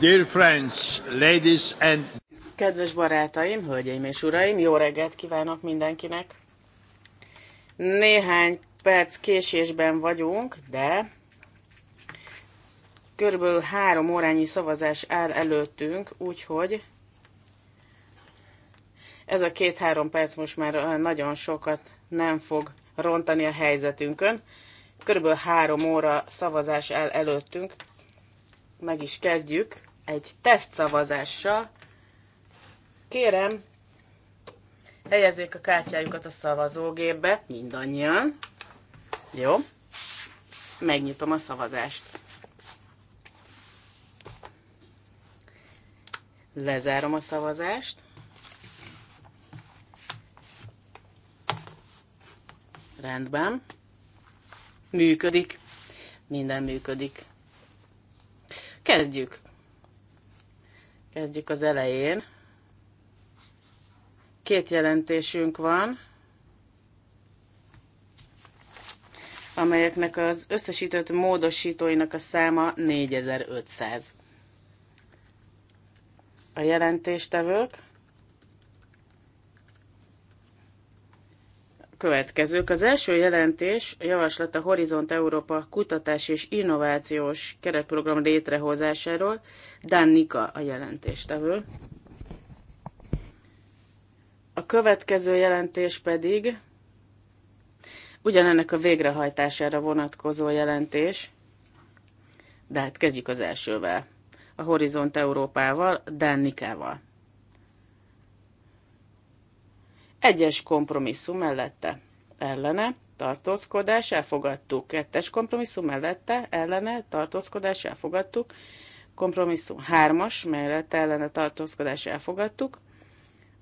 Dear friends, ladies and... Kedves barátaim, hölgyeim és uraim, jó reggelt kívánok mindenkinek! Néhány perc késésben vagyunk, de körülbelül három órányi szavazás áll előttünk, úgyhogy ez a két-három perc most már nagyon sokat nem fog rontani a helyzetünkön. Körülbelül három óra szavazás áll előttünk, meg is kezdjük egy tesztszavazással. Kérem, helyezzék a kártyájukat a szavazógépbe, mindannyian. Jó. Megnyitom a szavazást. Lezárom a szavazást. Rendben. Működik. Minden működik. Kezdjük. Kezdjük az elején. Két jelentésünk van, amelyeknek az összesített módosítóinak a száma 4500. A jelentéstevők következők. Az első jelentés a javaslat a Horizont Európa kutatás és innovációs keretprogram létrehozásáról. Dan Nika a jelentéstevő. A következő jelentés pedig ugyanennek a végrehajtására vonatkozó jelentés, de hát kezdjük az elsővel, a Horizont Európával, Dan Nikával. Egyes kompromisszum mellette, ellene, tartózkodás, elfogadtuk. Kettes kompromisszum mellette, ellene, tartózkodás, elfogadtuk. Kompromisszum hármas, mellette, ellene, tartózkodás, elfogadtuk.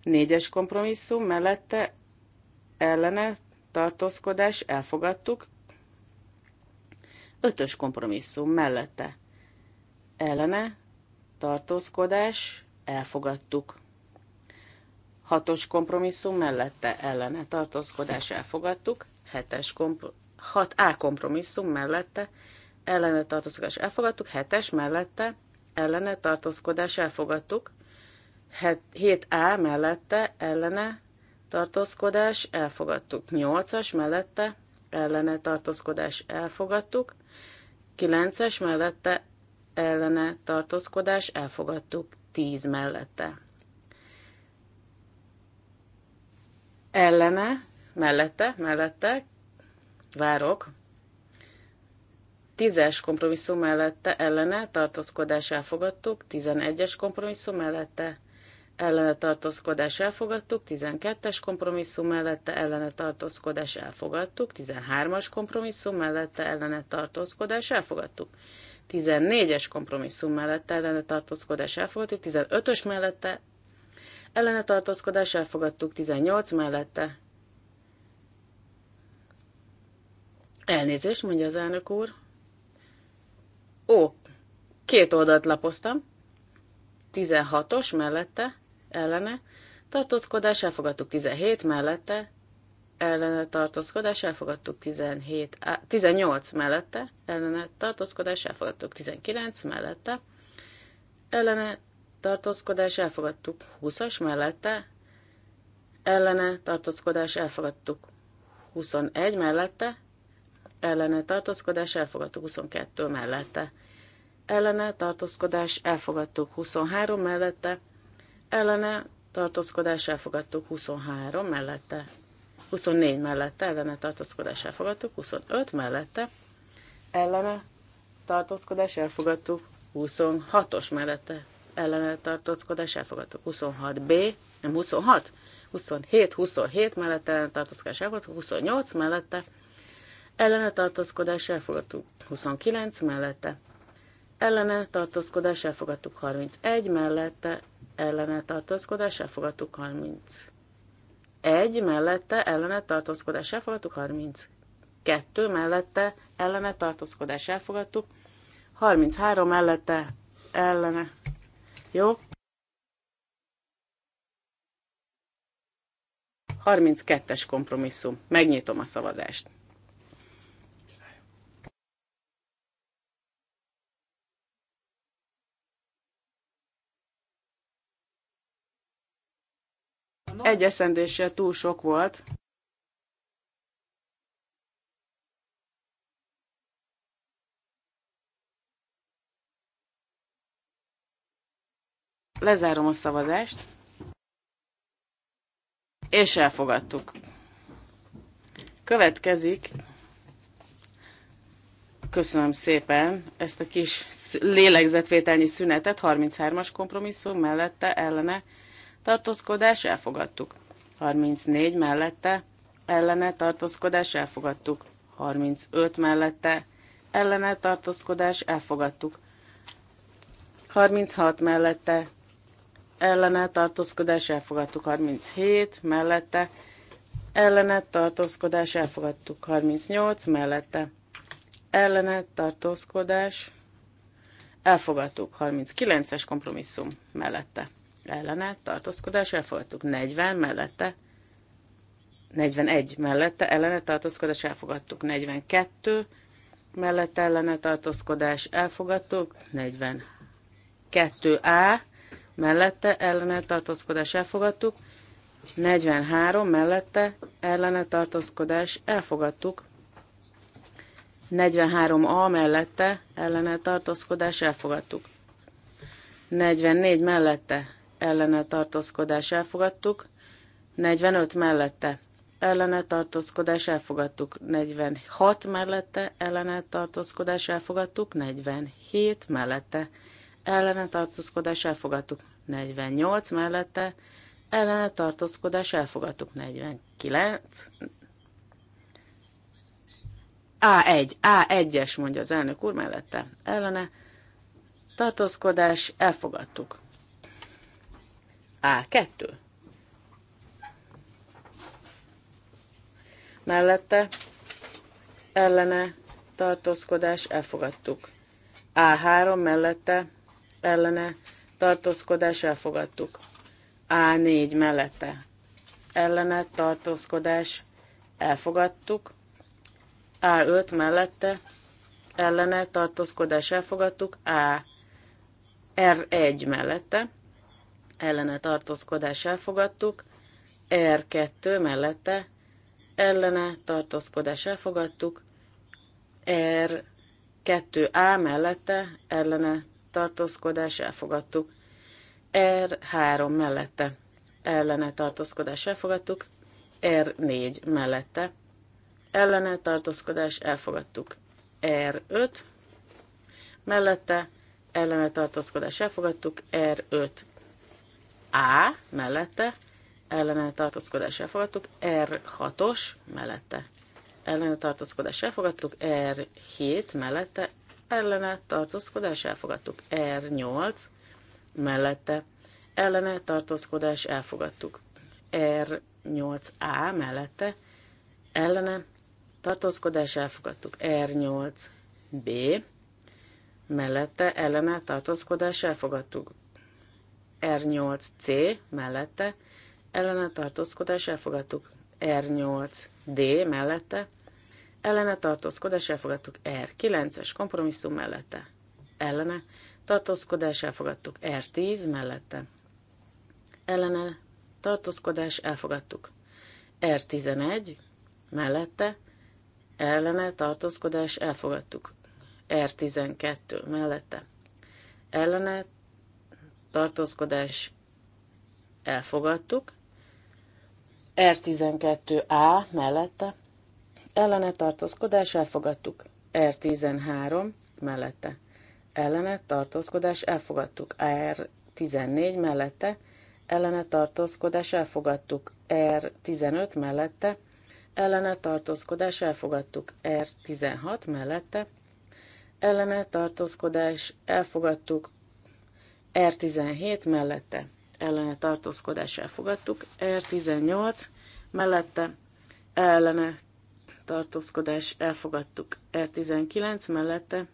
Négyes kompromisszum mellette, ellene, tartózkodás, elfogadtuk. Ötös kompromisszum mellette, ellene, tartózkodás, elfogadtuk. Hatos kompromisszum mellette ellene tartózkodás elfogadtuk. Hetes komp- 6A kompromisszum mellette ellene tartózkodás elfogadtuk. Hetes mellette ellene tartózkodás elfogadtuk. 7A mellette ellene tartózkodás elfogadtuk. 8-as mellette ellene tartózkodás elfogadtuk. 9-es mellette ellene tartózkodás elfogadtuk. 10 mellette ellene, mellette, mellette, várok, tízes kompromisszum mellette ellene tartózkodás elfogadtuk, Tizenegyes kompromisszum mellette ellene tartózkodás elfogadtuk, 12-es kompromisszum mellette ellene tartózkodás elfogadtuk, 13-as kompromisszum mellette ellene tartózkodás elfogadtuk. 14-es kompromisszum mellette ellene tartózkodás elfogadtuk, 15-ös mellette ellene tartózkodás elfogadtuk 18 mellette. Elnézést, mondja az elnök úr. Ó, két oldalt lapoztam. 16-os mellette, ellene, tartózkodás elfogadtuk 17 mellette, ellene tartózkodás elfogadtuk 17, 18 mellette, ellene tartózkodás elfogadtuk 19 mellette, ellene tartózkodás elfogadtuk. 20-as mellette ellene tartózkodás elfogadtuk. 21 mellette ellene tartózkodás elfogadtuk. 22 mellette ellene tartózkodás elfogadtuk. 23 mellette ellene tartózkodás elfogadtuk. 23 mellette 24 mellette ellene tartózkodás elfogadtuk. 25 mellette ellene tartózkodás elfogadtuk. 26-os mellette ellene tartózkodás elfogadtuk. 26B, nem 26, 27, 27 mellette ellene tartózkodás elfogadtuk, 28 mellette ellene tartózkodás elfogadtuk, 29 mellette ellene tartózkodás elfogadtuk, 31 mellette ellene tartózkodás elfogadtuk, 30. 1 mellette ellene tartózkodás elfogadtuk, 30. 2 mellette ellene tartózkodás elfogadtuk, 33 mellette ellene jó? 32-es kompromisszum. Megnyitom a szavazást. Egy eszendéssel túl sok volt. Lezárom a szavazást. És elfogadtuk. Következik. Köszönöm szépen ezt a kis lélegzetvételnyi szünetet. 33-as kompromisszum mellette ellene tartózkodás elfogadtuk. 34 mellette ellene tartózkodás elfogadtuk. 35 mellette ellene tartózkodás elfogadtuk. 36 mellette ellene tartózkodás elfogadtuk 37, mellette ellene tartózkodás elfogadtuk 38, mellette ellene tartózkodás elfogadtuk 39-es kompromisszum mellette ellene tartózkodás elfogadtuk 40 mellette 41 mellette ellene tartózkodás elfogadtuk 42 mellette ellene tartózkodás elfogadtuk 42 A mellette ellenet tartózkodás elfogadtuk, 43 mellette ellenet tartózkodás elfogadtuk, 43A mellette ellenet tartózkodás elfogadtuk, 44 mellette ellenet tartózkodás elfogadtuk, 45 mellette ellenet tartózkodás elfogadtuk, 46 mellette ellenet tartózkodás elfogadtuk, 47 mellette ellene tartózkodás elfogadtuk 48 mellette, ellene tartózkodás elfogadtuk 49. A1, A1-es mondja az elnök úr mellette, ellene tartózkodás elfogadtuk. A2. Mellette ellene tartózkodás elfogadtuk. A3 mellette ellene tartózkodás elfogadtuk. A4 mellette ellene tartózkodás elfogadtuk. A5 mellette ellene tartózkodás elfogadtuk. A R1 mellette ellene tartózkodás elfogadtuk. R2 er mellette ellene tartózkodás elfogadtuk. R2A er mellette ellene tartózkodás elfogadtuk. R3 mellette ellene tartózkodás elfogadtuk. R4 mellette ellene tartózkodás elfogadtuk. R5 mellette ellene tartózkodás elfogadtuk. R5 A mellette ellene tartózkodás elfogadtuk. R6-os mellette ellene tartózkodás elfogadtuk, R7 mellette ellene tartózkodás elfogadtuk. R8 mellette ellene tartózkodás elfogadtuk. R8A mellette ellene tartózkodás elfogadtuk. R8B mellette ellene tartózkodás elfogadtuk. R8C mellette ellene tartózkodás elfogadtuk. R8D mellette ellene tartózkodás elfogadtuk R. 9-es kompromisszum mellette ellene tartózkodás elfogadtuk R10 mellette ellene tartózkodás elfogadtuk R11 mellette ellene tartózkodás elfogadtuk R12 mellette ellene tartózkodás elfogadtuk R12A mellette ellene tartózkodás elfogadtuk. R13 mellette ellene tartózkodás elfogadtuk. R14 mellette ellene tartózkodás elfogadtuk. R15 mellette ellene tartózkodás elfogadtuk. R16 mellette ellene tartózkodás elfogadtuk. R17 mellette ellene tartózkodás elfogadtuk. R18 mellette ellene tartózkodás elfogadtuk. R19 mellette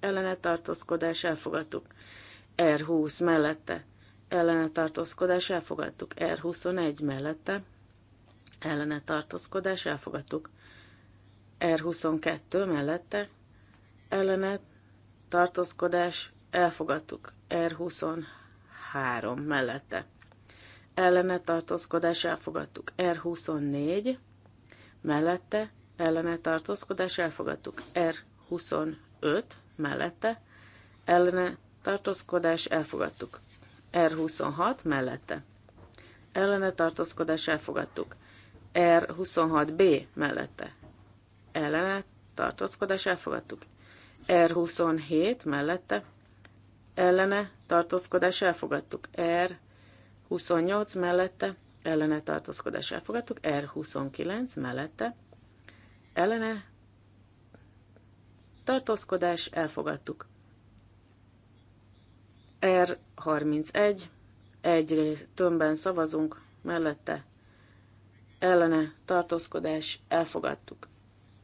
ellene tartózkodás elfogadtuk. R20 mellette ellene tartózkodás elfogadtuk. R21 mellette ellene tartózkodás elfogadtuk. R22 mellette ellene tartózkodás elfogadtuk. R23 mellette ellene tartózkodás elfogadtuk. R24 mellette ellene tartózkodás elfogadtuk. R25 mellette ellene tartózkodás elfogadtuk. R26 mellette ellene tartózkodás elfogadtuk. R26B mellette ellene tartózkodás elfogadtuk. R27 mellette ellene tartózkodás elfogadtuk. R28 mellette ellene tartózkodás elfogadtuk. R29 mellette ellene tartózkodás elfogadtuk. R31, egyrészt tömbben szavazunk, mellette ellene tartózkodás elfogadtuk.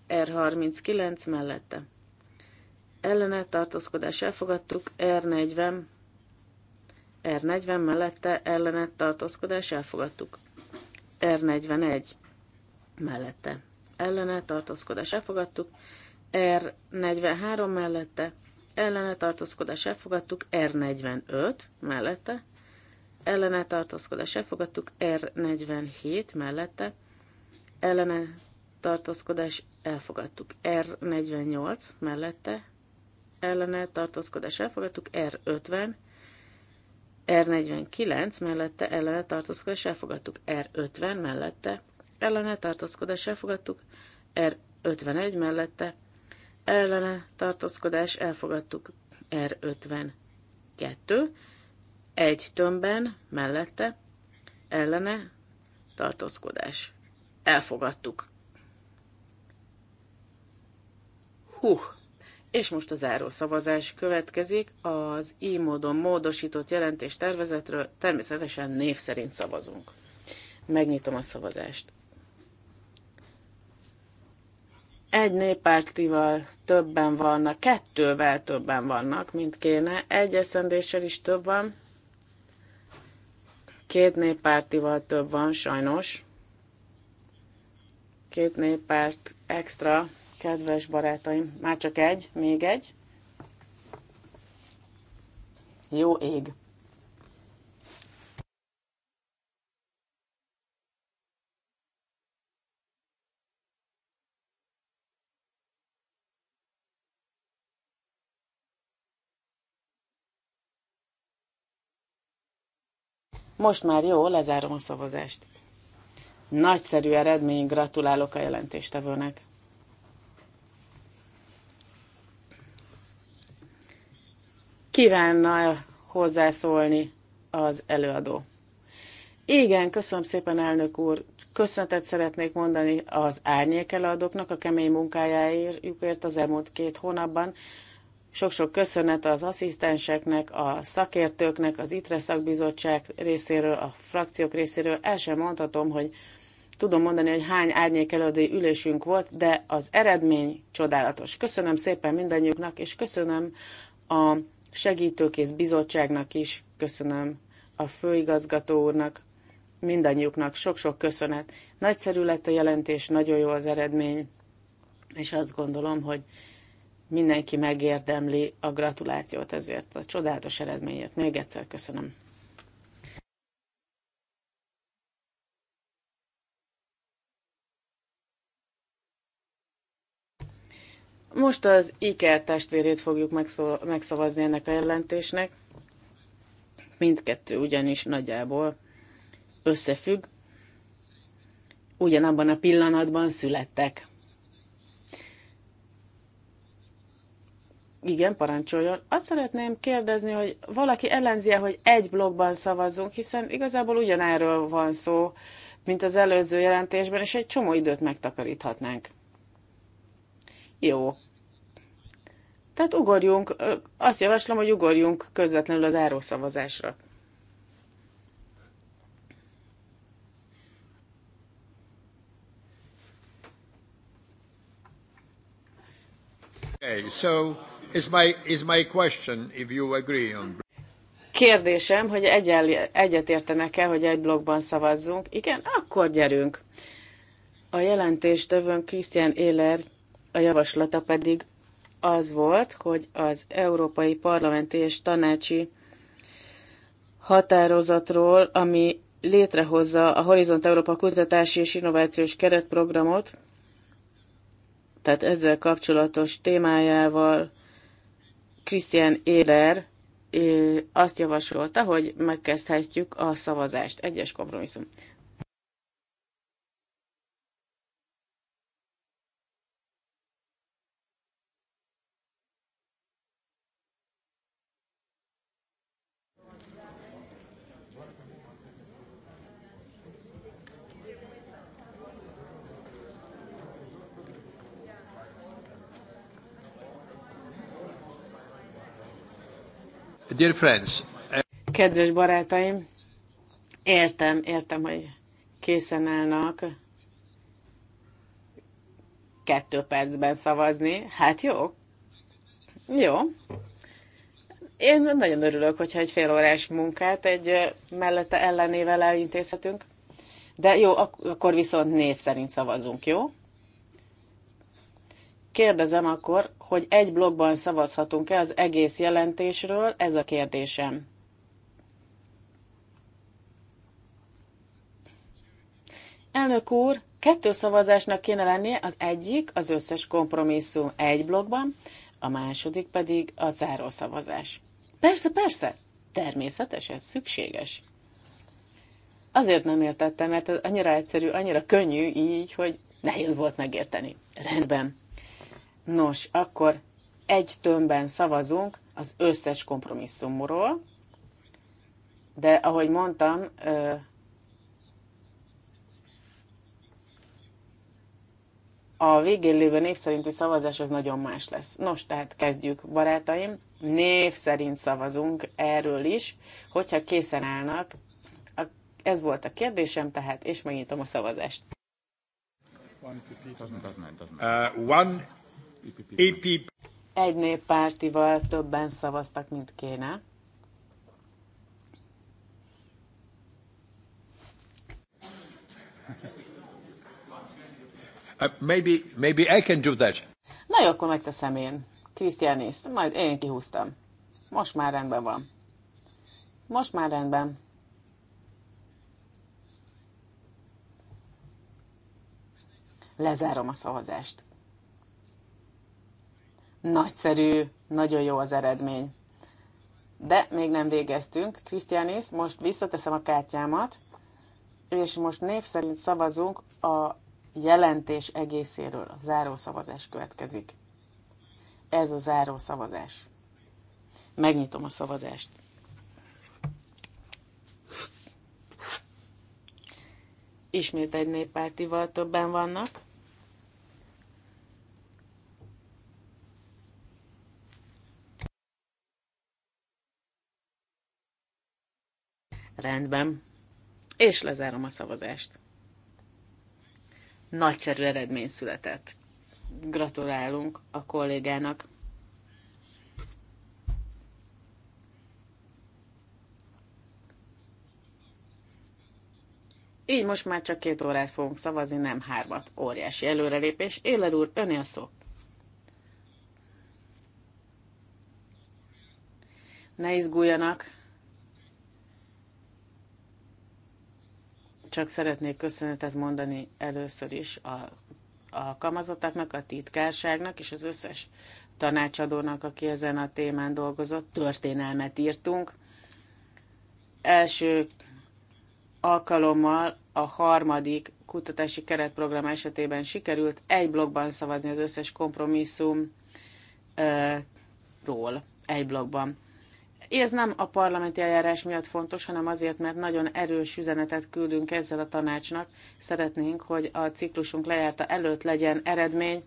R39 mellette ellene tartózkodás elfogadtuk, R40 R40 mellette ellene tartózkodás elfogadtuk. R41 mellette ellene tartózkodás elfogadtuk, R43 mellette ellene tartózkodás elfogadtuk, R45 mellette ellene tartózkodás elfogadtuk, R47 mellette ellene tartózkodás elfogadtuk, R48 mellette ellene tartózkodás elfogadtuk, R50 R49 mellette ellene tartózkodás elfogadtuk, R50 mellette ellene tartózkodás elfogadtuk, R51 mellette ellene tartózkodás elfogadtuk, R52, egy tömbben mellette ellene tartózkodás. Elfogadtuk. Hú! És most a záró szavazás következik. Az így módon módosított jelentés tervezetről természetesen név szerint szavazunk. Megnyitom a szavazást. egy néppártival többen vannak, kettővel többen vannak, mint kéne, egy eszendéssel is több van, két néppártival több van, sajnos. Két néppárt extra, kedves barátaim, már csak egy, még egy. Jó ég. Most már jó, lezárom a szavazást. Nagyszerű eredmény, gratulálok a jelentéstevőnek. Kívánna hozzászólni az előadó. Igen, köszönöm szépen, elnök úr. Köszönetet szeretnék mondani az árnyék előadóknak a kemény munkájáért az elmúlt két hónapban. Sok-sok köszönet az asszisztenseknek, a szakértőknek, az ITRE szakbizottság részéről, a frakciók részéről. El sem mondhatom, hogy tudom mondani, hogy hány árnyék előadói ülésünk volt, de az eredmény csodálatos. Köszönöm szépen mindannyiuknak, és köszönöm a segítőkész bizottságnak is, köszönöm a főigazgató úrnak, mindannyiuknak sok-sok köszönet. Nagyszerű lett a jelentés, nagyon jó az eredmény, és azt gondolom, hogy mindenki megérdemli a gratulációt ezért a csodálatos eredményért. Még egyszer köszönöm. Most az Iker testvérét fogjuk megszavazni ennek a jelentésnek. Mindkettő ugyanis nagyjából összefügg. Ugyanabban a pillanatban születtek. Igen, parancsoljon. Azt szeretném kérdezni, hogy valaki ellenzi -e, hogy egy blogban szavazzunk, hiszen igazából ugyanerről van szó, mint az előző jelentésben, és egy csomó időt megtakaríthatnánk. Jó. Tehát ugorjunk, azt javaslom, hogy ugorjunk közvetlenül az árószavazásra. Okay, so is my, is my question, if you agree on... Kérdésem, hogy egyetértenek-e, hogy egy blogban szavazzunk? Igen, akkor gyerünk. A tövön Christian Éler, a javaslata pedig az volt, hogy az Európai Parlamenti és Tanácsi határozatról, ami létrehozza a Horizont Európa Kutatási és Innovációs Keretprogramot, tehát ezzel kapcsolatos témájával Christian Éler azt javasolta, hogy megkezdhetjük a szavazást. Egyes kompromisszum. Dear friends, Kedves barátaim, értem, értem, hogy készen állnak kettő percben szavazni. Hát jó. Jó. Én nagyon örülök, hogyha egy fél órás munkát egy mellette ellenével elintézhetünk. De jó, akkor viszont név szerint szavazunk, jó? Kérdezem akkor, hogy egy blogban szavazhatunk-e az egész jelentésről? Ez a kérdésem. Elnök úr, kettő szavazásnak kéne lennie, az egyik az összes kompromisszum egy blogban, a második pedig a záró szavazás. Persze, persze, természetes, ez szükséges. Azért nem értettem, mert ez annyira egyszerű, annyira könnyű így, hogy nehéz volt megérteni. Rendben. Nos, akkor egy tömbben szavazunk az összes kompromisszumról, de ahogy mondtam, a végén lévő név szerinti szavazás az nagyon más lesz. Nos, tehát kezdjük, barátaim. Név szerint szavazunk erről is, hogyha készen állnak. Ez volt a kérdésem, tehát, és megnyitom a szavazást. One, uh, egy néppártival többen szavaztak, mint kéne. Uh, maybe, maybe I can do that. Na jó, akkor megteszem én. Krisztiánis, majd én kihúztam. Most már rendben van. Most már rendben. Lezárom a szavazást. Nagyszerű, nagyon jó az eredmény. De még nem végeztünk. Krisztiánis, most visszateszem a kártyámat, és most név szerint szavazunk a jelentés egészéről. A záró szavazás következik. Ez a záró szavazás. Megnyitom a szavazást. Ismét egy néppártival többen vannak. Rendben. És lezárom a szavazást. Nagyszerű eredmény született. Gratulálunk a kollégának. Így most már csak két órát fogunk szavazni, nem hármat. Óriási előrelépés. Éler úr, öné a szó. Ne izguljanak, Csak szeretnék köszönetet mondani először is a alkalmazottaknak, a titkárságnak és az összes tanácsadónak, aki ezen a témán dolgozott. Történelmet írtunk. Első alkalommal a harmadik kutatási keretprogram esetében sikerült egy blogban szavazni az összes kompromisszumról, egy blogban. Ez nem a parlamenti eljárás miatt fontos, hanem azért, mert nagyon erős üzenetet küldünk ezzel a tanácsnak. Szeretnénk, hogy a ciklusunk lejárta előtt legyen eredmény,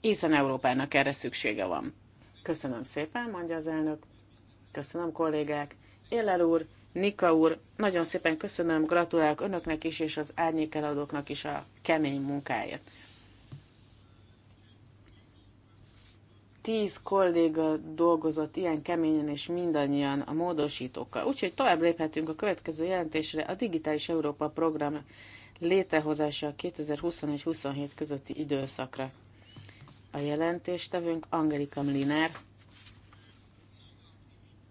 hiszen Európának erre szüksége van. Köszönöm szépen, mondja az elnök. Köszönöm, kollégák. Élel úr, Nika úr, nagyon szépen köszönöm, gratulálok önöknek is, és az árnyékeladóknak is a kemény munkáért. tíz kolléga dolgozott ilyen keményen és mindannyian a módosítókkal. Úgyhogy tovább léphetünk a következő jelentésre, a Digitális Európa Program létrehozása a 2021-27 közötti időszakra. A jelentéstevőnk Angelika Mliner.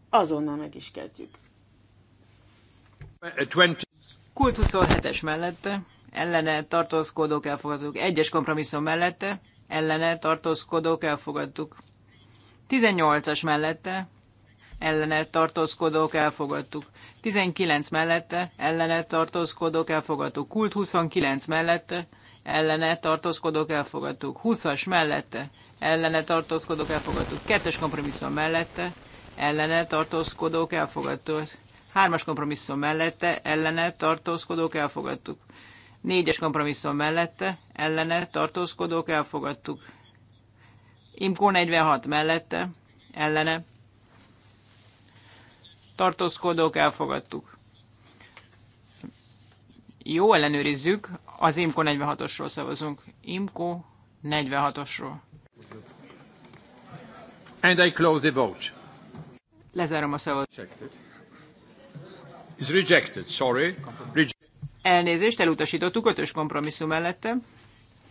Azonnal meg is kezdjük. Eh, Kult 27-es mellette, ellene tartózkodók elfogadók, egyes kompromisszum mellette, ellene tartózkodók elfogadtuk. 18-as mellette ellene tartózkodók elfogadtuk. 19 mellette ellene tartózkodók elfogadtuk. Kult 29 mellette ellene tartózkodók elfogadtuk. 20-as mellette ellene tartózkodók elfogadtuk. 2-es kompromisszum mellette ellene tartózkodók elfogadtuk. 3-as kompromisszum mellette ellene tartózkodók elfogadtuk. Négyes kompromisszum mellette, ellene tartózkodók elfogadtuk. Imkó 46 mellette, ellene tartózkodók elfogadtuk. Jó, ellenőrizzük, az Imkó 46-osról szavazunk. Imkó 46-osról. And I close the vote. Lezárom a szavazást. It's rejected, sorry. Rejected. Elnézést, elutasítottuk ötös kompromisszum mellette.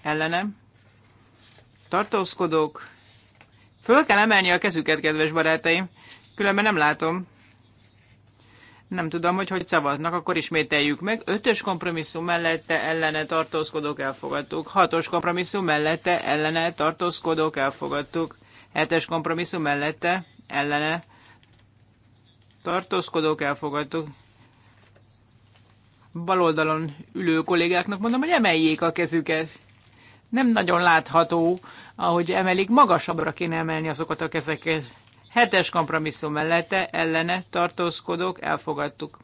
Ellenem. Tartózkodók. Föl kell emelni a kezüket, kedves barátaim. Különben nem látom. Nem tudom, hogy hogy szavaznak, akkor ismételjük meg. Ötös kompromisszum mellette ellene tartózkodók elfogadtuk. Hatos kompromisszum mellette ellene tartózkodók elfogadtuk. Hetes kompromisszum mellette ellene tartózkodók elfogadtuk baloldalon ülő kollégáknak mondom, hogy emeljék a kezüket. Nem nagyon látható, ahogy emelik, magasabbra kéne emelni azokat a kezeket. Hetes kompromisszum mellette, ellene tartózkodok, elfogadtuk.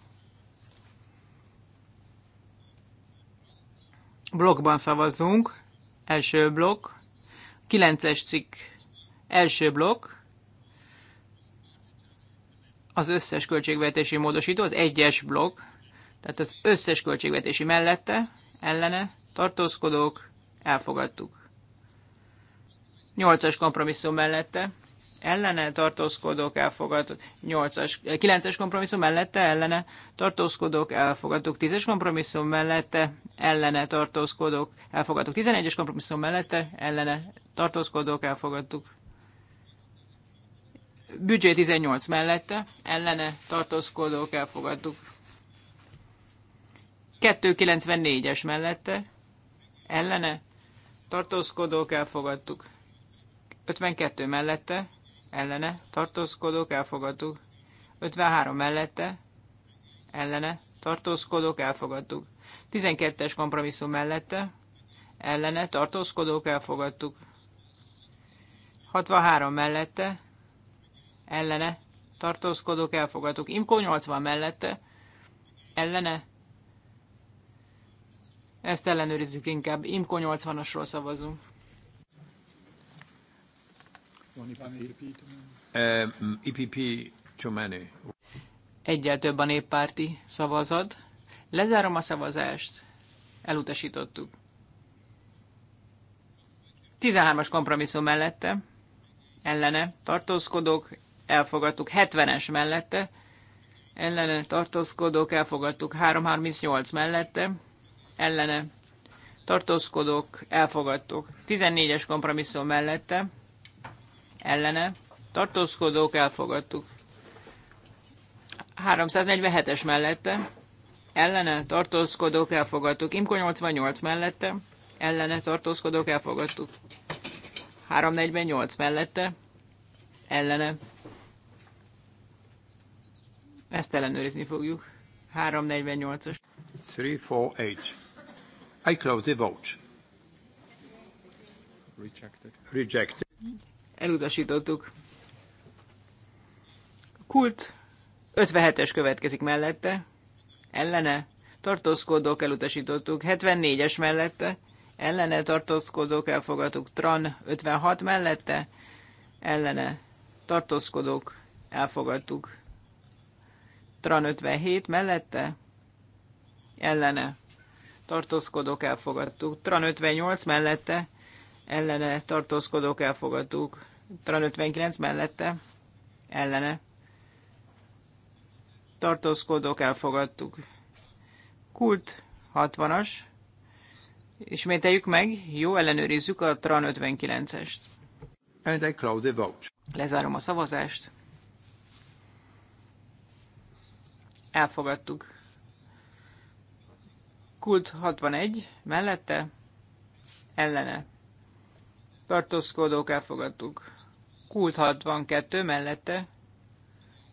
Blokkban szavazzunk. Első blokk. Kilences cikk. Első blokk. Az összes költségvetési módosító, az egyes blokk tehát az összes költségvetési mellette, ellene, tartózkodók, elfogadtuk. Nyolcas kompromisszum mellette, ellene tartózkodók elfogadtuk, Nyolcas, eh, kilences kompromisszum mellette ellene tartózkodók elfogadtuk, Tízes kompromisszum mellette ellene tartózkodók elfogadtuk, Tizenegyes kompromisszum mellette ellene tartózkodók elfogadtuk. Büdzsé 18 mellette ellene tartózkodók elfogadtuk. 294-es mellette ellene tartózkodók elfogadtuk. 52 mellette ellene tartózkodók elfogadtuk. 53 mellette ellene tartózkodók elfogadtuk. 12-es kompromisszum mellette ellene tartózkodók elfogadtuk. 63 mellette ellene tartózkodók elfogadtuk. Imko 80 mellette ellene ezt ellenőrizzük inkább. Imko 80-asról szavazunk. Um, EPP too many. Egyel több a néppárti szavazat. Lezárom a szavazást. Elutasítottuk. 13-as kompromisszum mellette, ellene tartózkodók, elfogadtuk 70-es mellette, ellene tartózkodók, elfogadtuk 338 mellette, ellene tartózkodok, elfogadtok. 14-es kompromisszum mellette ellene tartózkodok, elfogadtuk. 347-es mellette ellene tartózkodok, elfogadtuk. Imko 88 mellette ellene tartózkodok, elfogadtuk. 348 mellette ellene. Ezt ellenőrizni fogjuk. 348-os. 348 as 348 I close the vote. Rejected. Rejected. Elutasítottuk. Kult 57-es következik mellette, ellene tartózkodók elutasítottuk, 74-es mellette, ellene tartózkodók elfogadtuk, Tran 56 mellette, ellene tartózkodók elfogadtuk, Tran 57 mellette, ellene tartózkodók elfogadtuk. Tran 58 mellette ellene tartózkodók elfogadtuk. Tran 59 mellette ellene tartózkodók elfogadtuk. Kult 60-as. Ismételjük meg, jó, ellenőrizzük a Tran 59-est. And I close the vote. Lezárom a szavazást. Elfogadtuk. Kult 61 mellette, ellene. Tartózkodók elfogadtuk. Kult 62 mellette,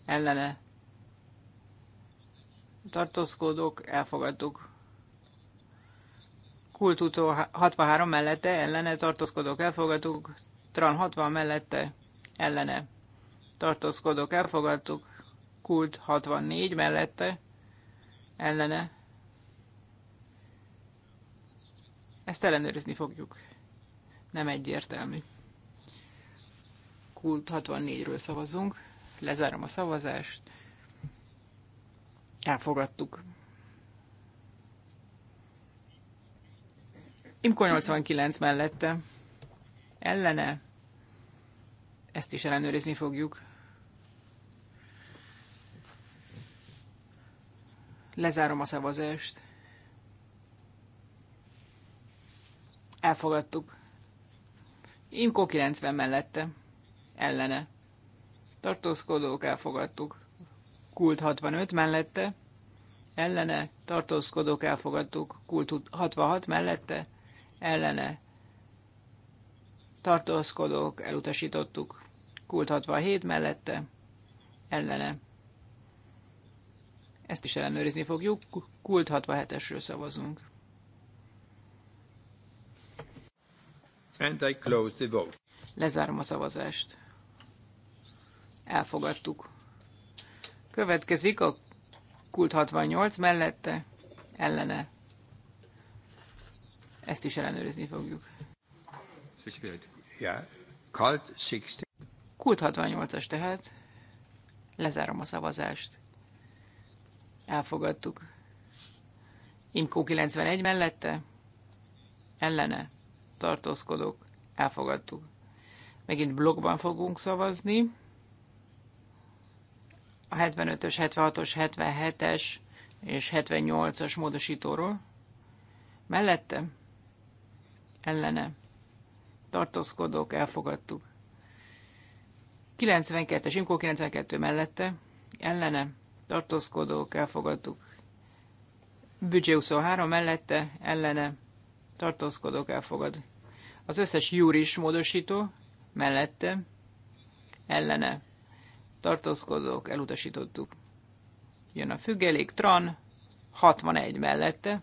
ellene. Tartózkodók elfogadtuk. Kult utó 63 mellette, ellene. Tartózkodók elfogadtuk. Tran 60 mellette, ellene. Tartózkodók elfogadtuk. Kult 64 mellette, ellene Ezt ellenőrizni fogjuk. Nem egyértelmű. Kult 64-ről szavazunk. Lezárom a szavazást. Elfogadtuk. Imko 89 mellette. Ellene. Ezt is ellenőrizni fogjuk. Lezárom a szavazást. Elfogadtuk. Imko 90 mellette. Ellene. Tartózkodók elfogadtuk. Kult 65 mellette. Ellene. Tartózkodók elfogadtuk. Kult 66 mellette. Ellene. Tartózkodók elutasítottuk. Kult 67 mellette. Ellene. Ezt is ellenőrizni fogjuk. Kult 67-esről szavazunk. And I close the vote. Lezárom a szavazást. Elfogadtuk. Következik a Kult 68 mellette, ellene. Ezt is ellenőrizni fogjuk. 68. 60. Kult 68-as tehát. Lezárom a szavazást. Elfogadtuk. Imkó 91 mellette? Ellene tartózkodók, elfogadtuk. Megint blogban fogunk szavazni. A 75-ös, 76-os, 77-es és 78-as módosítóról. Mellette, ellene, tartózkodók, elfogadtuk. 92-es, Imkó 92 mellette, ellene, tartózkodók, elfogadtuk. Büdzsé 23 mellette, ellene, tartózkodók, elfogadtuk. Az összes júris módosító mellette ellene tartózkodók elutasítottuk. Jön a függelék, tran, 61 mellette,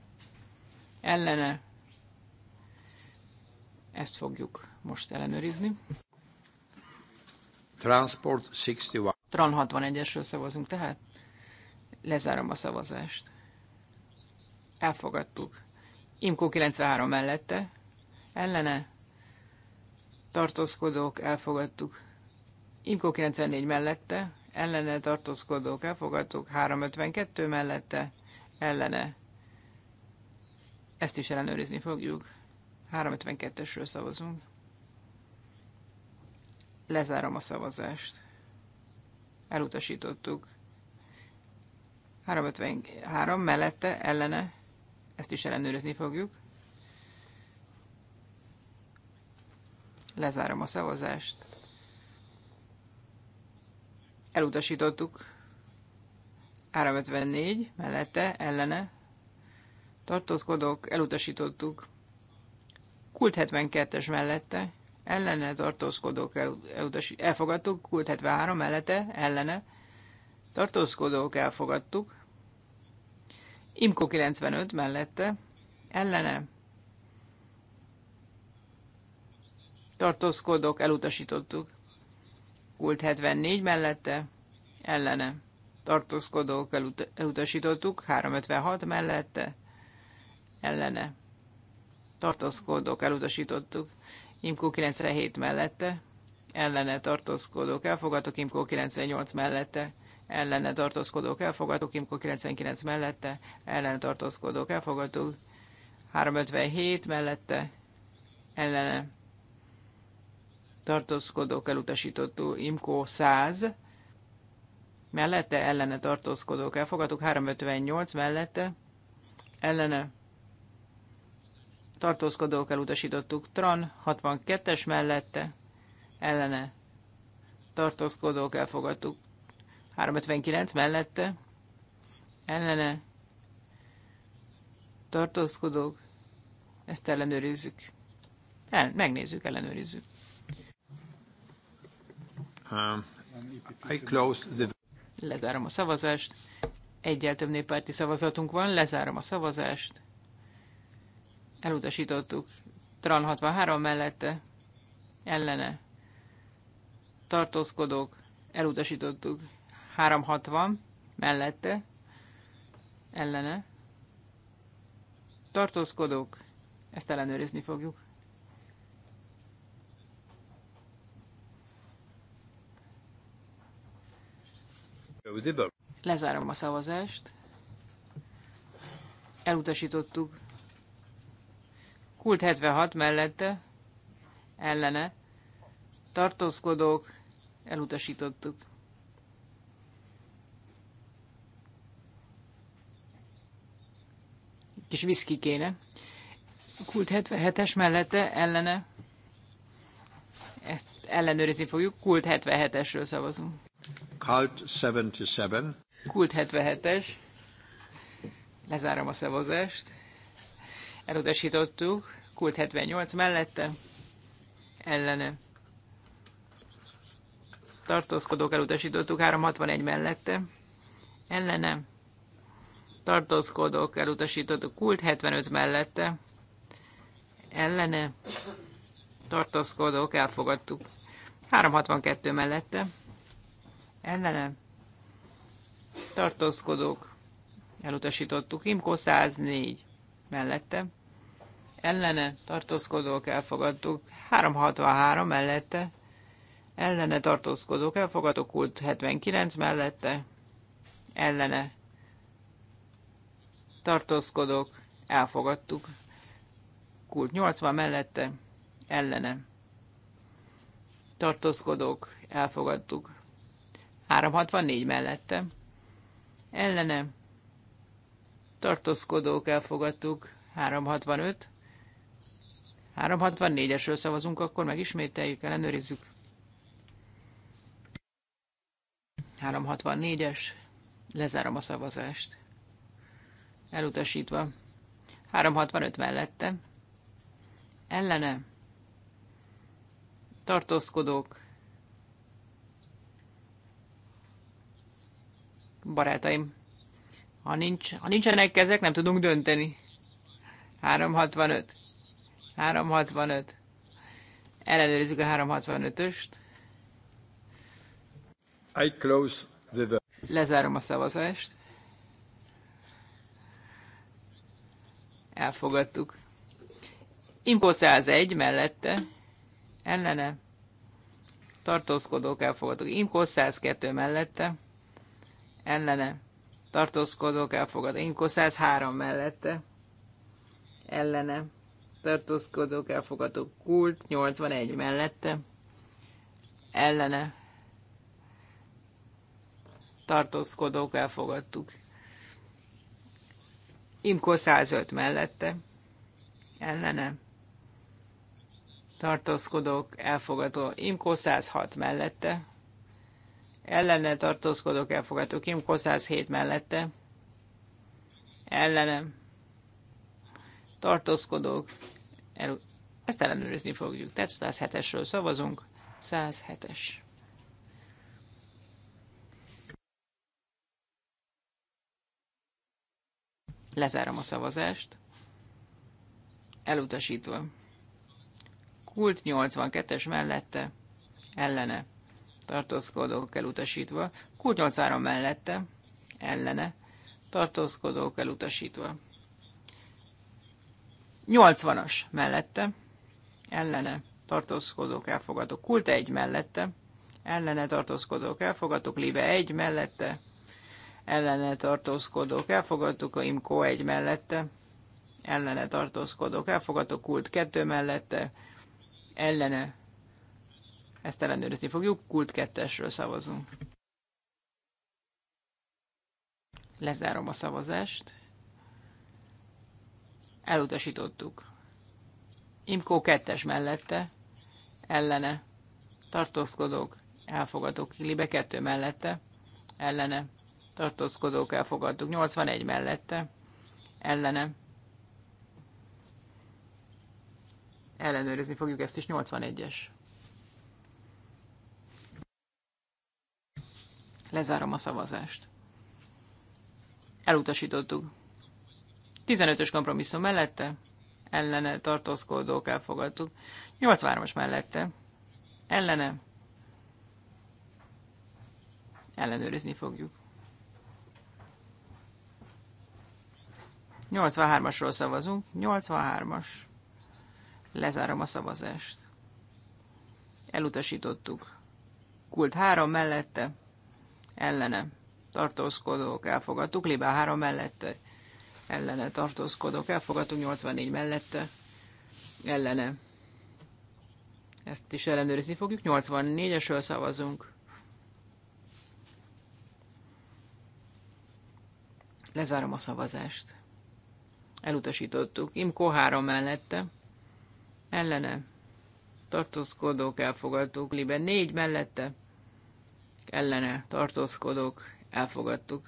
ellene, ezt fogjuk most ellenőrizni. Transport 61. Tran 61-esről szavazunk tehát. Lezárom a szavazást. Elfogadtuk. Imkó 93 mellette, ellene tartózkodók elfogadtuk. Imko 94 mellette, ellene tartózkodók elfogadtuk, 352 mellette, ellene. Ezt is ellenőrizni fogjuk. 352-esről szavazunk. Lezárom a szavazást. Elutasítottuk. 353 mellette, ellene. Ezt is ellenőrizni fogjuk. Lezárom a szavazást. Elutasítottuk. 354 mellette, ellene. Tartózkodok, elutasítottuk. Kult 72-es mellette, ellene tartózkodok, elutasítottuk. elfogadtuk, Kult 73 mellette, ellene tartózkodók elfogadtuk, Imko 95 mellette, ellene tartózkodok, elutasítottuk. Kult 74 mellette, ellene, tartózkodók, elut- elutasítottuk, 356 mellette, ellene, tartózkodók, elutasítottuk, Imkó 97 mellette, ellene tartózkodók, elfogadok Imkó 98 mellette, ellene tartózkodók, elfogadok Imkó 99 mellette, ellene tartózkodók, elfogadtuk, 357 mellette, ellene tartózkodók elutasítottú IMCO 100, mellette ellene tartózkodók elfogadtuk, 358 mellette ellene tartózkodók elutasítottuk, TRAN 62-es mellette ellene tartózkodók elfogadtuk, 359 mellette ellene tartózkodók, ezt ellenőrizzük. El, megnézzük, ellenőrizzük. Um, lezárom a szavazást. Egyel több néppárti szavazatunk van, lezárom a szavazást. Elutasítottuk. Tran 63 mellette, ellene. Tartózkodók, elutasítottuk. 360 mellette, ellene. Tartózkodók, ezt ellenőrizni fogjuk. Lezárom a szavazást. Elutasítottuk. Kult 76 mellette, ellene, tartózkodók, elutasítottuk. Kis viszki kéne. Kult 77-es mellette, ellene, ezt ellenőrizni fogjuk, Kult 77-esről szavazunk. 77. Kult 77-es. Lezárom a szavazást. Elutasítottuk. Kult 78 mellette. Ellene. Tartózkodók elutasítottuk. 361 mellette. Ellene. Tartózkodók elutasítottuk. Kult 75 mellette. Ellene. Tartózkodók elfogadtuk. 362 mellette ellene tartózkodók elutasítottuk. Imko 104 mellette ellene tartózkodók elfogadtuk. 363 mellette ellene tartózkodók elfogadtuk. Kult 79 mellette ellene tartózkodók elfogadtuk. Kult 80 mellette ellene tartózkodók elfogadtuk. 364 mellette. Ellene tartózkodók elfogadtuk 365. 364-esről szavazunk, akkor megismételjük, ellenőrizzük. 364-es, lezárom a szavazást. Elutasítva. 365 mellette. Ellene. Tartózkodók. barátaim. Ha, nincs, ha nincsenek ezek, nem tudunk dönteni. 365. 365. Ellenőrizzük a 365-öst. I close the... door. Lezárom a szavazást. Elfogadtuk. Imko 101 mellette. Ellene. Tartózkodók elfogadtuk. Imko 102 mellette ellene tartózkodók elfogad. Én 103 mellette ellene tartózkodók elfogadó kult 81 mellette ellene tartózkodók elfogadtuk. Imko 105 mellette ellene tartózkodók elfogadó. Imko 106 mellette ellene tartózkodok, elfogadok. Imko 107 mellette, ellenem tartózkodok, el, ezt ellenőrizni fogjuk. Tehát 107-esről szavazunk, 107-es. Lezárom a szavazást. Elutasítva. Kult 82-es mellette, ellene tartózkodók elutasítva, Q83 mellette, ellene, tartózkodók elutasítva. 80-as mellette, ellene, tartózkodók elfogadók, Kult 1 mellette, ellene tartózkodók elfogadók, Live 1 mellette, ellene tartózkodók elfogadók, a Imko 1 mellette, ellene tartózkodók elfogadók, Kult 2 mellette, ellene ezt ellenőrizni fogjuk, kult kettesről szavazunk. Lezárom a szavazást. Elutasítottuk. Imkó kettes mellette, ellene, tartózkodók, elfogadók, Libe kettő mellette, ellene, tartózkodók, elfogadók, 81 mellette, ellene. Ellenőrizni fogjuk ezt is, 81-es. Lezárom a szavazást. Elutasítottuk. 15-ös kompromisszum mellette, ellene tartózkodók elfogadtuk. 83-as mellette, ellene, ellenőrizni fogjuk. 83-asról szavazunk, 83-as. Lezárom a szavazást. Elutasítottuk. Kult 3 mellette, ellene tartózkodók elfogadtuk, Libá 3 mellette ellene tartózkodók elfogadtuk, 84 mellette ellene. Ezt is ellenőrizni fogjuk, 84-esről szavazunk. Lezárom a szavazást. Elutasítottuk. Imko 3 mellette. Ellene. Tartózkodók elfogadtuk. Libe 4 mellette ellene tartózkodók, elfogadtuk.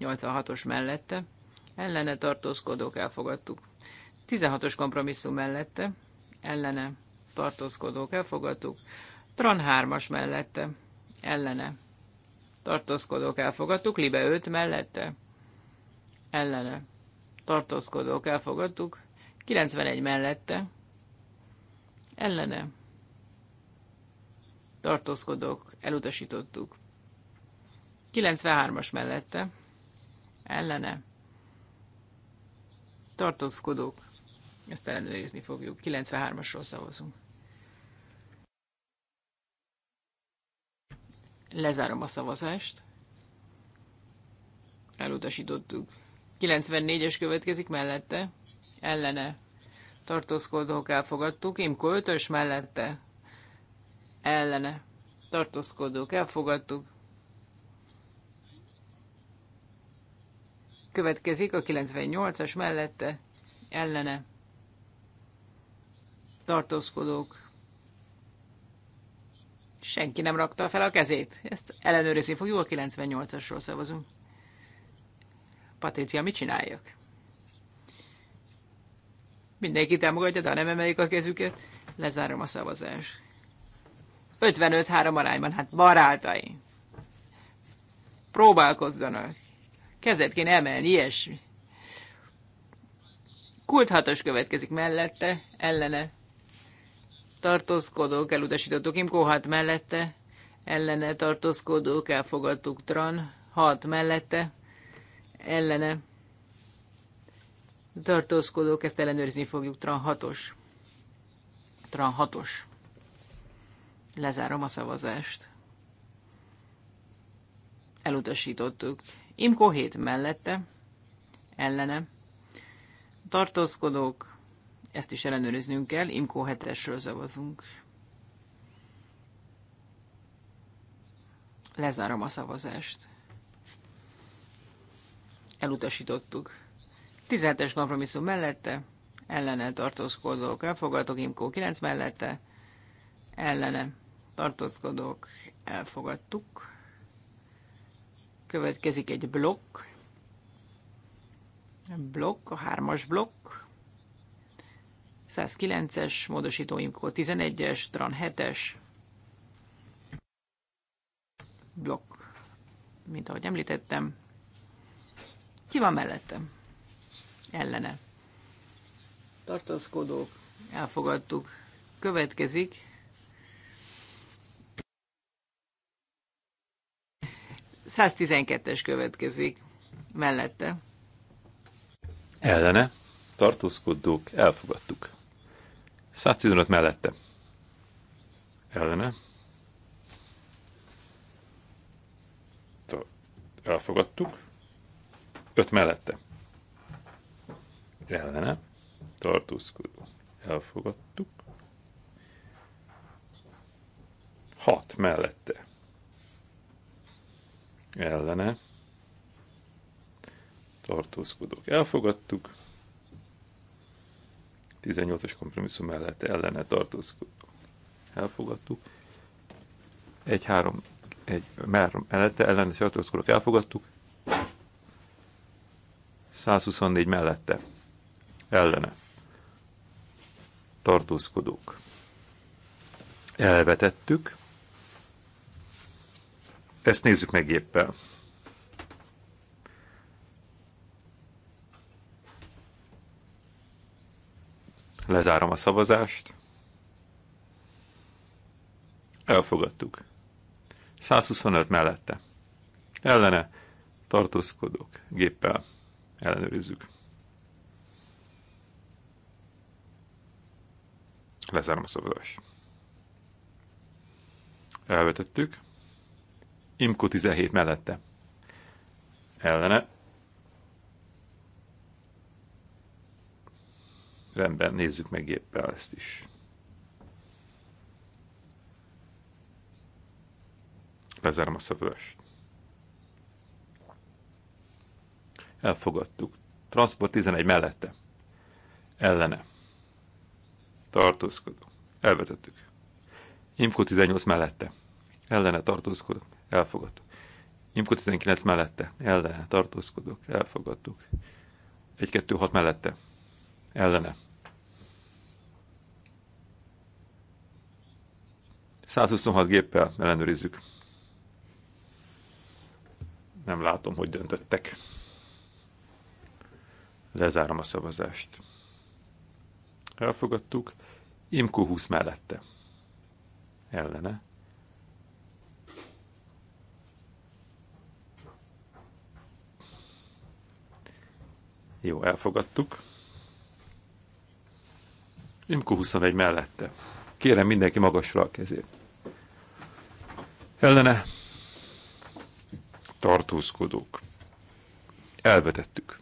86-os mellette, ellene tartózkodók, elfogadtuk. 16-os kompromisszum mellette, ellene tartózkodók, elfogadtuk. Tran 3-as mellette, ellene tartózkodók, elfogadtuk. Libe 5 mellette, ellene tartózkodók, elfogadtuk. 91 mellette, ellene tartózkodok, elutasítottuk. 93-as mellette, ellene, tartózkodók, ezt ellenőrizni fogjuk, 93-asról szavazunk. Lezárom a szavazást. Elutasítottuk. 94-es következik mellette. Ellene. Tartózkodók elfogadtuk. Imko 5 mellette ellene tartózkodók elfogadtuk. Következik a 98-as mellette ellene tartózkodók. Senki nem rakta fel a kezét. Ezt ellenőrizni fogjuk, a 98-asról szavazunk. Patricia, mit csináljak? Mindenki támogatja, de ha nem emeljük a kezüket, lezárom a szavazást. 55-3 arányban, hát barátai. Próbálkozzanak. Kezet kéne emelni, ilyesmi. Kult hatos következik mellette, ellene. Tartózkodók, elutasítottuk Imkó hat mellette, ellene tartózkodók, elfogadtuk Tran hat mellette, ellene tartózkodók, ezt ellenőrizni fogjuk, Tran hatos, Tran hatos. Lezárom a szavazást. Elutasítottuk. Imko hét mellette, ellene. Tartózkodók, ezt is ellenőriznünk kell, Imko hetesről szavazunk. Lezárom a szavazást. Elutasítottuk. 17-es kompromisszum mellette, ellene tartózkodók elfogadok Imkó 9 mellette, ellene tartózkodók, elfogadtuk. Következik egy blokk, blokk, a hármas blokk, 109-es, módosító 11-es, Tran 7-es, blokk, mint ahogy említettem. Ki van mellettem? Ellene. Tartózkodók, elfogadtuk. Következik 112-es következik mellette. Ellene tartózkodók elfogadtuk. 115 mellette. Ellene. Elfogadtuk. 5 mellette. Ellene. Tartózkodó. Elfogadtuk. 6 mellette ellene tartózkodók elfogadtuk, 18-as kompromisszum mellett ellene tartózkodók elfogadtuk, 1-3 egy, mellette ellene tartózkodók elfogadtuk, 124 mellette ellene tartózkodók elvetettük, ezt nézzük meg éppen. Lezárom a szavazást. Elfogadtuk. 125 mellette. Ellene tartózkodok. Géppel ellenőrizzük. Lezárom a szavazást. Elvetettük. Imko 17 mellette. Ellene. Rendben, nézzük meg éppen ezt is. Lezárom a szavazást. Elfogadtuk. Transport 11 mellette. Ellene. Tartózkodó. Elvetettük. Imko 18 mellette. Ellene tartózkodott elfogadtuk. Imko 19 mellette, ellene, tartózkodok, elfogadtuk. 1-2-6 mellette, ellene. 126 géppel ellenőrizzük. Nem látom, hogy döntöttek. Lezárom a szavazást. Elfogadtuk. Imko 20 mellette. Ellene. Jó, elfogadtuk. Imku 21 mellette. Kérem mindenki magasra a kezét. Ellene tartózkodók. Elvetettük.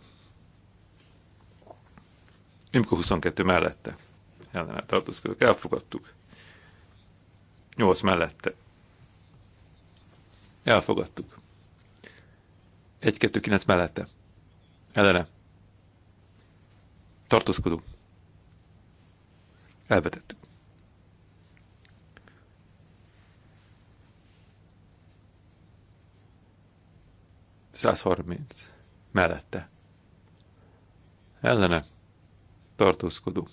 Imko 22 mellette. Ellene tartózkodók. Elfogadtuk. 8 mellette. Elfogadtuk. 1-2-9 mellette. Ellene tartózkodó, elvetettük. Százharminc. Mellette. Ellene. Tartózkodunk.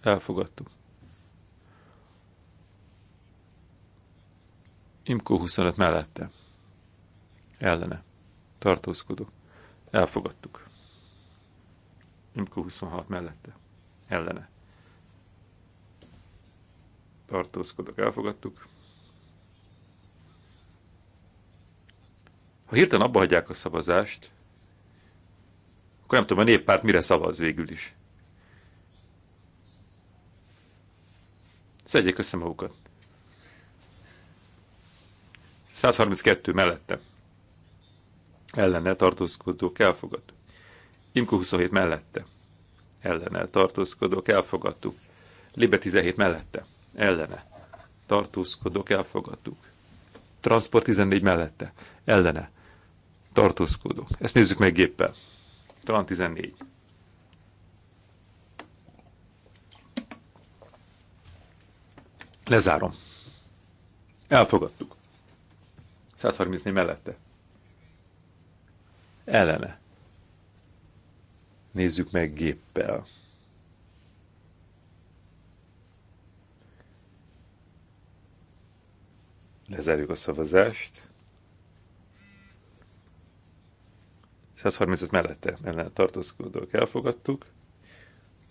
Elfogadtuk. Imkó 25 mellette. Ellene. Tartózkodunk. Elfogadtuk. Imko 26 mellette. Ellene. Tartózkodok, elfogadtuk. Ha hirtelen abba hagyják a szavazást, akkor nem tudom, a néppárt mire szavaz végül is. Szedjék össze magukat. 132 mellette. Ellene tartózkodók elfogadtuk. Imko 27 mellette. Ellene tartózkodok. elfogadtuk. Libe 17 mellette. Ellene tartózkodok. elfogadtuk. Transport 14 mellette. Ellene tartózkodok. Ezt nézzük meg géppel. Talán 14. Lezárom. Elfogadtuk. 134 mellette. Ellene. Nézzük meg géppel. Lezárjuk a szavazást. 135 mellette ellen tartózkodók elfogadtuk.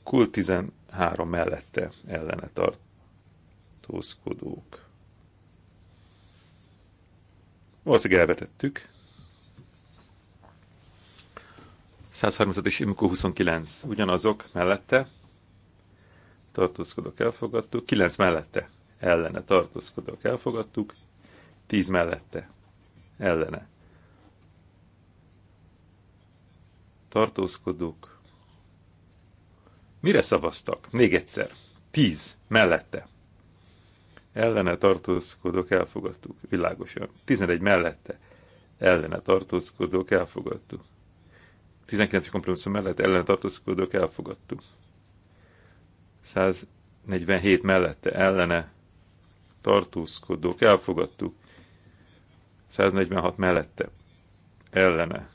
Kul 13 mellette ellene tartózkodók. Valószínűleg elvetettük. 135 és Imko 29. Ugyanazok mellette tartózkodok, elfogadtuk. 9 mellette ellene tartózkodok, elfogadtuk. 10 mellette ellene tartózkodók. Mire szavaztak? Még egyszer. 10 mellette ellene tartózkodók elfogadtuk, világosan. 11 mellette ellene tartózkodók elfogadtuk. 19 kompromisszum mellett ellen tartózkodók elfogadtuk. 147 mellette ellene tartózkodók elfogadtuk. 146 mellette ellene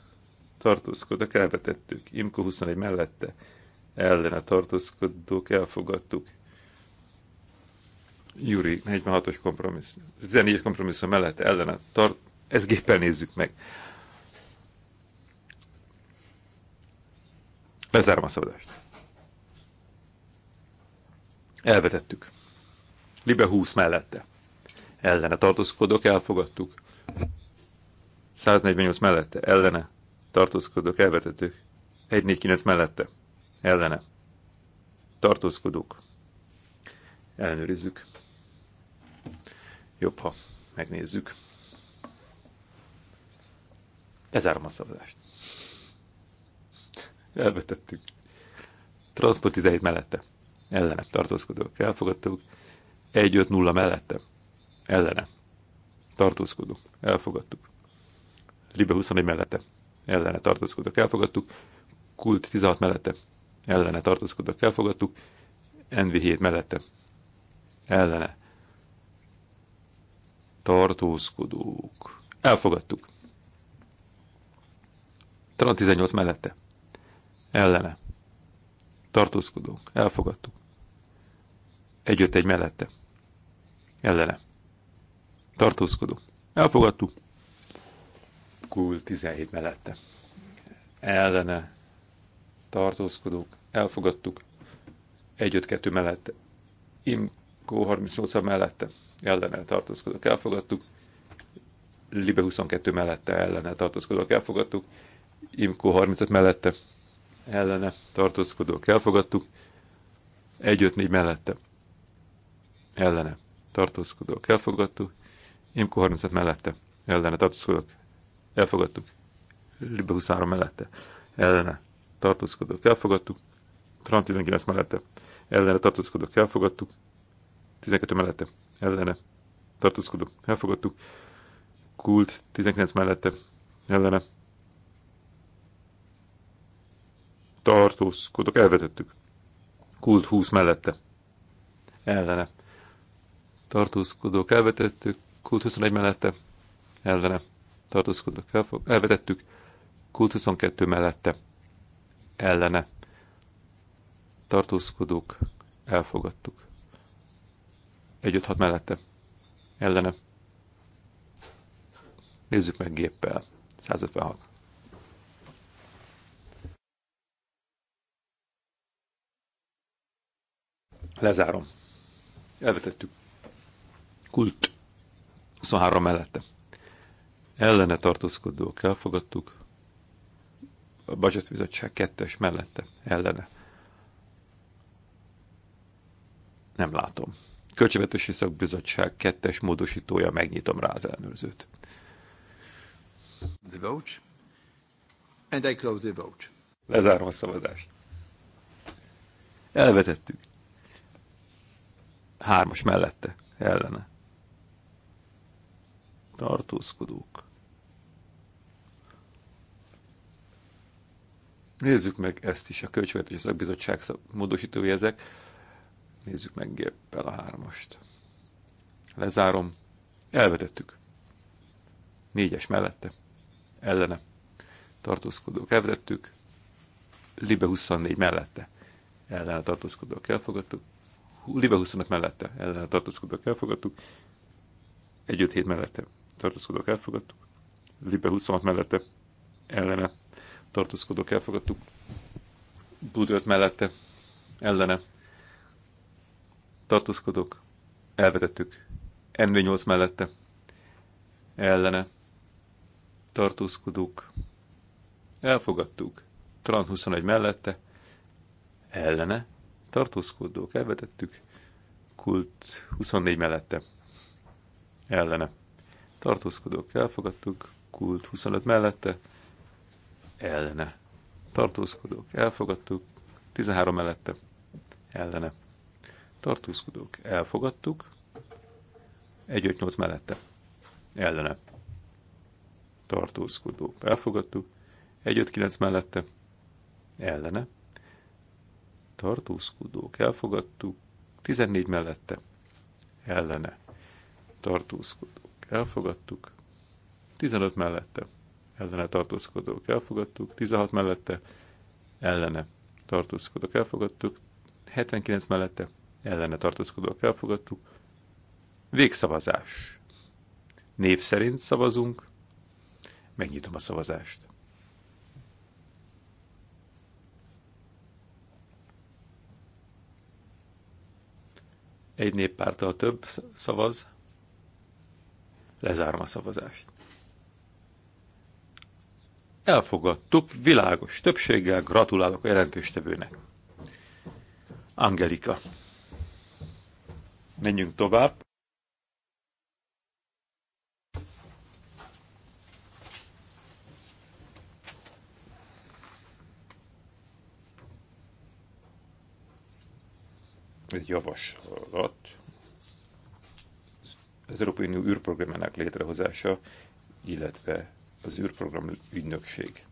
tartózkodók elvetettük. Imko 21 mellette ellene tartózkodók elfogadtuk. Juri, 46-os kompromisszum. 14 kompromisszum mellett ellene tart, ezt géppel nézzük meg. Lezárom a szabadást. Elvetettük. Libe 20 mellette. Ellene tartózkodok, elfogadtuk. 148 mellette, ellene. Tartózkodok, elvetettük. 149 mellette, ellene. tartózkodok. Ellenőrizzük. Jobb, ha megnézzük. Ezárom a szavazást elvetettük. Transport 17 mellette, ellene tartózkodók, elfogadtuk. 1-5-0 mellette, ellene tartózkodók, elfogadtuk. Libe 21 mellette, ellene tartózkodók, elfogadtuk. Kult 16 mellette, ellene tartózkodók, elfogadtuk. nv 7 mellette, ellene tartózkodók. Elfogadtuk. Talán 18 mellette ellene. Tartózkodunk, elfogadtuk. Együtt egy mellette, ellene. Tartózkodunk, elfogadtuk. Kul 17 mellette, ellene. Tartózkodunk, elfogadtuk. Együtt kettő 2 mellette, Imco 38 mellette, ellene tartózkodok, elfogadtuk. Libe 22 mellette ellene tartózkodok, elfogadtuk, Imkó 35 mellette ellene tartózkodók elfogadtuk, egy öt négy mellette ellene tartózkodók elfogadtuk, Imko 35 mellette ellene tartózkodók elfogadtuk, Libe 23 mellette ellene tartózkodók elfogadtuk, Trump 19 mellette ellene tartózkodók elfogadtuk, 12 mellette ellene tartózkodók elfogadtuk, Kult 19 mellette ellene tartózkodok, elvetettük. Kult 20 mellette. Ellene. Tartózkodok, elvetettük, Kult 21 mellette. Ellene. Tartózkodok, elfog... elvetettük, Kult 22 mellette. Ellene. Tartózkodók elfogadtuk. 1 5 mellette. Ellene. Nézzük meg géppel. 156. Lezárom. Elvetettük. Kult. 23 mellette. Ellene tartózkodók elfogadtuk. A budgetbizottság kettes mellette. Ellene. Nem látom. Költségvetési szakbizottság kettes módosítója, megnyitom rá az ellenőrzőt. The vote. And I close the vote. Lezárom a szavazást. Elvetettük. Hármas mellette, ellene. Tartózkodók. Nézzük meg ezt is, a a Szakbizottság módosítói ezek. Nézzük meg géppel a hármast. Lezárom. Elvetettük. Négyes mellette. Ellene. Tartózkodók elvetettük. Libe 24 mellette. Ellene tartózkodók elfogadtuk. Libe 25 mellette ellen tartózkodók elfogadtuk. Együtt hét mellette tartózkodók elfogadtuk. Libe 26 mellette ellene tartózkodók elfogadtuk. Bud 5 mellette ellene tartózkodók elvetettük. NV8 mellette ellene tartózkodók elfogadtuk. Tran 21 mellette ellene tartózkodók, elvetettük, kult 24 mellette, ellene, tartózkodók, elfogadtuk, kult 25 mellette, ellene, tartózkodók, elfogadtuk, 13 mellette, ellene, tartózkodók, elfogadtuk, 158 mellette, ellene, tartózkodók, elfogadtuk, 159 mellette, ellene, tartózkodók elfogadtuk, 14 mellette ellene tartózkodók elfogadtuk, 15 mellette ellene tartózkodók elfogadtuk, 16 mellette ellene tartózkodók elfogadtuk, 79 mellette ellene tartózkodók elfogadtuk. Végszavazás. Név szerint szavazunk. Megnyitom a szavazást. Egy néppártal több szavaz. Lezárom a szavazást. Elfogadtuk, világos többséggel gratulálok a jelentéstevőnek. Angelika. Menjünk tovább. egy javaslat, az Európai Unió űrprogramának létrehozása, illetve az űrprogram ügynökség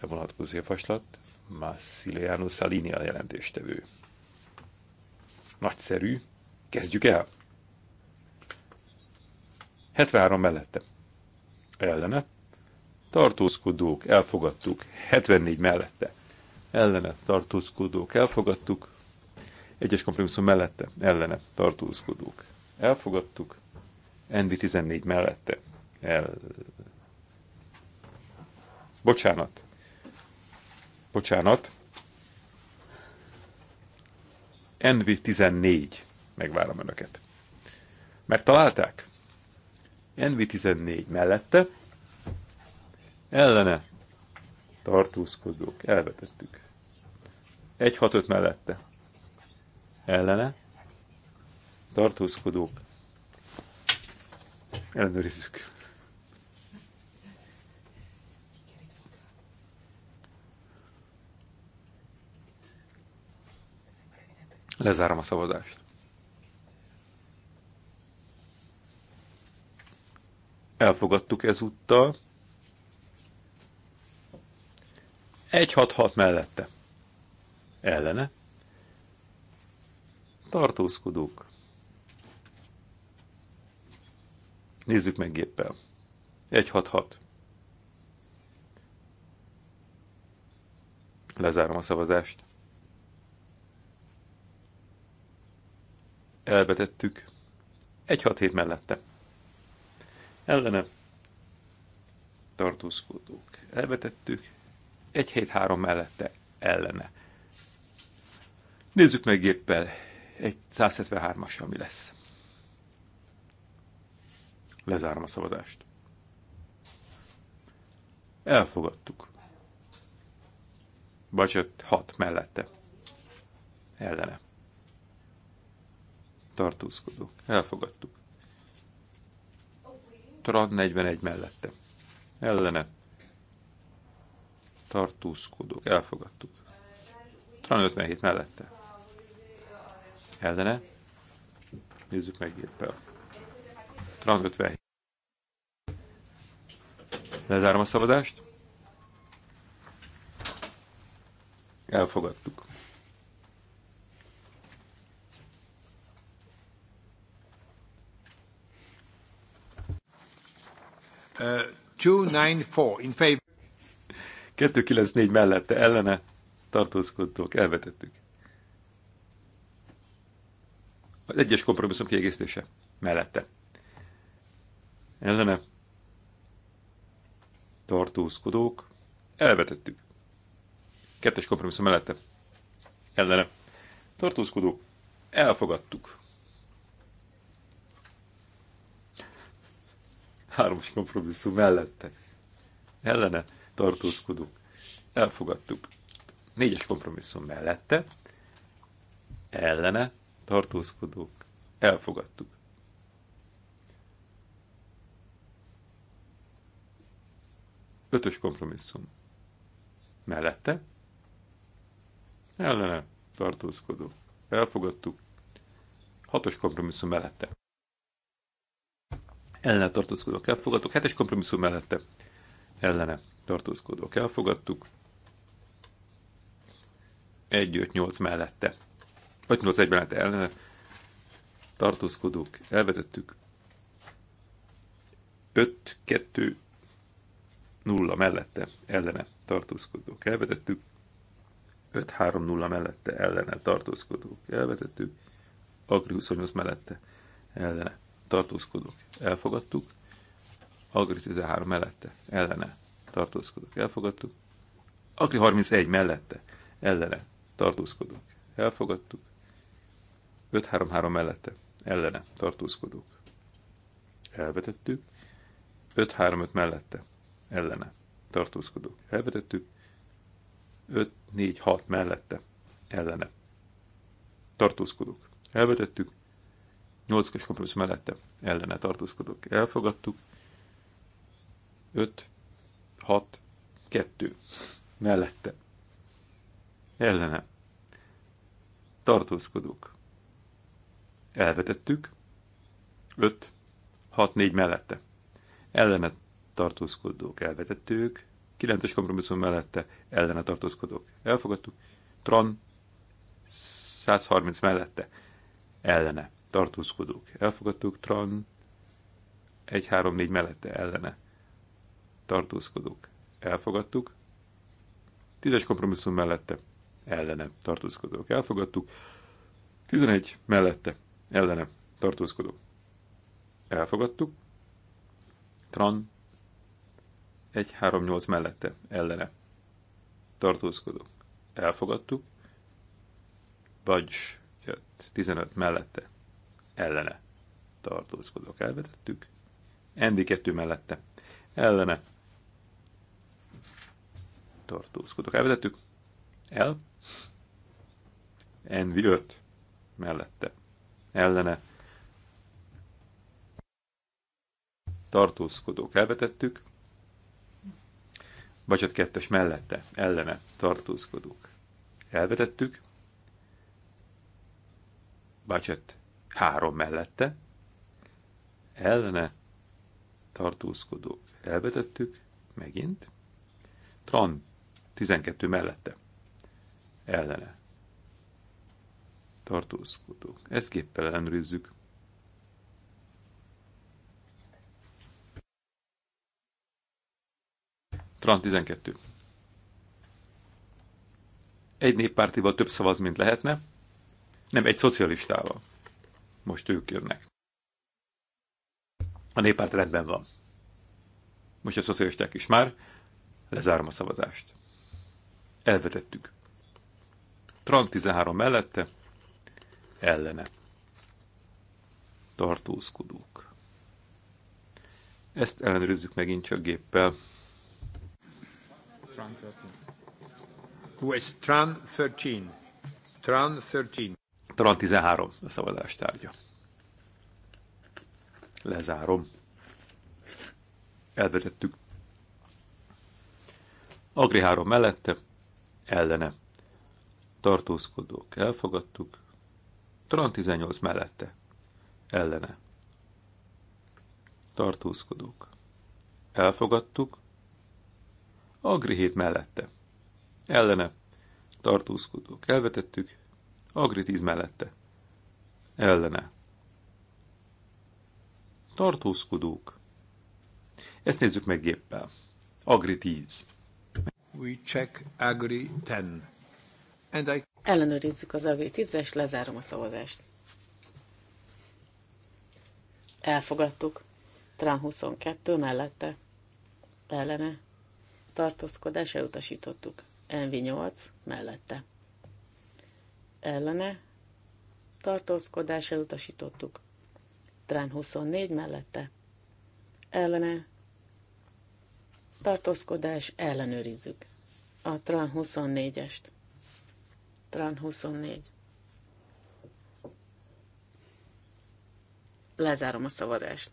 e vonatkozó javaslat, Massiliano Salini a jelentéstevő. Nagyszerű, kezdjük el! 73 mellette. Ellene. Tartózkodók, elfogadtuk. 74 mellette. Ellene tartózkodók, elfogadtuk. Egyes kompromisszum mellette, ellene tartózkodók. Elfogadtuk. NV14 mellette. El... Bocsánat. Bocsánat. NV14. Megvárom önöket. Megtalálták? NV14 mellette. Ellene tartózkodók. Elvetettük. 165 mellette ellene, tartózkodók, ellenőrizzük. Lezárom a szavazást. Elfogadtuk ezúttal. 166 mellette. Ellene. Tartózkodók. Nézzük meg géppel. 166. Lezárom a szavazást. Elvetettük. 167 mellette. Ellene. Tartózkodók. Elvetettük. 173 mellette. Ellene. Nézzük meg géppel egy 173-as, ami lesz. Lezárom a szavazást. Elfogadtuk. Budget 6 mellette. Ellene. Tartózkodó. Elfogadtuk. Trad 41 mellette. Ellene. Tartózkodók. Elfogadtuk. Tran 57 mellette ellene. Nézzük meg géppel. Tran 57. Lezárom a szavazást. Elfogadtuk. Uh, 294 in favor. 294 mellette ellene tartózkodtok, elvetettük. Az egyes kompromisszum kiegészítése mellette. Ellene tartózkodók elvetettük. Kettes kompromisszum mellette. Ellene tartózkodók elfogadtuk. Háromos kompromisszum mellette. Ellene tartózkodók elfogadtuk. Négyes kompromisszum mellette. Ellene tartózkodók, elfogadtuk. Ötös kompromisszum. Mellette? Ellene, tartózkodó. Elfogadtuk. Hatos kompromisszum mellette. Ellene tartózkodók elfogadtuk. Hetes kompromisszum mellette. Ellene tartózkodók elfogadtuk. Egy, öt, nyolc mellette egyben mellette ellene tartózkodók, elvetettük. 5-2 0 mellette ellene tartózkodók, elvetettük. 5-3 0 mellette ellene tartózkodók, elvetettük. Agri 28 mellette ellene tartózkodók, elfogadtuk. Agri 13 mellette ellene tartózkodók, elfogadtuk. Agri 31 mellette ellene tartózkodók, elfogadtuk. 5-3-3 mellette, ellene tartózkodók. Elvetettük. 5-3-5 mellette, ellene tartózkodók. Elvetettük. 5-4-6 mellette, ellene tartózkodók. Elvetettük. 8 es kompromisszum mellette, ellene tartózkodók. Elfogadtuk. 5, 6, 2. Mellette. Ellene. Tartózkodók elvetettük, 5, 6, 4 mellette. Ellene tartózkodók elvetettük. 9-es kompromisszum mellette ellene tartózkodók elfogadtuk, Tron 130 mellette ellene tartózkodók elfogadtuk, Tron 1-3-4 mellette ellene tartózkodók elfogadtuk, 10-es kompromisszum mellette ellene tartózkodók elfogadtuk, 11 mellette ellene tartózkodó. Elfogadtuk. Tran 138 mellette ellene tartózkodó. Elfogadtuk. Budge 15 mellette ellene tartózkodók elvetettük. Andy 2 mellette ellene tartózkodók elvetettük. El. Endi 5 mellette ellene tartózkodók elvetettük, Bacsat hát kettes mellette, ellene tartózkodók elvetettük, Bacsat hát három mellette, ellene tartózkodók elvetettük, megint, Tran 12 mellette, ellene tartózkodók. Ezt képpel ellenőrizzük. Tran 12. Egy néppártival több szavaz, mint lehetne. Nem, egy szocialistával. Most ők jönnek. A néppárt rendben van. Most a szocialisták is már. Lezárom a szavazást. Elvetettük. Trump 13 mellette, ellene tartózkodók. Ezt ellenőrizzük megint csak géppel. Tran 13. Tran 13. Tran 13. Tran 13 a szavazás tárgya. Lezárom. Elvetettük. Agri 3 mellette, ellene. Tartózkodók elfogadtuk. Talán 18 mellette. Ellene. Tartózkodók. Elfogadtuk. Agri 7 mellette. Ellene. Tartózkodók. Elvetettük. Agri 10 mellette. Ellene. Tartózkodók. Ezt nézzük meg géppel. Agri 10. We check Agri 10. And I... Ellenőrizzük az AV10-es, lezárom a szavazást. Elfogadtuk. Trán 22 mellette. Ellene. Tartózkodás elutasítottuk. NV8 mellette. Ellene. Tartózkodás elutasítottuk. Trán 24 mellette. Ellene. Tartózkodás ellenőrizzük. A Trán 24-est. Tran 24. Lezárom a szavazást.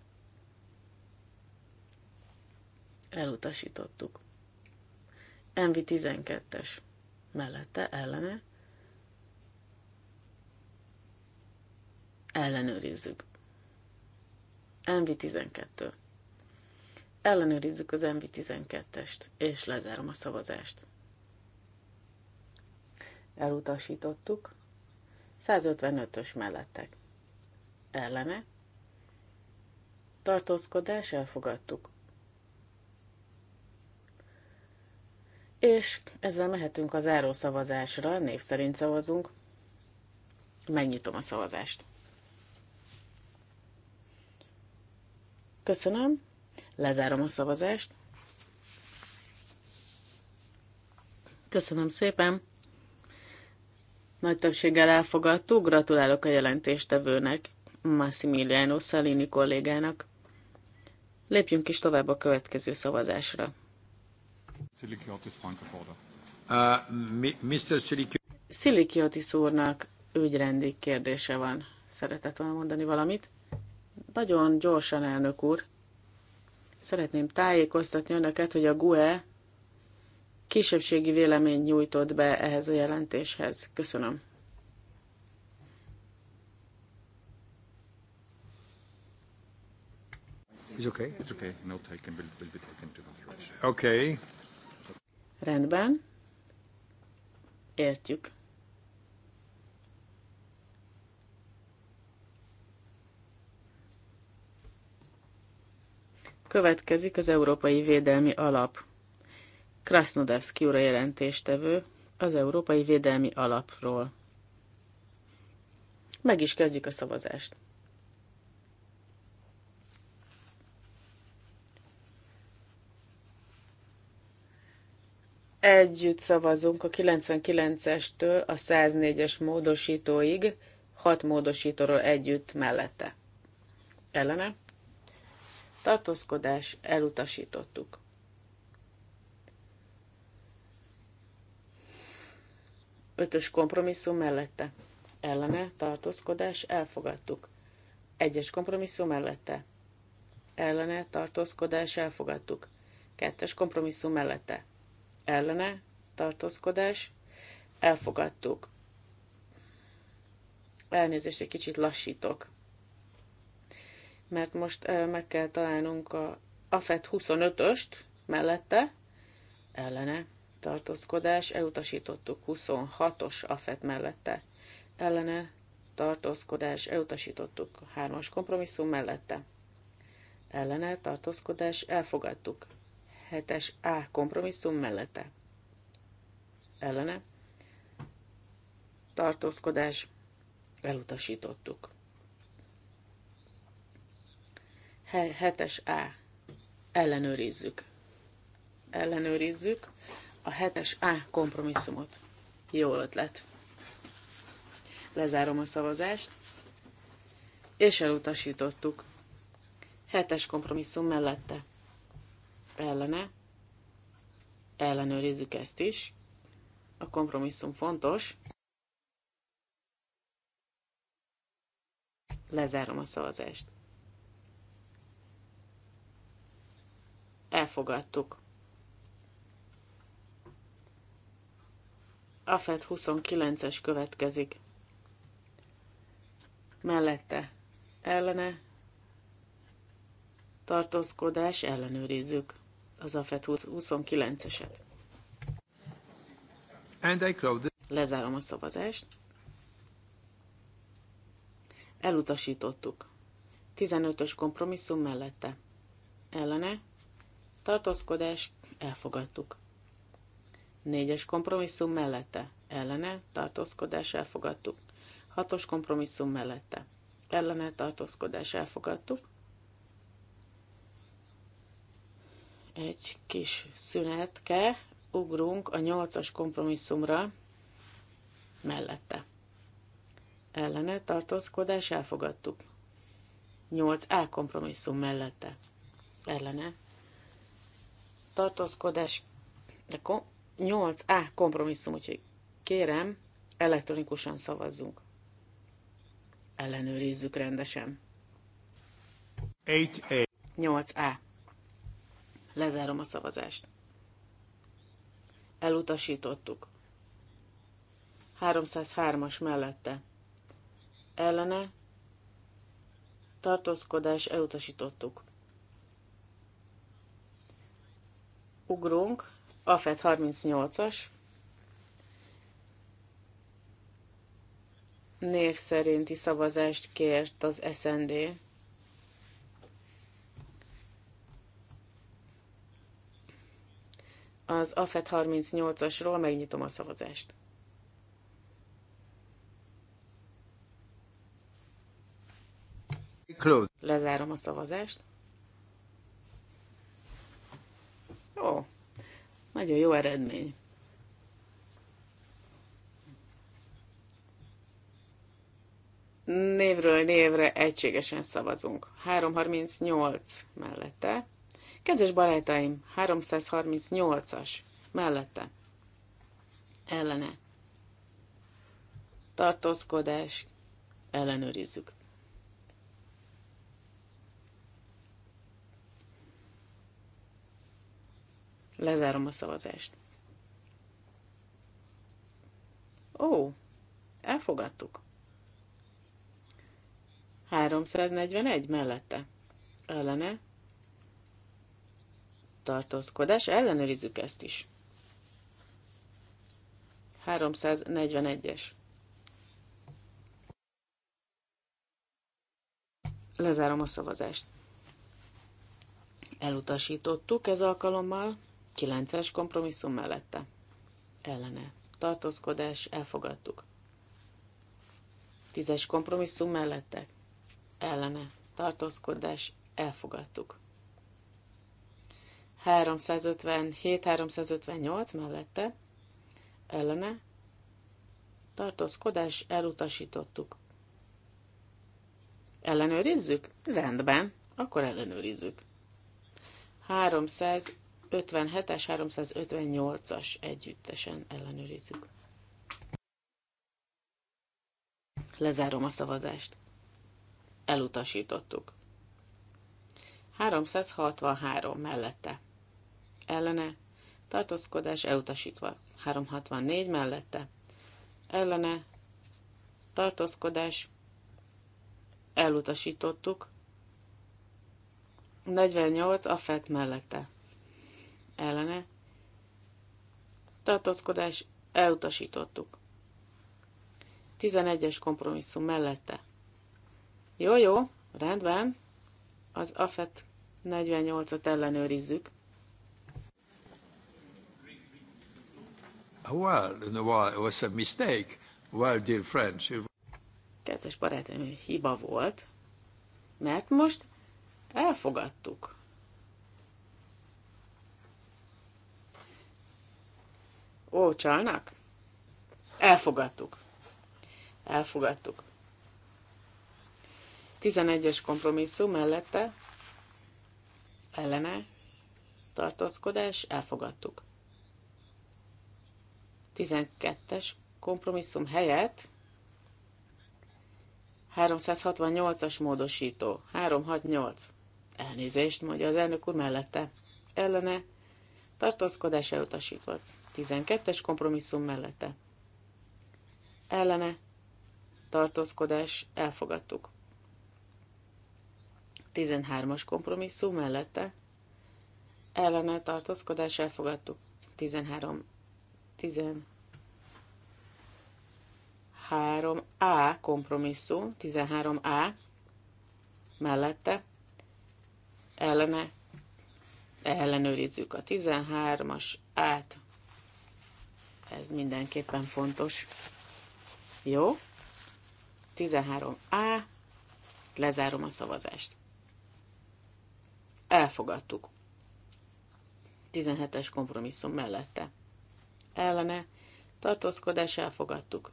Elutasítottuk. Envi 12-es. Mellette ellene. Ellenőrizzük. Envi 12. Ellenőrizzük az Envi 12-est, és lezárom a szavazást elutasítottuk, 155-ös mellettek ellene, tartózkodás elfogadtuk. És ezzel mehetünk az záró szavazásra, név szerint szavazunk. Megnyitom a szavazást. Köszönöm, lezárom a szavazást. Köszönöm szépen! Nagy többséggel elfogadtuk, gratulálok a jelentéstevőnek, Massimiliano Salini kollégának. Lépjünk is tovább a következő szavazásra. Szilikiotis úrnak ügyrendi kérdése van. Szeretett volna mondani valamit? Nagyon gyorsan, elnök úr. Szeretném tájékoztatni önöket, hogy a GUE kisebbségi véleményt nyújtott be ehhez a jelentéshez. Köszönöm. It's okay. It's okay. No taken will, will be taken into consideration. Okay. Rendben. Értjük. Következik az Európai Védelmi Alap. Krasnodevski úr jelentéstevő az Európai Védelmi Alapról. Meg is kezdjük a szavazást. Együtt szavazunk a 99-estől a 104-es módosítóig, hat módosítóról együtt mellette. Ellene? Tartózkodás elutasítottuk. Ötös kompromisszum mellette. Ellene tartózkodás elfogadtuk. Egyes kompromisszum mellette. Ellene tartózkodás elfogadtuk. Kettes kompromisszum mellette. Ellene tartózkodás elfogadtuk. Elnézést, egy kicsit lassítok. Mert most meg kell találnunk a AFET 25-öst mellette. Ellene tartózkodás, elutasítottuk 26-os afet mellette, ellene tartózkodás, elutasítottuk 3-as kompromisszum mellette, ellene tartózkodás, elfogadtuk 7-es A kompromisszum mellette, ellene tartózkodás, elutasítottuk. 7-es A ellenőrizzük. Ellenőrizzük a 7-es A kompromisszumot. Jó ötlet. Lezárom a szavazást, és elutasítottuk. 7-es kompromisszum mellette. Ellene. Ellenőrizzük ezt is. A kompromisszum fontos. Lezárom a szavazást. Elfogadtuk. AFET 29-es következik. Mellette ellene tartózkodás ellenőrizzük az AFET 29-eset. And I Lezárom a szavazást. Elutasítottuk. 15-ös kompromisszum mellette. Ellene tartózkodás elfogadtuk. Négyes kompromisszum mellette, ellene, tartózkodás elfogadtuk. Hatos kompromisszum mellette, ellene, tartózkodás elfogadtuk. Egy kis szünetke, ugrunk a nyolcas kompromisszumra mellette. Ellene, tartózkodás elfogadtuk. 8A kompromisszum mellette. Ellene. Tartózkodás de 8A kompromisszum, úgyhogy kérem, elektronikusan szavazzunk. Ellenőrizzük rendesen. 8A. 8A. Lezárom a szavazást. Elutasítottuk. 303-as mellette. Ellene. Tartózkodás elutasítottuk. Ugrunk AFET 38-as. Név szerinti szavazást kért az SND. Az AFET 38-asról megnyitom a szavazást. Lezárom a szavazást. Ó, nagyon jó eredmény. Névről névre egységesen szavazunk. 338 mellette. Kedves barátaim, 338-as mellette. Ellene. Tartózkodás. Ellenőrizzük. Lezárom a szavazást. Ó, elfogadtuk. 341 mellette. Ellene. Tartózkodás. Ellenőrizzük ezt is. 341-es. Lezárom a szavazást. Elutasítottuk ez alkalommal kilences kompromisszum mellette. Ellene. Tartózkodás, elfogadtuk. Tízes kompromisszum mellette. Ellene. Tartózkodás, elfogadtuk. 357-358 mellette. Ellene. Tartózkodás, elutasítottuk. Ellenőrizzük? Rendben, akkor ellenőrizzük. 357 357-es, 358-as együttesen ellenőrizzük. Lezárom a szavazást. Elutasítottuk. 363 mellette. Ellene. Tartózkodás elutasítva. 364 mellette. Ellene. Tartózkodás. Elutasítottuk. 48 a FET mellette ellene tartózkodás elutasítottuk. 11-es kompromisszum mellette. Jó, jó, rendben, az AFET 48-at ellenőrizzük. Well, no, well, it was a mistake. Well, dear friends, it... Kedves barátom, hiba volt, mert most elfogadtuk. Ó, csalnak? Elfogadtuk. Elfogadtuk. 11-es kompromisszum mellette ellene tartózkodás, elfogadtuk. 12-es kompromisszum helyett 368-as módosító, 368. Elnézést, mondja az elnök úr mellette. Ellene tartózkodás elutasított. 12-es kompromisszum mellette. Ellene tartózkodás elfogadtuk. 13-as kompromisszum mellette. Ellene tartózkodás elfogadtuk. 13. 13A kompromisszum, 13A mellette ellene ellenőrizzük a 13-as át ez mindenképpen fontos. Jó. 13A. Lezárom a szavazást. Elfogadtuk. 17-es kompromisszum mellette. Ellene. Tartózkodás elfogadtuk.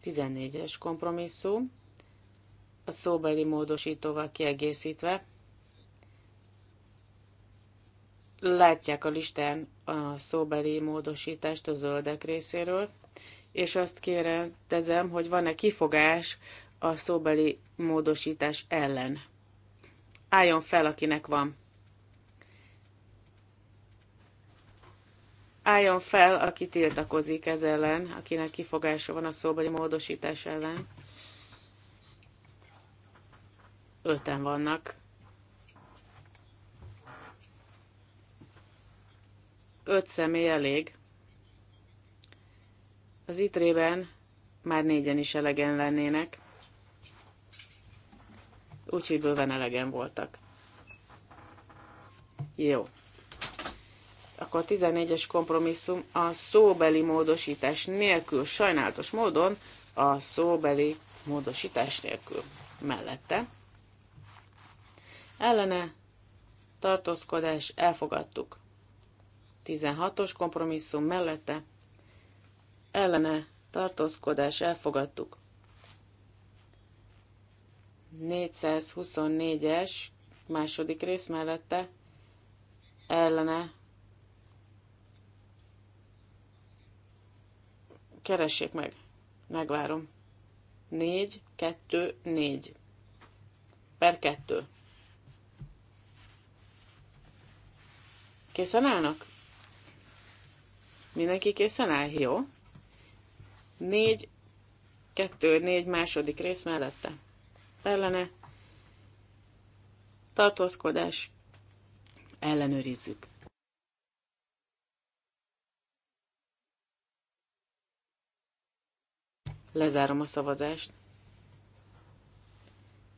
Tizennégyes kompromisszum, a szóbeli módosítóval kiegészítve, látják a listán a szóbeli módosítást a zöldek részéről, és azt kérdezem, hogy van-e kifogás a szóbeli módosítás ellen. Álljon fel, akinek van. Álljon fel, aki tiltakozik ez ellen, akinek kifogása van a szóbeli módosítás ellen. Öten vannak. öt személy elég. Az itrében már négyen is elegen lennének, úgyhogy bőven elegen voltak. Jó. Akkor a 14-es kompromisszum a szóbeli módosítás nélkül, sajnálatos módon a szóbeli módosítás nélkül mellette. Ellene tartózkodás elfogadtuk. 16-os kompromisszum mellette ellene tartózkodás elfogadtuk. 424-es második rész mellette ellene keressék meg. Megvárom. 4, 2, 4. Per 2. Készen állnak? Mindenki készen áll? Jó. Négy, kettő, négy második rész mellette. Ellene. Tartózkodás. Ellenőrizzük. Lezárom a szavazást.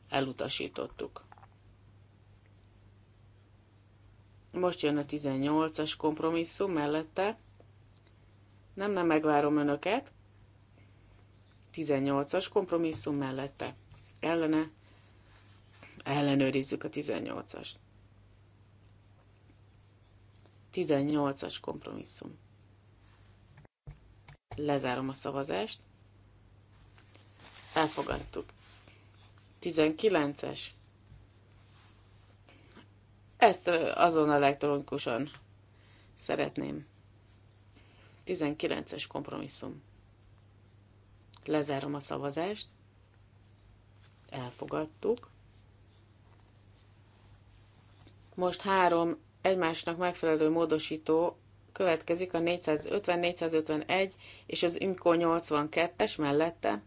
Elutasítottuk. Most jön a 18-as kompromisszum mellette nem, nem, megvárom önöket. 18-as kompromisszum mellette. Ellene ellenőrizzük a 18-ast. 18-as kompromisszum. Lezárom a szavazást. Elfogadtuk. 19-es. Ezt azon elektronikusan szeretném. 19-es kompromisszum. Lezárom a szavazást. Elfogadtuk. Most három egymásnak megfelelő módosító következik a 450, 451 és az IMCO 82-es mellette.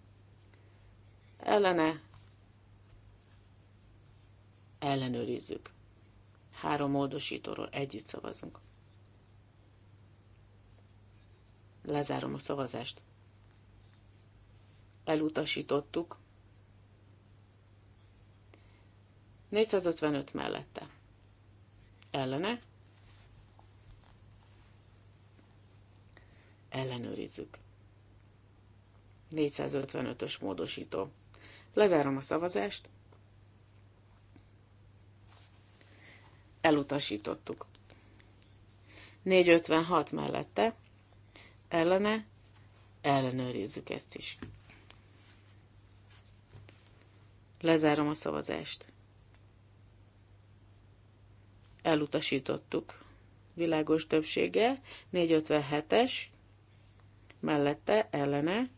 Ellene ellenőrizzük. Három módosítóról együtt szavazunk. Lezárom a szavazást. Elutasítottuk. 455 mellette. Ellene. Ellenőrizzük. 455-ös módosító. Lezárom a szavazást. Elutasítottuk. 456 mellette ellene, ellenőrizzük ezt is. Lezárom a szavazást. Elutasítottuk világos többsége, 457-es, mellette, ellene.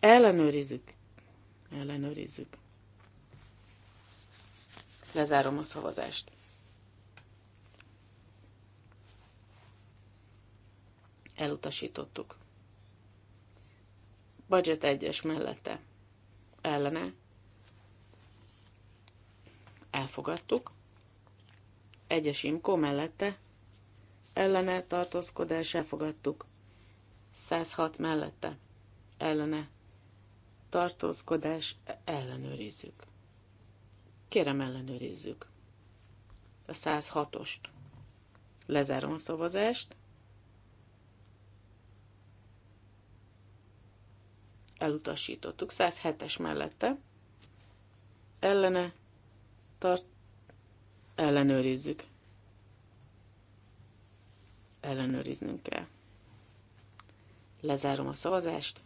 Ellenőrizzük. Ellenőrizzük. Lezárom a szavazást. Elutasítottuk. Budget 1-es mellette. Ellene. Elfogadtuk. Egyes imkó mellette. Ellene tartózkodás elfogadtuk. 106 mellette. Ellene tartózkodás ellenőrizzük. Kérem ellenőrizzük. A 106-ost. Lezárom a szavazást. elutasítottuk. 107-es mellette ellene tart, ellenőrizzük. Ellenőriznünk kell. Lezárom a szavazást,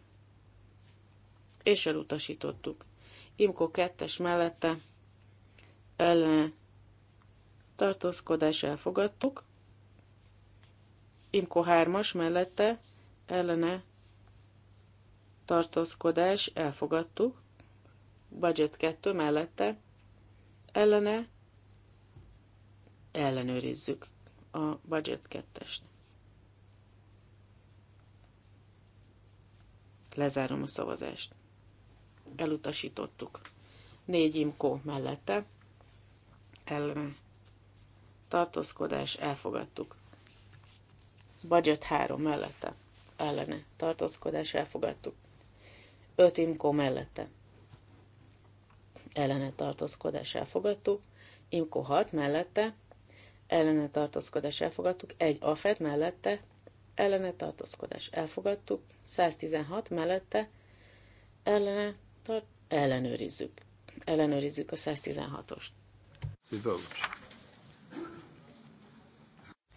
és elutasítottuk. Imko 2-es mellette ellene tartózkodás elfogadtuk. Imko 3-as mellette ellene tartózkodás, elfogadtuk. Budget 2 mellette, ellene, ellenőrizzük a budget 2-est. Lezárom a szavazást. Elutasítottuk. Négy imkó mellette, ellene, tartózkodás, elfogadtuk. Budget 3 mellette, ellene, tartózkodás, elfogadtuk öt imkó mellette. Ellene tartózkodás elfogadtuk. Imkó hat mellette. Ellene tartózkodás elfogadtuk. egy afet mellette. Ellene tartózkodás elfogadtuk. 116 mellette. Ellene tart ellenőrizzük. Ellenőrizzük a 116-ost.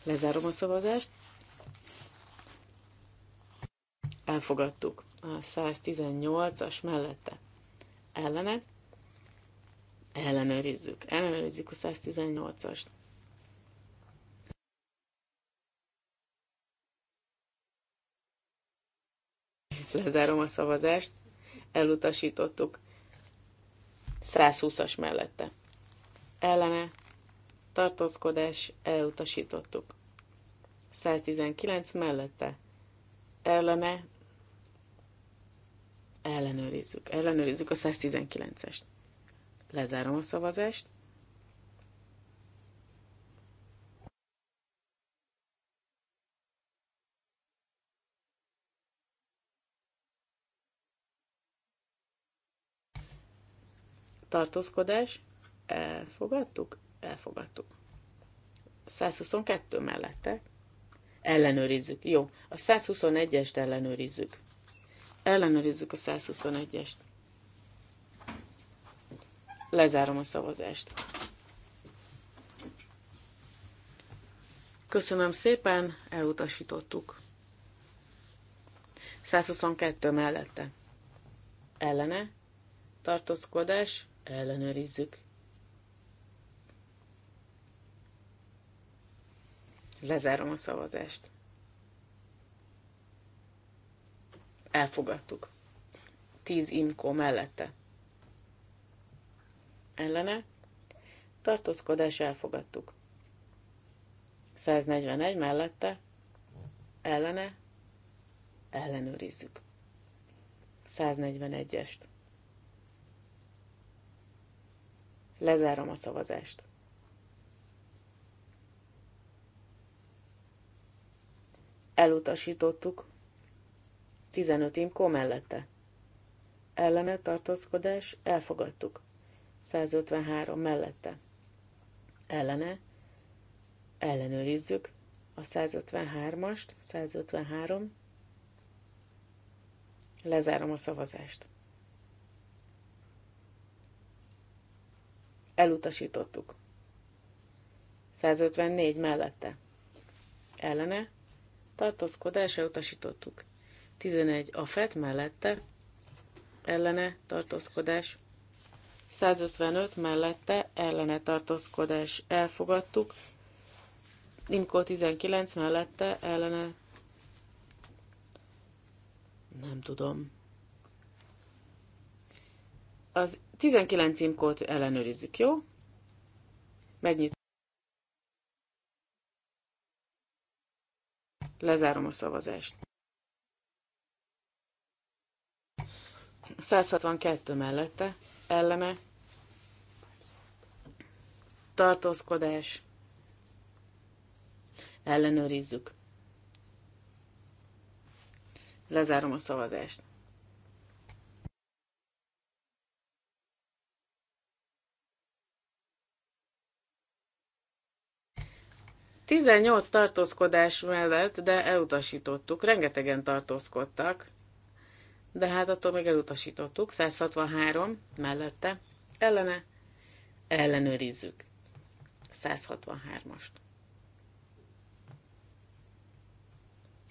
Lezárom a szavazást. Elfogadtuk a 118-as mellette ellene. Ellenőrizzük. Ellenőrizzük a 118-ast. Lezárom a szavazást. Elutasítottuk. 120-as mellette. Ellene. Tartózkodás. Elutasítottuk. 119 mellette. Ellene Ellenőrizzük. Ellenőrizzük a 119-est. Lezárom a szavazást. Tartózkodás. Elfogadtuk? Elfogadtuk. 122 mellette. Ellenőrizzük. Jó, a 121-est ellenőrizzük. Ellenőrizzük a 121-est. Lezárom a szavazást. Köszönöm szépen, elutasítottuk. 122 mellette. Ellene. Tartózkodás. Ellenőrizzük. Lezárom a szavazást. Elfogadtuk. 10 imkó mellette. Ellene. Tartózkodás elfogadtuk. 141 mellette. Ellene. Ellenőrizzük. 141-est. Lezárom a szavazást. Elutasítottuk 15 imkó mellette. Ellene tartózkodás elfogadtuk. 153 mellette. Ellene ellenőrizzük a 153-ast, 153. Lezárom a szavazást. Elutasítottuk. 154 mellette. Ellene tartózkodás elutasítottuk. 11 a FET mellette, ellene tartózkodás, 155 mellette, ellene tartózkodás elfogadtuk, Imkó 19 mellette, ellene nem tudom. Az 19 imkót ellenőrizzük, jó? Megnyit. Lezárom a szavazást. 162 mellette, elleme, tartózkodás, ellenőrizzük. Lezárom a szavazást. Tizennyolc tartózkodás mellett, de elutasítottuk, rengetegen tartózkodtak, de hát attól még elutasítottuk. 163 mellette, ellene, ellenőrizzük. 163-ast.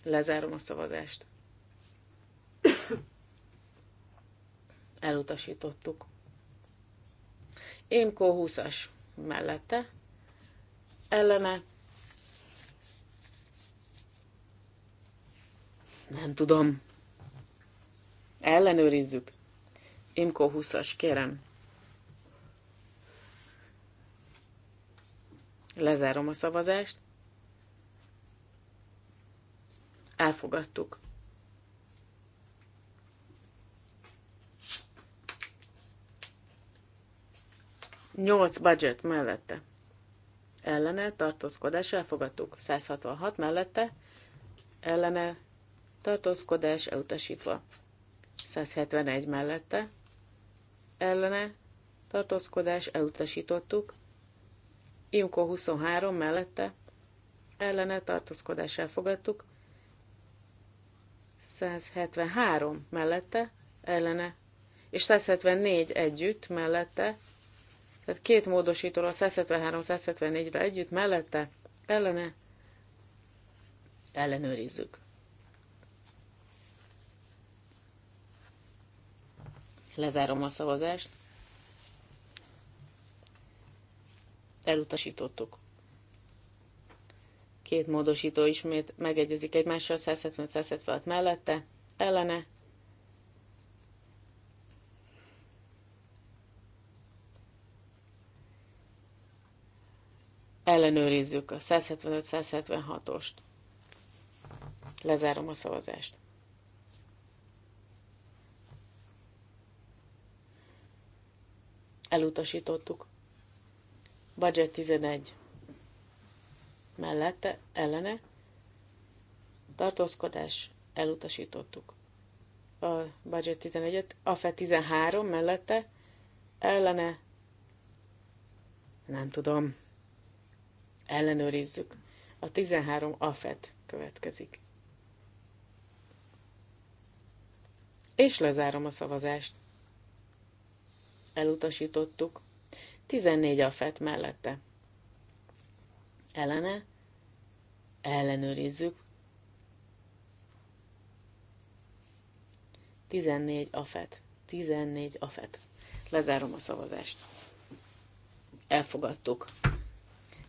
Lezárom a szavazást. Elutasítottuk. Émkó 20-as mellette, ellene, nem tudom. Ellenőrizzük. Imko 20-as, kérem. Lezárom a szavazást. Elfogadtuk. Nyolc budget mellette. Ellene tartózkodás elfogadtuk. 166 mellette. Ellene tartózkodás elutasítva. 171 mellette, ellene, tartózkodás elutasítottuk, Imko 23 mellette, ellene, tartózkodás elfogadtuk, 173 mellette, ellene, és 174 együtt mellette, tehát két módosítóról 173-174-re együtt mellette, ellene, ellenőrizzük. Lezárom a szavazást. Elutasítottuk. Két módosító ismét megegyezik egymással 170 176 mellette, ellene. Ellenőrizzük a 175-176-ost. Lezárom a szavazást. Elutasítottuk. Budget 11. Mellette, ellene. Tartózkodás. Elutasítottuk. A budget 11-et. AFE 13 mellette, ellene. Nem tudom. Ellenőrizzük. A 13 AFET következik. És lezárom a szavazást elutasítottuk. a fett mellette. Elene, ellenőrizzük. fett. Tizennégy a fett. Lezárom a szavazást. Elfogadtuk.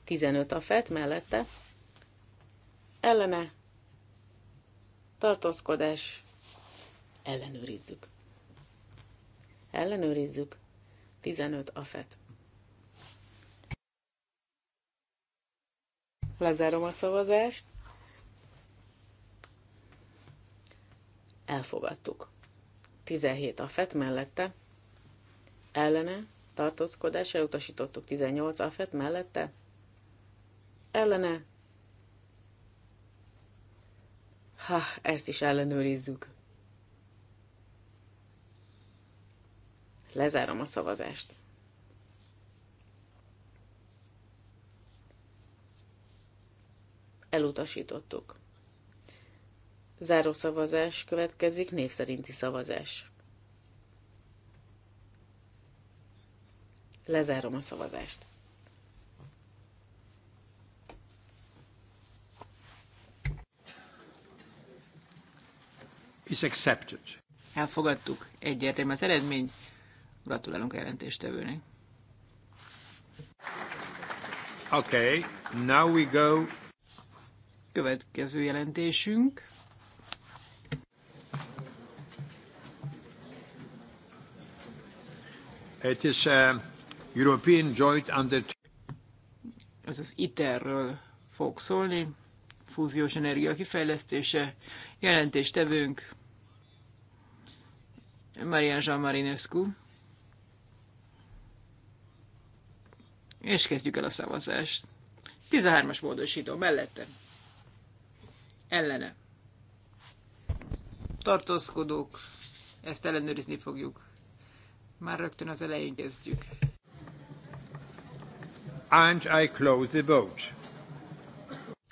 15 fett mellette. Ellene. Tartózkodás. Ellenőrizzük. Ellenőrizzük. 15 afet. Lezárom a szavazást. Elfogadtuk. 17 afet mellette. Ellene tartózkodás elutasítottuk 18 afet mellette. Ellene. Ha, ezt is ellenőrizzük. Lezárom a szavazást. Elutasítottuk. Záró szavazás következik, név szerinti szavazás. Lezárom a szavazást. Is accepted. Elfogadtuk. Egyértelmű az eredmény. Gratulálunk a jelentéstevőnek. Okay, now we go. Következő jelentésünk. It is a European Joint Undertaking. Ez az ITER-ről fog szólni, fúziós energia kifejlesztése, jelentéstevőnk Marian Jean Marinescu. És kezdjük el a szavazást. 13-as módosító mellette. Ellene. Tartózkodók. Ezt ellenőrizni fogjuk. Már rögtön az elején kezdjük. And I close the vote.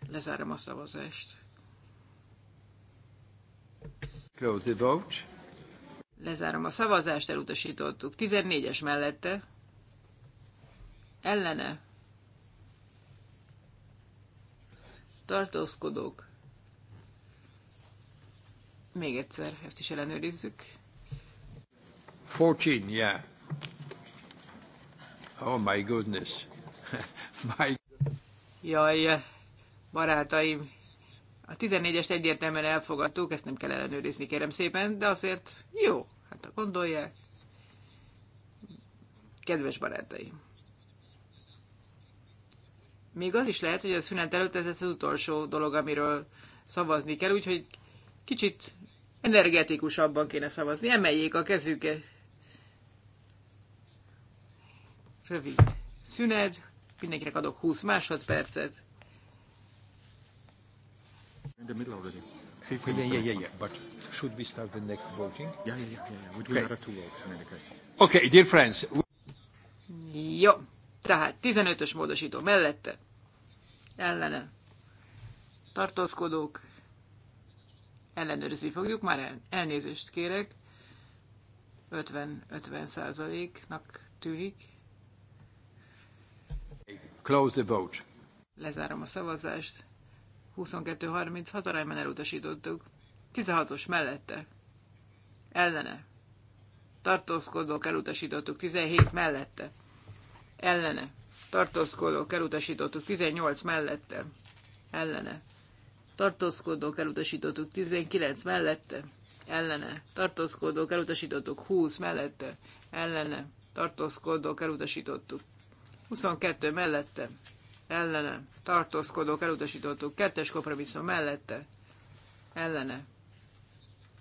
Lezárom a szavazást. Close the vote. Lezárom a szavazást, elutasítottuk. 14-es mellette ellene tartózkodók. Még egyszer, ezt is ellenőrizzük. 14, yeah. Oh my goodness. my... Jaj, barátaim, a 14-est egyértelműen elfogadtuk, ezt nem kell ellenőrizni, kérem szépen, de azért jó, hát a gondolják. Kedves barátaim! Még az is lehet, hogy a szünet előtt ez az utolsó dolog, amiről szavazni kell, úgyhogy kicsit energetikusabban kéne szavazni. Emeljék a kezüket. Rövid szünet, mindenkinek adok 20 másodpercet. In the middle already. Yeah, yeah, yeah, yeah. But should we start the next voting? Yeah, yeah, yeah. yeah. we okay. two votes in any case? Okay, dear friends. Jó. Tehát 15-ös módosító mellette ellene tartózkodók, ellenőrizni fogjuk, már el, elnézést kérek, 50-50 százaléknak tűnik. Close the vote. Lezárom a szavazást. 22-36 arányban elutasítottuk. 16-os mellette. Ellene. Tartózkodók elutasítottuk. 17 mellette. Ellene tartózkodók elutasítottuk 18 mellette, ellene. Tartózkodók elutasítottuk 19 mellette, ellene. Tartózkodók elutasítottuk 20 mellette, ellene. Tartózkodók elutasítottuk 22 mellette, ellene. Tartózkodók elutasítottuk kettes kompromisszum mellette, ellene.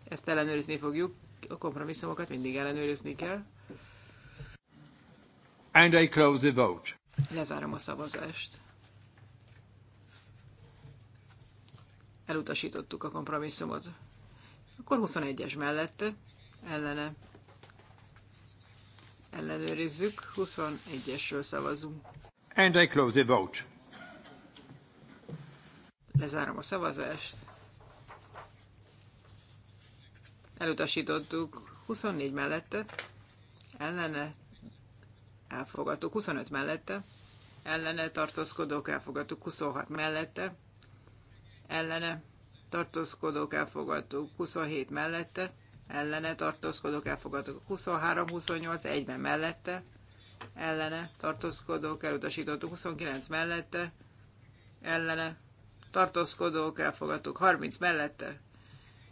Ezt ellenőrizni fogjuk, a kompromisszumokat mindig ellenőrizni kell. And I close the vote. Lezárom a szavazást. Elutasítottuk a kompromisszumot. Akkor 21-es mellette, ellene. Ellenőrizzük, 21-esről szavazunk. And I close the vote. Lezárom a szavazást. Elutasítottuk 24 mellette, ellene elfogadtuk 25 mellette, ellene tartózkodók elfogadtuk 26 mellette, ellene tartózkodók elfogadtuk 27 mellette, ellene tartózkodók elfogadtuk 23-28 egyben mellette, ellene tartózkodók elutasítottuk 29 mellette, ellene tartózkodók elfogadtuk 30 mellette,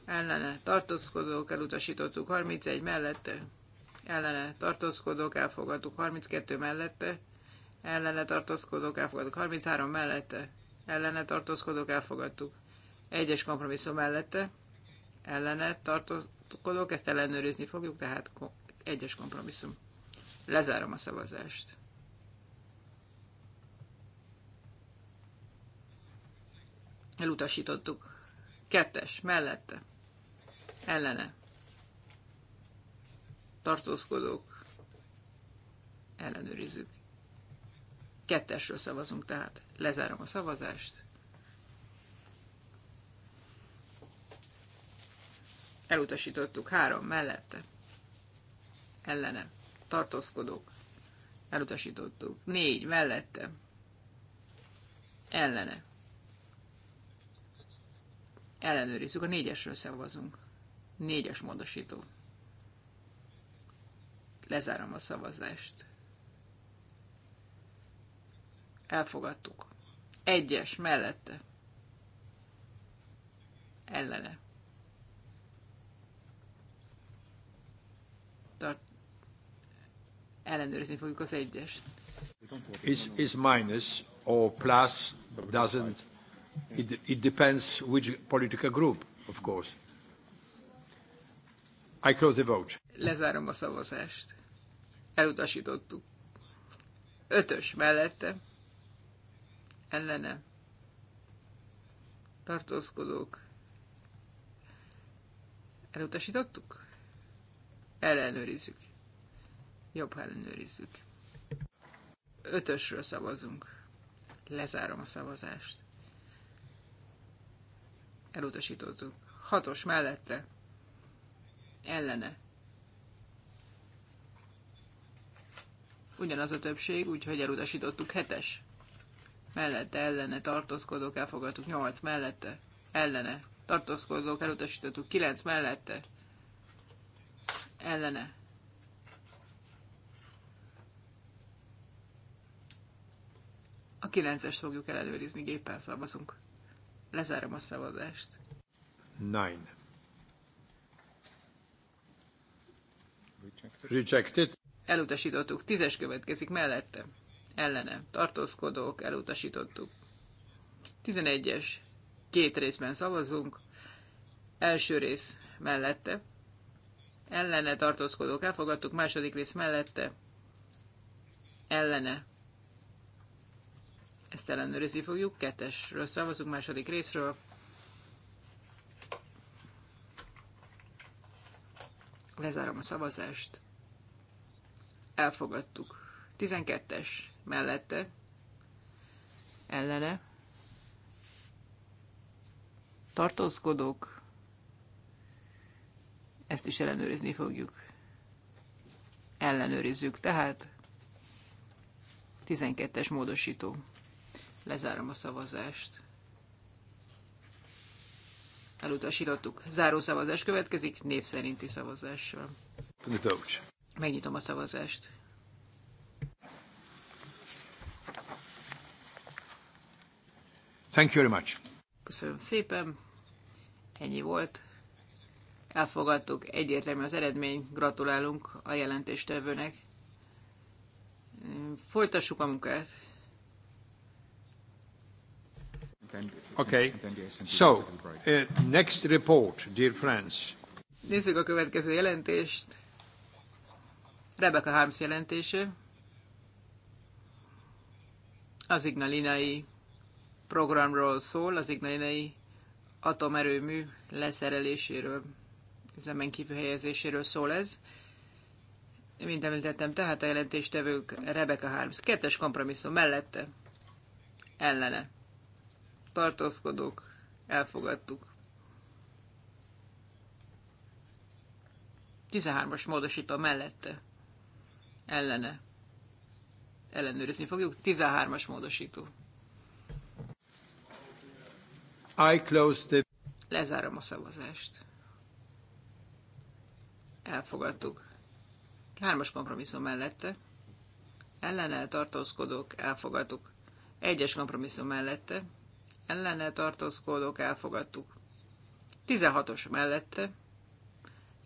ellene tartózkodók elutasítottuk 31 mellette, ellene tartózkodok, elfogadtuk 32 mellette, ellene tartózkodok, elfogadtuk 33 mellette, ellene tartózkodok, elfogadtuk egyes kompromisszum mellette, ellene tartózkodok, ezt ellenőrizni fogjuk, tehát egyes kompromisszum. Lezárom a szavazást. Elutasítottuk. Kettes, mellette, ellene tartózkodók, ellenőrizzük. Kettesről szavazunk, tehát lezárom a szavazást. Elutasítottuk három mellette. Ellene. Tartózkodók. Elutasítottuk. Négy mellette. Ellene. Ellenőrizzük. A négyesről szavazunk. Négyes módosító. Lezárom a szavazást. Elfogadtuk. Egyes mellette. Ellene. Tart. Ellenőrizni fogjuk az egyest. Is, is minus or plus doesn't it, it depends which political group, of course. I close the vote. Lezárom a szavazást elutasítottuk. Ötös mellette ellene tartózkodók elutasítottuk? Ellenőrizzük. Jobb, ha ellenőrizzük. Ötösről szavazunk. Lezárom a szavazást. Elutasítottuk. Hatos mellette. Ellene ugyanaz a többség, úgyhogy elutasítottuk hetes. Mellette, ellene, tartózkodók, elfogadtuk nyolc, mellette, ellene, tartózkodók, elutasítottuk kilenc, mellette, ellene. A kilencest fogjuk ellenőrizni, géppel szavazunk. Lezárom a szavazást. Nine. Rejected elutasítottuk. Tízes következik mellette, ellene, tartózkodók, elutasítottuk. Tizenegyes, két részben szavazunk, első rész mellette, ellene tartózkodók elfogadtuk, második rész mellette, ellene. Ezt ellenőrizni fogjuk, kettesről szavazunk, második részről. Lezárom a szavazást elfogadtuk. 12-es mellette, ellene, tartózkodók, ezt is ellenőrizni fogjuk. Ellenőrizzük, tehát 12-es módosító. Lezárom a szavazást. Elutasítottuk. Záró szavazás következik, név szerinti szavazással. Megnyitom a szavazást. Thank you very much. Köszönöm szépen. Ennyi volt. Elfogadtuk. Egyértelmű az eredmény. Gratulálunk a jelentéstevőnek. Folytassuk a munkát. Okay. So, uh, next report, dear friends. Nézzük a következő jelentést. Rebecca Harms jelentése az ignalinai programról szól, az ignalinai atomerőmű leszereléséről, üzemen kívül helyezéséről szól ez. Mint említettem, tehát a jelentéstevők Rebecca Harms. Kettes kompromisszum mellette. Ellene. Tartózkodók. Elfogadtuk. 13-as módosító mellette ellene. Ellenőrizni fogjuk. 13-as módosító. I close the... Lezárom a szavazást. Elfogadtuk. Hármas kompromisszum mellette. Ellene tartózkodók, elfogadtuk. Egyes kompromisszum mellette. Ellene tartózkodók, elfogadtuk. 16-os mellette.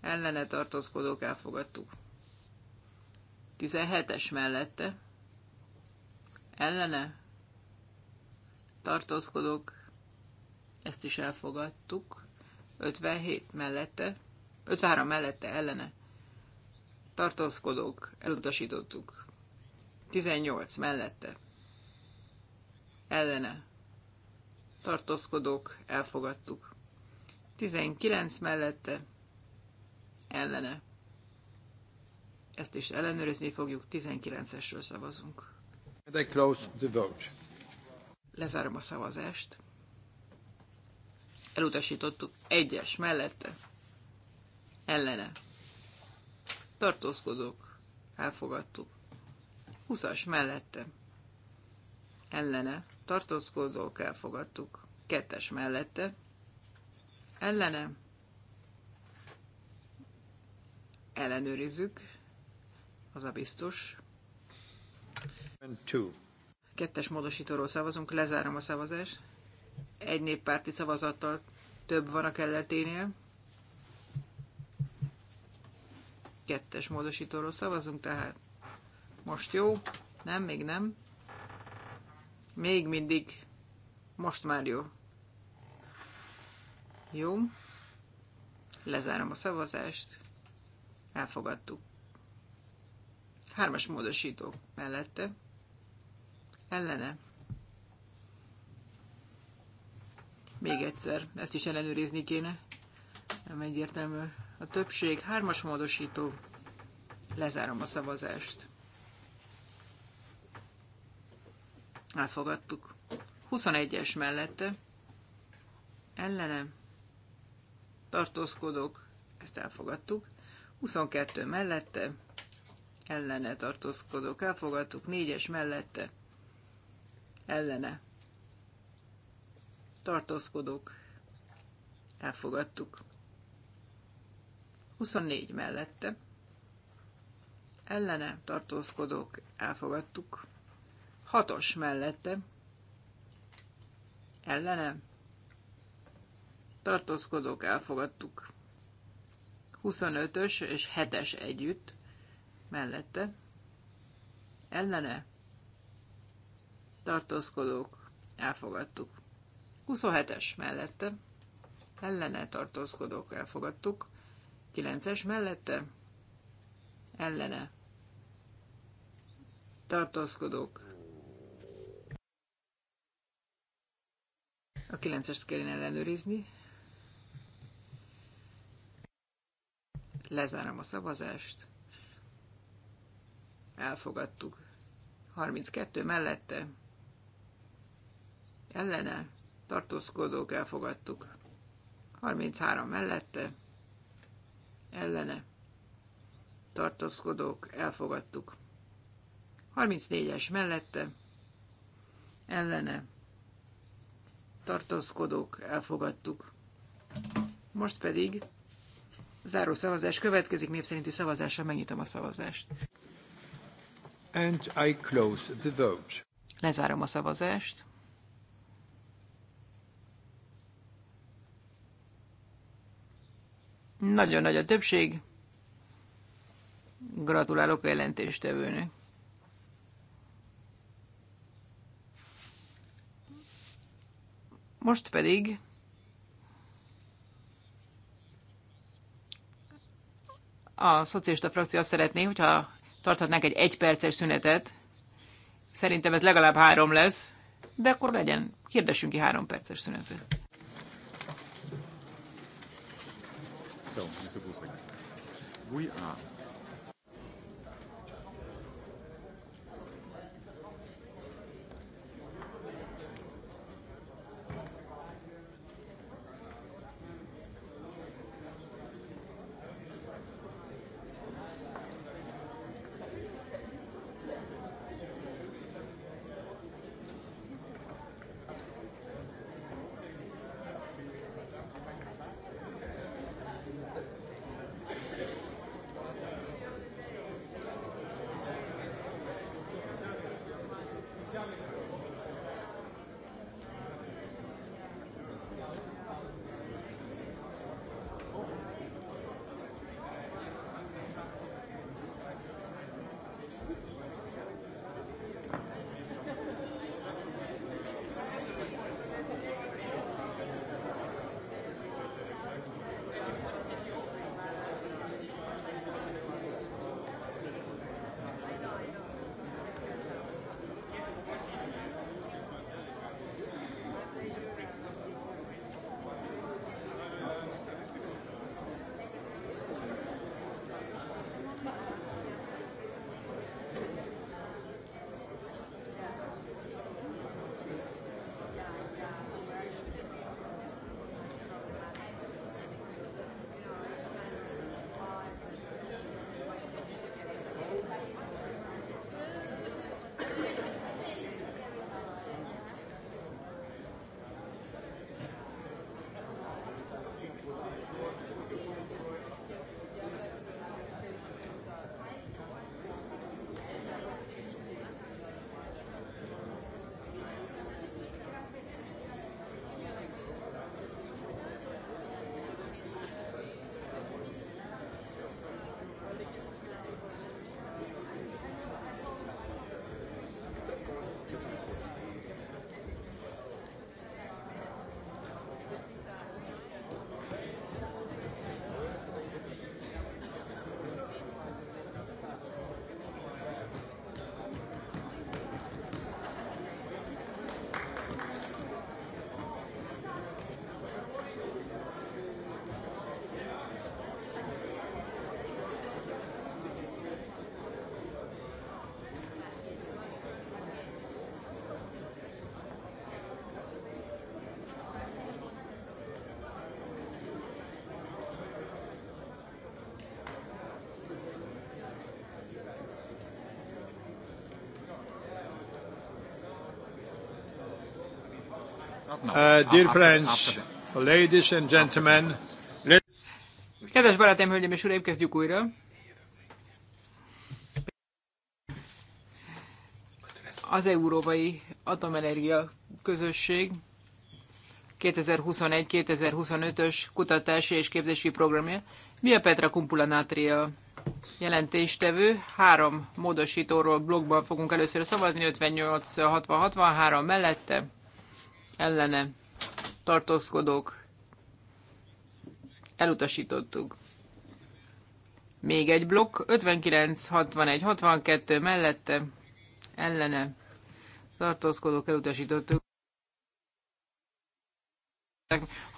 Ellene tartózkodók, elfogadtuk. 17-es mellette ellene tartózkodok, ezt is elfogadtuk, 57 mellette, 53 mellette ellene tartózkodok, elutasítottuk, 18 mellette ellene tartózkodok, elfogadtuk, 19 mellette ellene ezt is ellenőrizni fogjuk, 19-esről szavazunk. And I close the vote. Lezárom a szavazást. Elutasítottuk egyes mellette. Ellene. Tartózkodók. Elfogadtuk. 20-as mellette. Ellene. Tartózkodók. Elfogadtuk. Kettes mellette. Ellene. Ellenőrizzük az a biztos. Kettes módosítóról szavazunk, lezárom a szavazást. Egy néppárti szavazattal több van a kelleténél. Kettes módosítóról szavazunk, tehát most jó, nem, még nem. Még mindig, most már jó. Jó, lezárom a szavazást, elfogadtuk. Hármas módosító mellette. Ellene. Még egyszer, ezt is ellenőrizni kéne. Nem egyértelmű. A többség hármas módosító. Lezárom a szavazást. Elfogadtuk. 21-es mellette. Ellenem. Tartózkodok. Ezt elfogadtuk. 22 mellette ellene tartózkodok. elfogadtuk, négyes mellette ellene Tartózkodok. elfogadtuk. 24 mellette ellene tartózkodok. elfogadtuk. 6-os mellette ellene Tartózkodok. elfogadtuk. 25-ös és 7-es együtt mellette ellene tartózkodók elfogadtuk. 27-es mellette ellene tartózkodók elfogadtuk. 9-es mellette ellene tartózkodók. A 9-est kellene ellenőrizni. Lezárom a szavazást elfogadtuk. 32 mellette, ellene, tartózkodók elfogadtuk. 33 mellette, ellene, tartózkodók elfogadtuk. 34-es mellette, ellene, tartózkodók elfogadtuk. Most pedig záró szavazás következik, név szerinti szavazással megnyitom a szavazást. And I close the vote. Lezárom a szavazást. Nagyon nagy a többség. Gratulálok a jelentéstevőnek. Most pedig a szocialista frakció azt szeretné, hogyha tarthatnánk egy egyperces szünetet. Szerintem ez legalább három lesz, de akkor legyen, hirdessünk ki három perces szünetet. So, Mr. Busek, we are Uh, dear friends, ladies and gentlemen, Kedves barátaim, hölgyeim és uraim, kezdjük újra. Az Európai Atomenergia Közösség 2021-2025-ös kutatási és képzési programja. Mi a Petra Kumpula Natria jelentéstevő. Három módosítóról blogban fogunk először szavazni, 58-60-63 mellette ellene tartózkodók elutasítottuk. Még egy blokk, 59, 61, 62 mellette ellene tartózkodók elutasítottuk.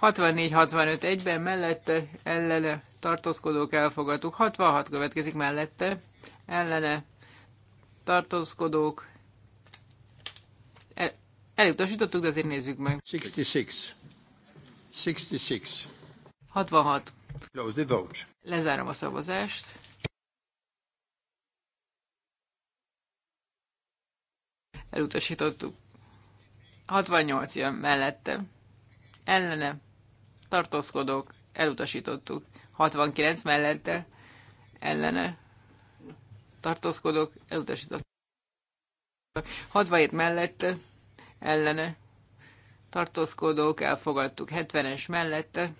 64-65 egyben mellette ellene tartózkodók elfogadtuk. 66 következik mellette ellene tartózkodók Elutasítottuk, de azért nézzük meg. 66. 66. 66. Lezárom a szavazást. Elutasítottuk. 68 jön mellette. Ellene. Tartózkodok. Elutasítottuk. 69 mellette. Ellene. Tartózkodok. Elutasítottuk. 67 mellette ellene tartózkodók elfogadtuk 70-es mellette,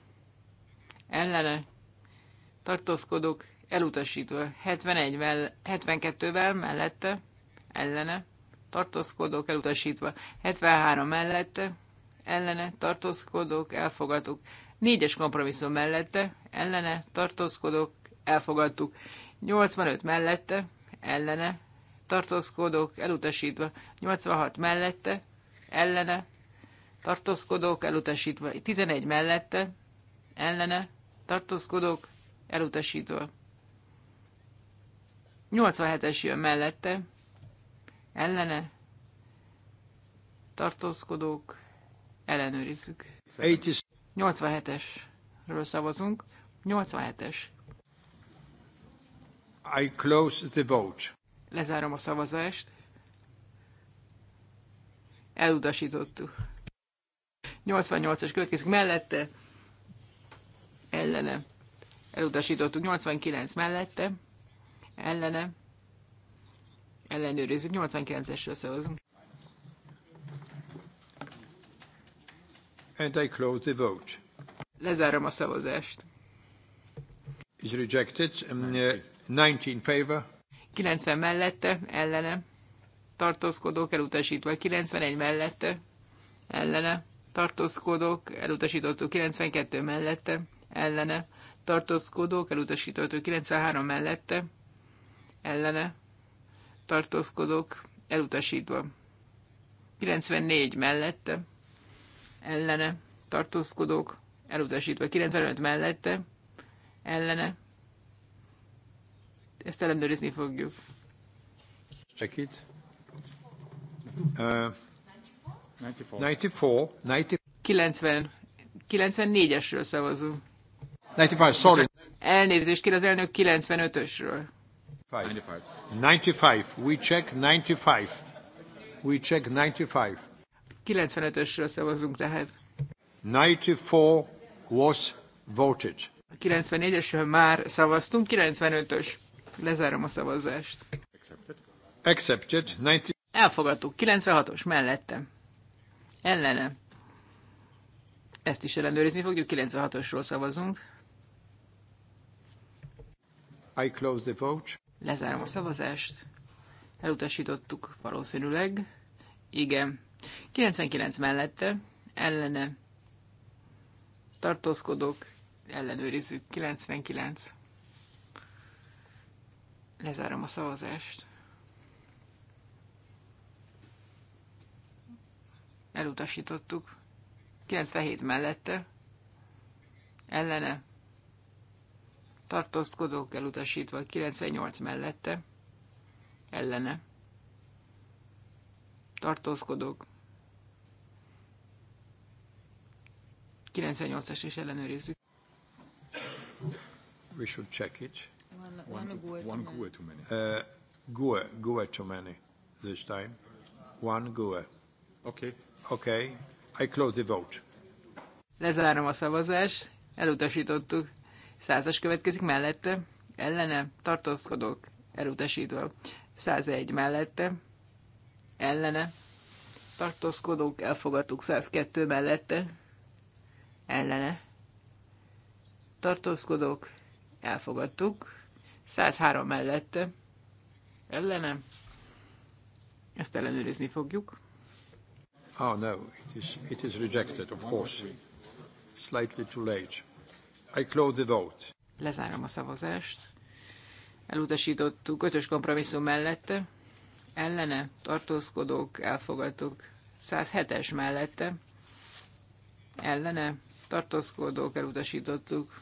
ellene tartózkodók elutasítva 71-vel, 72-vel mellette, ellene tartózkodók elutasítva 73 mellette, ellene tartózkodók elfogadtuk 4-es kompromisszum mellette, ellene tartózkodók elfogadtuk 85 mellette, ellene tartózkodók elutasítva 86 mellette, ellene, tartózkodók, elutasítva. 11 mellette, ellene, tartózkodók, elutasítva. 87-es jön mellette, ellene, tartózkodók, ellenőrizzük. 87-esről szavazunk. 87-es. I close the vote. Lezárom a szavazást elutasítottuk. 88-as következik mellette, ellene, elutasítottuk. 89 mellette, ellene, ellenőrizzük. 89 es összehozunk. And I close the vote. Lezárom a szavazást. Is rejected. 19 um, uh, favor. 90 mellette, ellene tartózkodók elutasítva, 91 mellette ellene tartózkodók elutasítottuk, 92 mellette ellene tartózkodók elutasítottuk, 93 mellette ellene tartózkodók elutasítva, 94 mellette ellene tartózkodók elutasítva, 95 mellette ellene ezt ellenőrizni fogjuk. Csak itt. Uh, 94. 90, 94-esről szavazunk. 95, sorry. Elnézést kér az elnök 95-ösről. 95. 95. We check 95. We check 95. 95-ösről szavazunk tehát. 94 was voted. A 94-esről már szavaztunk, 95-ös. Lezárom a szavazást. Accepted. Accepted. 90. Elfogadtuk. 96-os mellette. Ellene. Ezt is ellenőrizni fogjuk. 96-osról szavazunk. I close the vote. Lezárom a szavazást. Elutasítottuk valószínűleg. Igen. 99 mellette. Ellene. Tartózkodok. Ellenőrizzük. 99. Lezárom a szavazást. Elutasítottuk. 97 mellette. Ellene. Tartózkodók elutasítva. 98 mellette. Ellene. Tartózkodók. 98-as is ellenőrizzük. We should check it. One, one, one, one too many. Uh, GUE, GUE too many this time. One GUE. Okay. Okay. I close the vote. Lezárom a szavazást. Elutasítottuk. Százas következik mellette. Ellene tartózkodok. Elutasítva. 101 mellette. Ellene tartózkodók, elfogadtuk 102 mellette, ellene. Tartózkodók, elfogadtuk 103 mellette, ellene. Ezt ellenőrizni fogjuk. Oh, no, it is, it is rejected, of course. Slightly too late. I close the vote. Lezárom a szavazást. Elutasítottuk ötös kompromisszum mellette. Ellene tartózkodók, elfogadtuk. 107-es mellette. Ellene tartózkodók, elutasítottuk.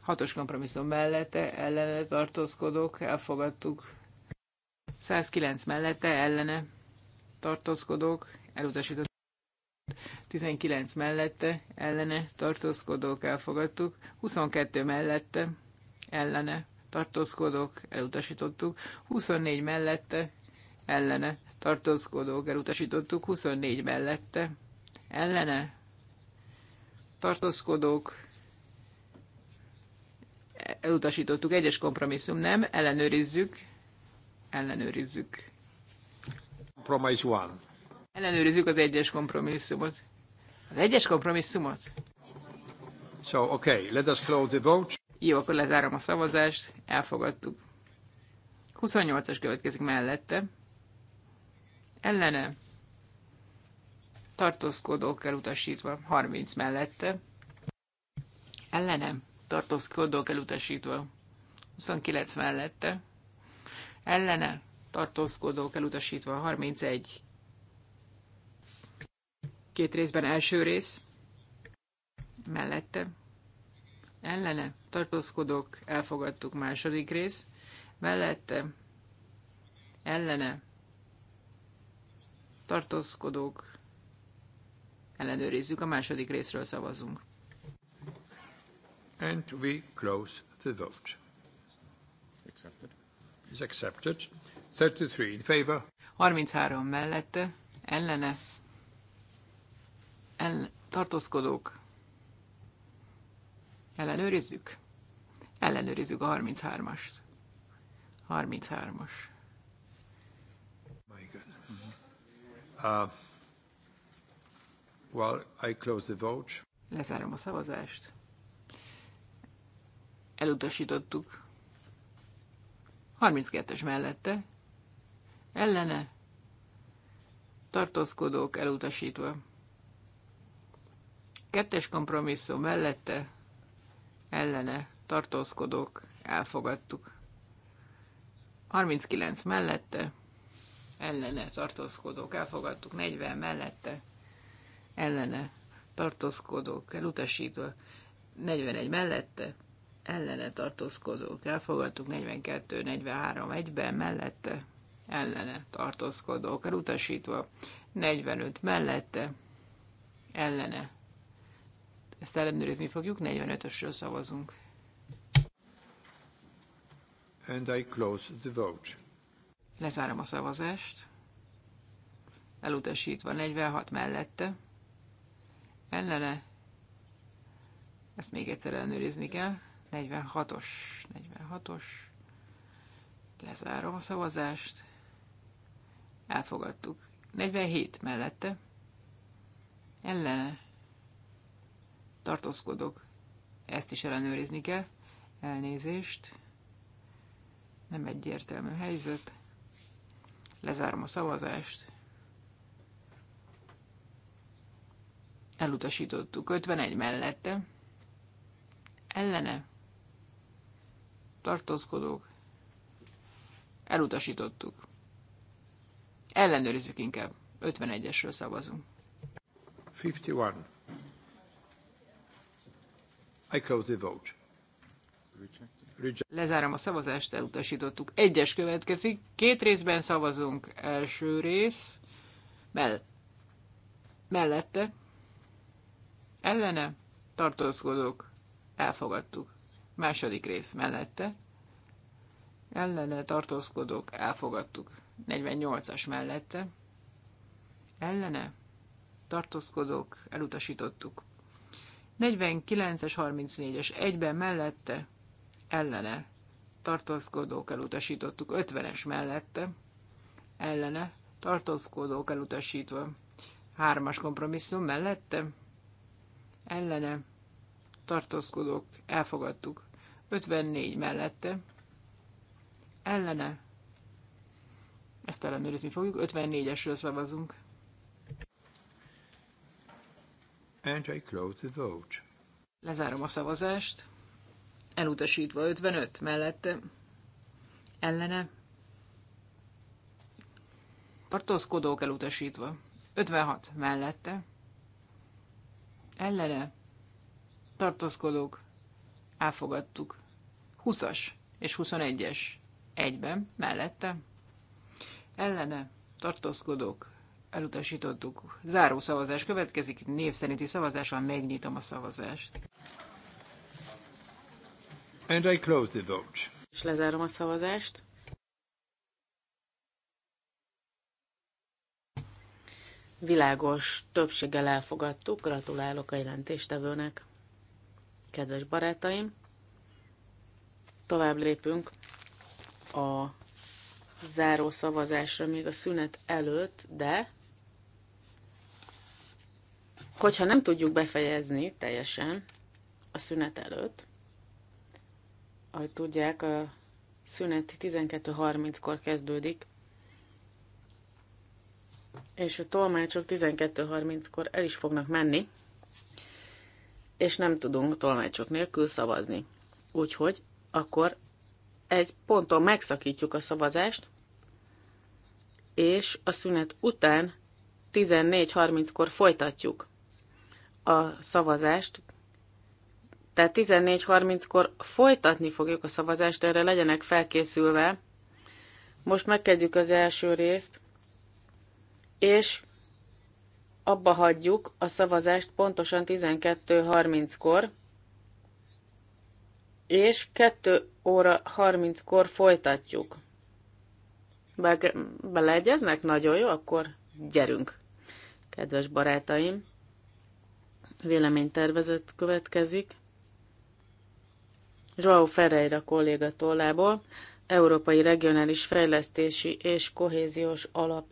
Hatos kompromisszum mellette, ellene tartózkodók, elfogadtuk. 109 mellette, ellene tartózkodók, elutasított 19 mellette, ellene tartózkodók elfogadtuk, 22 mellette, ellene tartózkodók elutasítottuk, 24 mellette, ellene tartózkodók elutasítottuk, 24 mellette, ellene tartózkodók elutasítottuk, egyes kompromisszum nem, ellenőrizzük, ellenőrizzük. Compromise one. Ellenőrizzük az egyes kompromisszumot. Az egyes kompromisszumot? So, okay, let us close the vote. Jó, akkor lezárom a szavazást, elfogadtuk. 28-as következik mellette. Ellene. Tartózkodók elutasítva. 30 mellette. Ellene. Tartózkodók elutasítva. 29 mellette. Ellene. Tartózkodók elutasítva. 31 Két részben első rész. Mellette. Ellene. tartózkodok, Elfogadtuk. Második rész. Mellette. Ellene. Tartózkodók. Ellenőrizzük. A második részről szavazunk. And we close the vote. Accepted. Is accepted. 33 in favor. 33 mellette. Ellene el, tartózkodók, ellenőrizzük, ellenőrizzük a 33-ast. 33-as. My God. Mm-hmm. Uh, well, I close the vote. Lezárom a szavazást. Elutasítottuk. 32-es mellette. Ellene. Tartózkodók elutasítva. Kettes kompromisszum mellette ellene tartózkodók elfogadtuk. 39 mellette ellene tartózkodók elfogadtuk. 40 mellette ellene tartózkodók elutasítva. 41 mellette ellene tartózkodók elfogadtuk. 42, 43 egyben mellette ellene tartózkodók elutasítva. 45 mellette ellene ezt ellenőrizni fogjuk, 45-ösről szavazunk. And I close the vote. Lezárom a szavazást. Elutasítva 46 mellette. Ellene. Ezt még egyszer ellenőrizni kell. 46-os, 46-os. Lezárom a szavazást. Elfogadtuk. 47 mellette. Ellene tartózkodok. Ezt is ellenőrizni kell. Elnézést. Nem egyértelmű helyzet. Lezárom a szavazást. Elutasítottuk. 51 mellette. Ellene. Tartózkodók. Elutasítottuk. Ellenőrizzük inkább. 51-esről szavazunk. 51. I close the vote. Lezárom a szavazást, elutasítottuk. Egyes következik, két részben szavazunk. Első rész, mell mellette, ellene, tartózkodók, elfogadtuk. Második rész, mellette, ellene, tartózkodók, elfogadtuk. 48-as mellette, ellene, tartózkodók, elutasítottuk. 49-es, 34-es egyben mellette ellene tartózkodók elutasítottuk, 50-es mellette ellene tartózkodók elutasítva, 3-as kompromisszum mellette ellene tartózkodók elfogadtuk, 54 mellette ellene ezt ellenőrizni fogjuk, 54-esről szavazunk. And I close the vote. Lezárom a szavazást. Elutasítva 55 mellette. Ellene. Tartózkodók elutasítva. 56 mellette. Ellene. Tartózkodók. Elfogadtuk. 20-as és 21-es. Egyben. Mellette. Ellene. Tartózkodók elutasítottuk. Záró szavazás következik, név szerinti szavazással megnyitom a szavazást. And I close the vote. És lezárom a szavazást. Világos többséggel elfogadtuk, gratulálok a jelentéstevőnek. Kedves barátaim, tovább lépünk a záró szavazásra még a szünet előtt, de Hogyha nem tudjuk befejezni teljesen a szünet előtt, ahogy tudják, a szünet 12.30-kor kezdődik, és a tolmácsok 12.30-kor el is fognak menni, és nem tudunk tolmácsok nélkül szavazni. Úgyhogy akkor egy ponton megszakítjuk a szavazást, és a szünet után 14.30-kor folytatjuk a szavazást, tehát 14.30-kor folytatni fogjuk a szavazást, erre legyenek felkészülve. Most megkedjük az első részt, és abba hagyjuk a szavazást pontosan 12.30-kor, és 2 óra 30-kor folytatjuk. Be- beleegyeznek? Nagyon jó, akkor gyerünk, kedves barátaim! véleménytervezet következik. João Ferreira kolléga tollából, Európai Regionális Fejlesztési és Kohéziós Alap.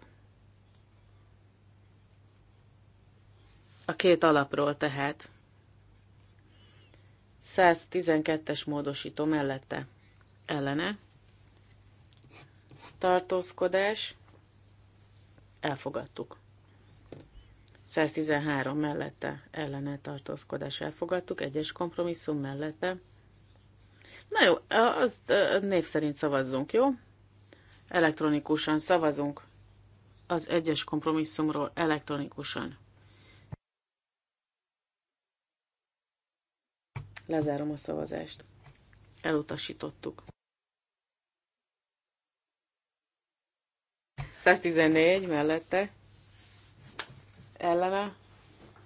A két alapról tehát. 112-es módosító mellette. Ellene. Tartózkodás. Elfogadtuk. 113 mellette ellene tartózkodás elfogadtuk, egyes kompromisszum mellette. Na jó, azt név szerint szavazzunk, jó? Elektronikusan szavazunk az egyes kompromisszumról elektronikusan. Lezárom a szavazást. Elutasítottuk. 114 mellette ellene,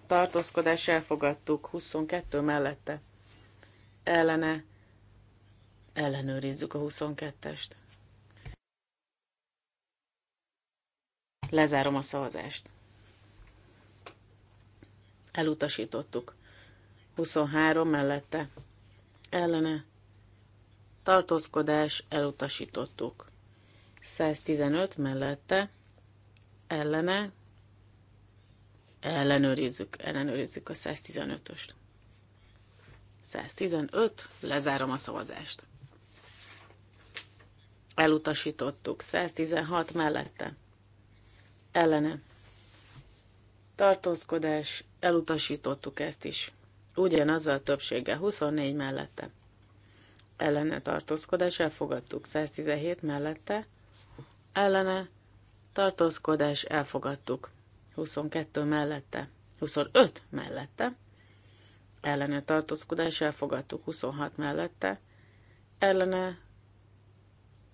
tartózkodás elfogadtuk, 22 mellette, ellene, ellenőrizzük a 22-est. Lezárom a szavazást. Elutasítottuk. 23 mellette. Ellene. Tartózkodás elutasítottuk. 115 mellette. Ellene. Ellenőrizzük, ellenőrizzük a 115-öst. 115, lezárom a szavazást. Elutasítottuk. 116 mellette. Ellene. Tartózkodás, elutasítottuk ezt is. Ugyanazzal többséggel 24 mellette. Ellene tartózkodás, elfogadtuk. 117 mellette. Ellene tartózkodás, elfogadtuk. 22 mellette, 25 mellette, ellene tartózkodás elfogadtuk 26 mellette, ellene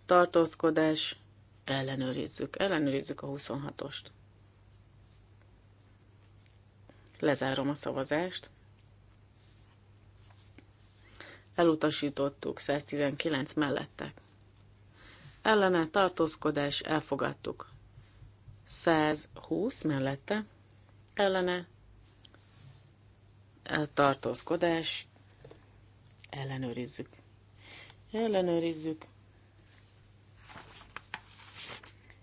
tartózkodás ellenőrizzük, ellenőrizzük a 26-ost. Lezárom a szavazást. Elutasítottuk 119 mellette. Ellene tartózkodás elfogadtuk. 120 mellette ellene tartózkodás, ellenőrizzük. Ellenőrizzük.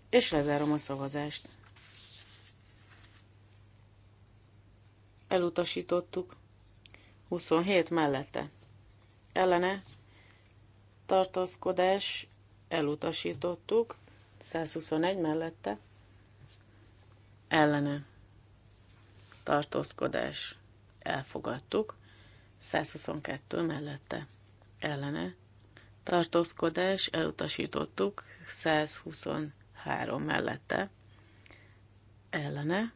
És lezárom a szavazást. Elutasítottuk. 27 mellette. Ellene tartózkodás elutasítottuk. 121 mellette ellene tartózkodás elfogadtuk, 122 mellette ellene tartózkodás elutasítottuk, 123 mellette ellene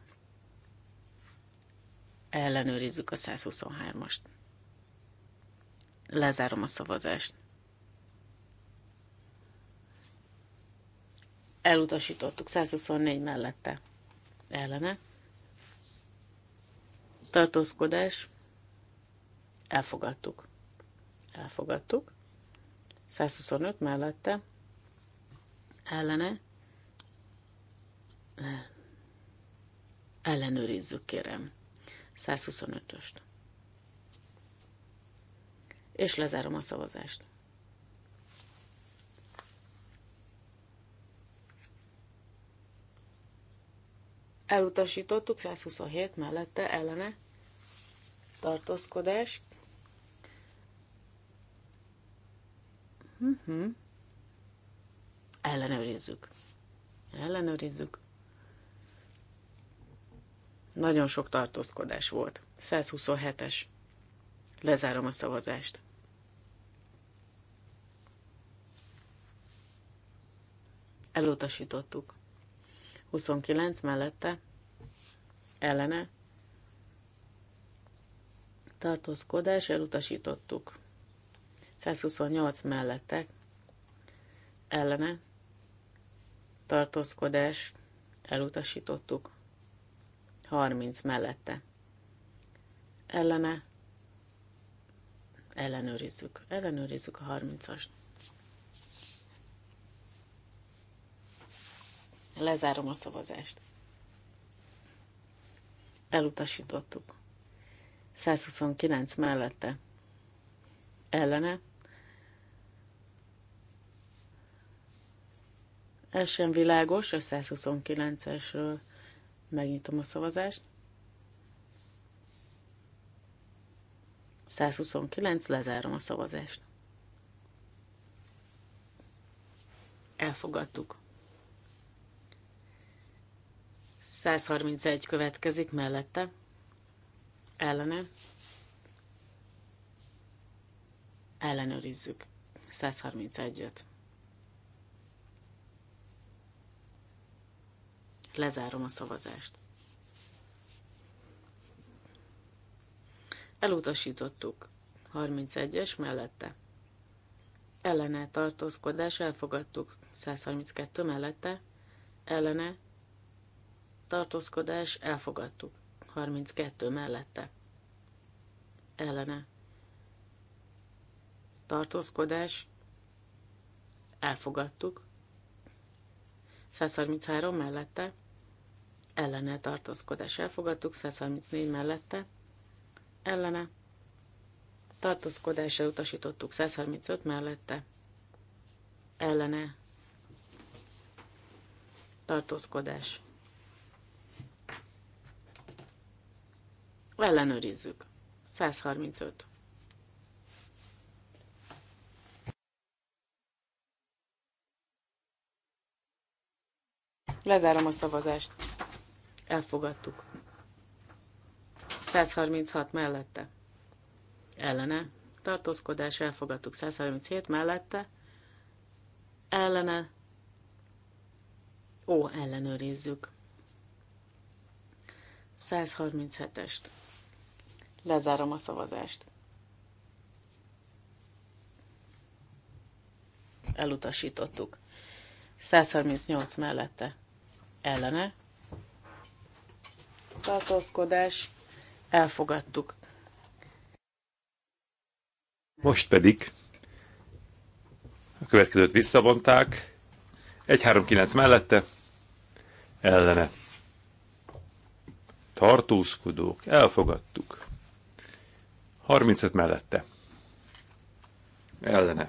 ellenőrizzük a 123-ast. Lezárom a szavazást. Elutasítottuk 124 mellette ellene, tartózkodás, elfogadtuk. Elfogadtuk. 125 mellette, ellene, ellenőrizzük, kérem. 125-öst. És lezárom a szavazást. Elutasítottuk 127 mellette ellene tartózkodás. Uh-huh. Ellenőrizzük. Ellenőrizzük. Nagyon sok tartózkodás volt. 127-es. Lezárom a szavazást. Elutasítottuk. 29 mellette ellene tartózkodás elutasítottuk. 128 mellette ellene tartózkodás elutasítottuk. 30 mellette ellene ellenőrizzük. Ellenőrizzük a 30-ast. Lezárom a szavazást. Elutasítottuk. 129 mellette. Ellene. Ez sem világos, a 129-esről megnyitom a szavazást. 129, lezárom a szavazást. Elfogadtuk. 131 következik mellette. Ellene. Ellenőrizzük. 131-et. Lezárom a szavazást. Elutasítottuk. 31-es mellette. Ellene tartózkodás elfogadtuk. 132 mellette. Ellene tartózkodás, elfogadtuk. 32 mellette. Ellene. Tartózkodás, elfogadtuk. 133 mellette. Ellene tartózkodás, elfogadtuk. 134 mellette. Ellene. Tartózkodásra utasítottuk 135 mellette. Ellene. Tartózkodás Ellenőrizzük. 135. Lezárom a szavazást. Elfogadtuk. 136 mellette. Ellene. Tartózkodás elfogadtuk. 137 mellette. Ellene. Ó, ellenőrizzük. 137-est. Lezárom a szavazást. Elutasítottuk. 138 mellette ellene. Tartózkodás. Elfogadtuk. Most pedig a következőt visszavonták. 1-3-9 mellette ellene tartózkodók, elfogadtuk. 35 mellette. Ellene.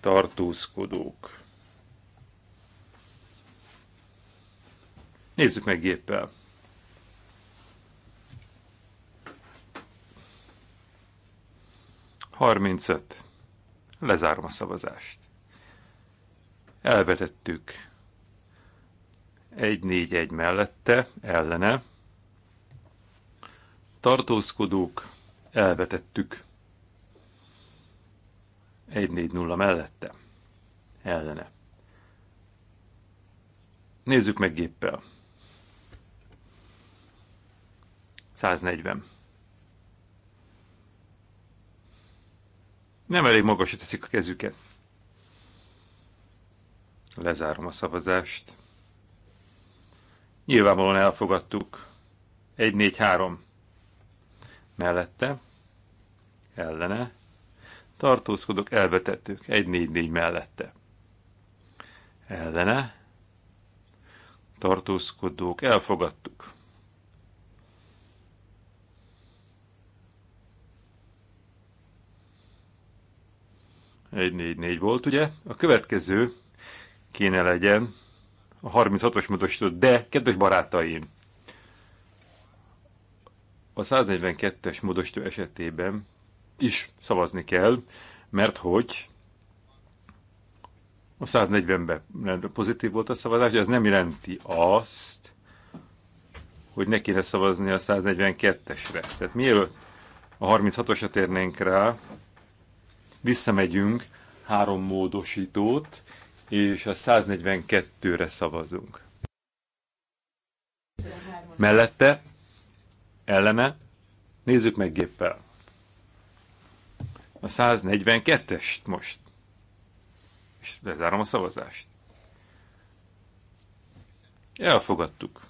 Tartózkodók. Nézzük meg géppel. Harmincöt. Lezárom a szavazást. Elvetettük. Egy-négy-egy mellette, ellene. Tartózkodók elvetettük. 1-4-0 mellette. Ellene. Nézzük meg géppel. 140. Nem elég magasra teszik a kezüket. Lezárom a szavazást. Nyilvánvalóan elfogadtuk. 1-4-3 mellette 1-4-4 ellene, tartózkodok, elvetettük, egy négy négy mellette, ellene, tartózkodók, elfogadtuk. Egy négy négy volt, ugye? A következő kéne legyen a 36-os módosított, de, kedves barátaim, a 142-es módosító esetében is szavazni kell, mert hogy a 140-ben pozitív volt a szavazás, ez nem jelenti azt, hogy ne kéne szavazni a 142-esre. Tehát mielőtt a 36-osra térnénk rá, visszamegyünk három módosítót, és a 142-re szavazunk. Mellette, ellene, nézzük meg géppel a 142-est most. És lezárom a szavazást. Elfogadtuk.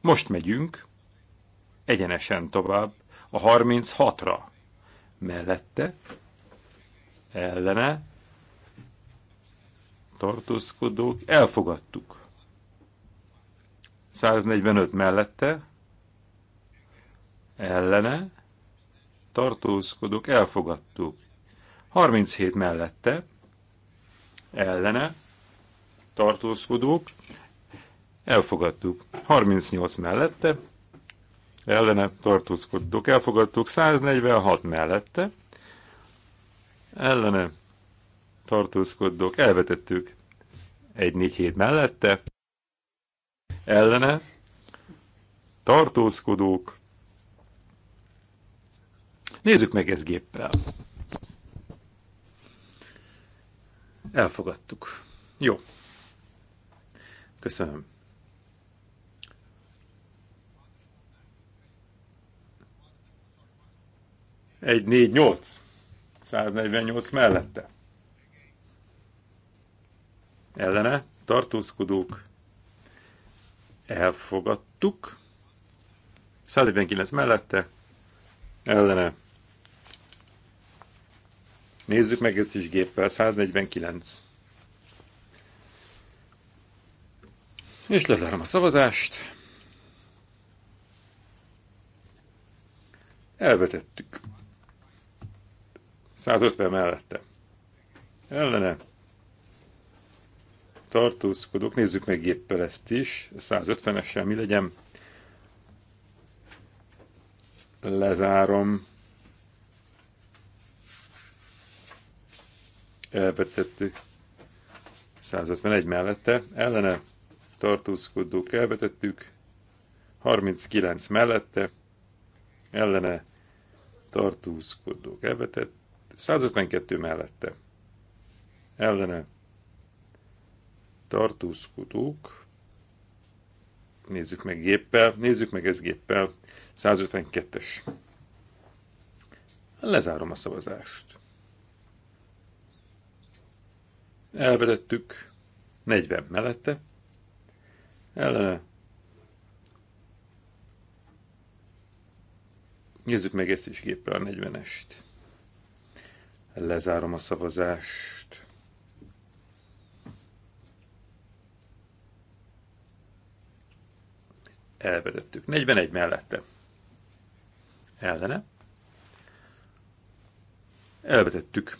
Most megyünk egyenesen tovább a 36-ra. Mellette, ellene, tartózkodók, elfogadtuk. 145 mellette, ellene, tartózkodók, elfogadtuk. 37 mellette, ellene, tartózkodók, elfogadtuk. 38 mellette, ellene tartózkodók, elfogadtuk. 146 mellette, ellene tartózkodók, elvetettük. 147 mellette, ellene tartózkodók. Nézzük meg ezt géppel. Elfogadtuk. Jó. Köszönöm. Egy négy nyolc. 148 mellette. Ellene tartózkodók. Elfogadtuk. 149 mellette. Ellene Nézzük meg ezt is géppel, 149. És lezárom a szavazást. Elvetettük. 150 mellette. Ellene. Tartózkodok. Nézzük meg géppel ezt is. 150-essel mi legyen. Lezárom. elvetettük 151 mellette, ellene tartózkodók elvetettük 39 mellette, ellene tartózkodók elvetett 152 mellette, ellene tartózkodók, nézzük meg géppel, nézzük meg ez géppel, 152-es. Lezárom a szavazást. Elvedettük, 40 mellette, ellene. Nézzük meg ezt is géppel a 40-est. Lezárom a szavazást. Elvedettük, 41 mellette. Ellene. Elvedettük,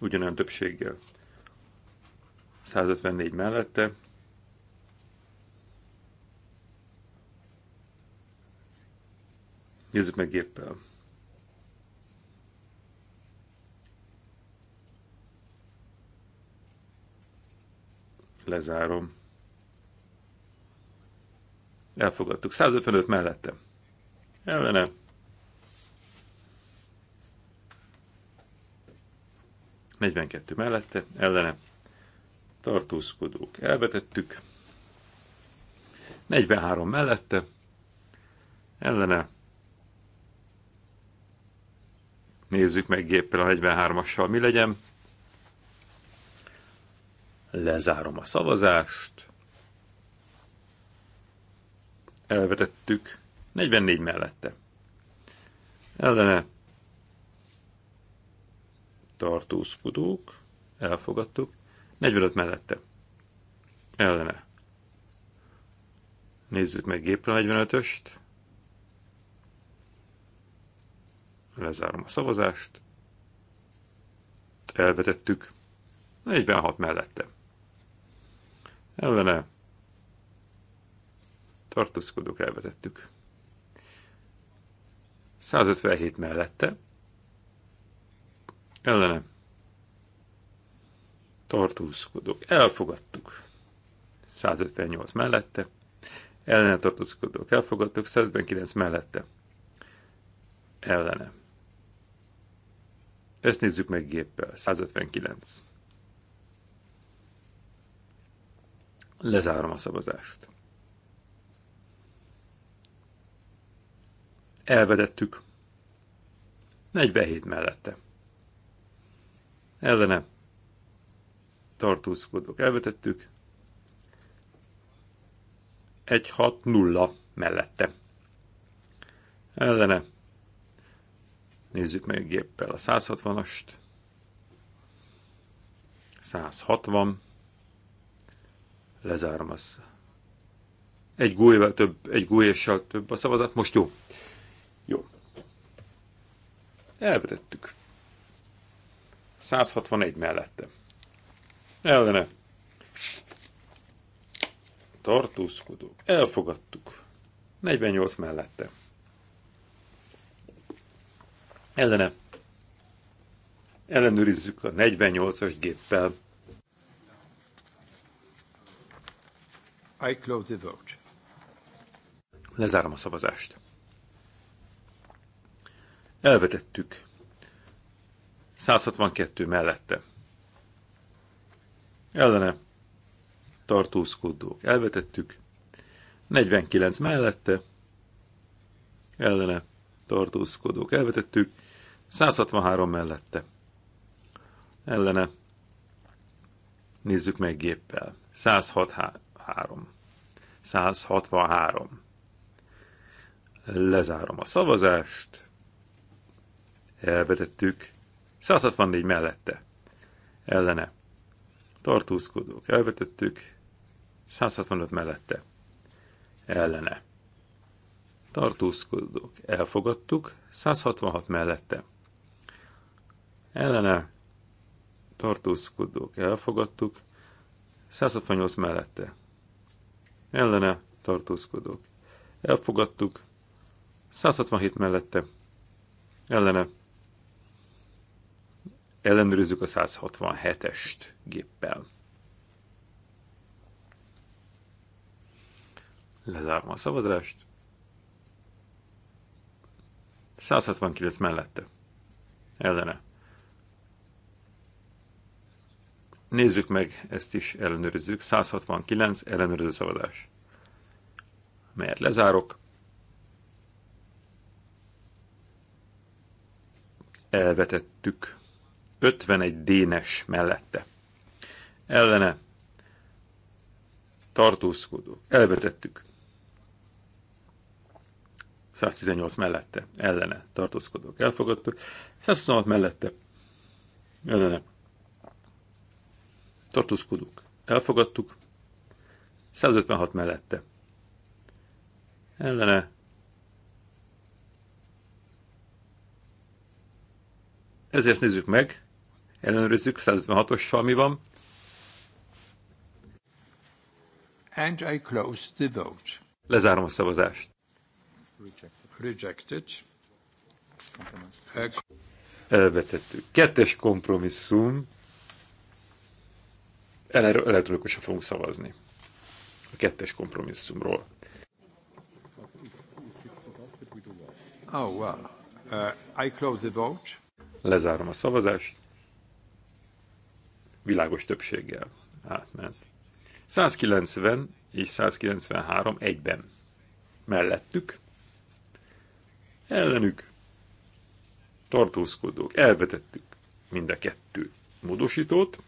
Ugyanolyan többséggel. 154 mellette. Nézzük meg géppel. Lezárom. Elfogadtuk. 155 mellette. Ellene. Negyvenkettő mellette, ellene tartózkodók elvetettük. 43 mellette, ellene nézzük meg géppel a 43-assal mi legyen. Lezárom a szavazást. Elvetettük 44 mellette. Ellene tartózkodók, elfogadtuk. 45 mellette. Ellene. Nézzük meg gépre 45-öst. Lezárom a szavazást. Elvetettük. 46 mellette. Ellene. Tartózkodók elvetettük. 157 mellette. Ellene tartózkodók. Elfogadtuk. 158 mellette. Ellene tartózkodók. Elfogadtuk. 159 mellette. Ellene. Ezt nézzük meg géppel. 159. Lezárom a szavazást. Elvedettük. 47 mellette. Ellene tartózkodók elvetettük. 1-6-0 mellette. Ellene. Nézzük meg géppel a 160-ast. 160. Lezárom az. Egy gólyval több, egy gólyessel több a szavazat. Most jó. Jó. Elvetettük. 161 mellette ellene tartózkodók, elfogadtuk. 48 mellette. Ellene ellenőrizzük a 48-as géppel. I close the vote. Lezárom a szavazást. Elvetettük. 162 mellette ellene tartózkodók elvetettük, 49 mellette ellene tartózkodók elvetettük, 163 mellette ellene nézzük meg géppel, 163 163 lezárom a szavazást, elvetettük, 164 mellette ellene tartózkodók elvetettük, 165 mellette ellene. Tartózkodók elfogadtuk, 166 mellette ellene. Tartózkodók elfogadtuk, 168 mellette ellene tartózkodók elfogadtuk, 167 mellette ellene Ellenőrizzük a 167-est géppel. Lezárom a szavazást. 169 mellette. Ellene. Nézzük meg, ezt is ellenőrizzük. 169 ellenőrző szavazás. Melyet lezárok. Elvetettük. 51 dénes mellette. Ellene tartózkodók. Elvetettük. 118 mellette. Ellene tartózkodók. Elfogadtuk. 126 mellette. Ellene tartózkodók. Elfogadtuk. 156 mellette. Ellene ezért nézzük meg, ellenőrizzük, 156-ossal mi van. And I close the vote. Lezárom a szavazást. Rejected. Elvetettük. Kettes kompromisszum. Elektronikusan fogunk szavazni. A kettes kompromisszumról. Oh, well. Uh, I close the vote. Lezárom a szavazást világos többséggel átment. 190 és 193 egyben. Mellettük, ellenük tartózkodók, elvetettük mind a kettő módosítót.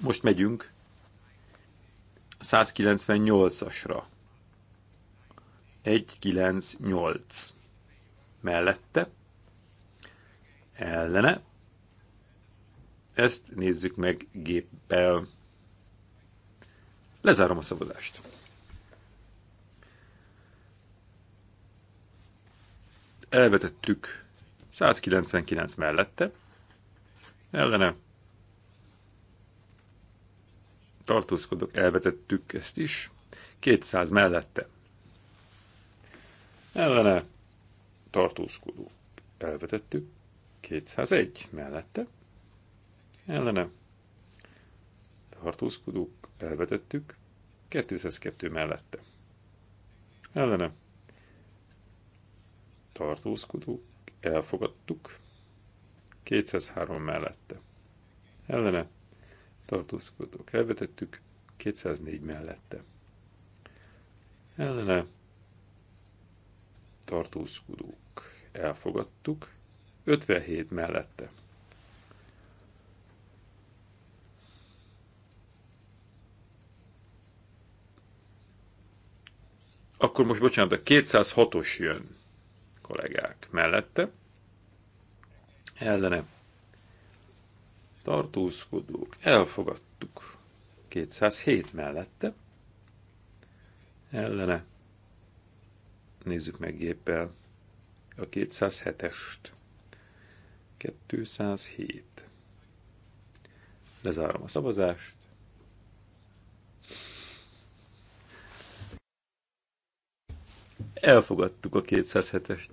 Most megyünk 198-asra. 198 mellette, ellene, ezt nézzük meg géppel. Lezárom a szavazást. Elvetettük 199 mellette, ellene tartózkodok, elvetettük ezt is, 200 mellette, ellene tartózkodó, elvetettük, 201 mellette, ellene tartózkodók elvetettük, 202 mellette ellene tartózkodók elfogadtuk, 203 mellette ellene tartózkodók elvetettük, 204 mellette ellene tartózkodók elfogadtuk, 57 mellette Akkor most bocsánat, a 206-os jön, kollégák, mellette. Ellene. Tartózkodók, elfogadtuk. 207 mellette. Ellene. Nézzük meg géppel a 207-est. 207. Lezárom a szavazást. Elfogadtuk a 207-est.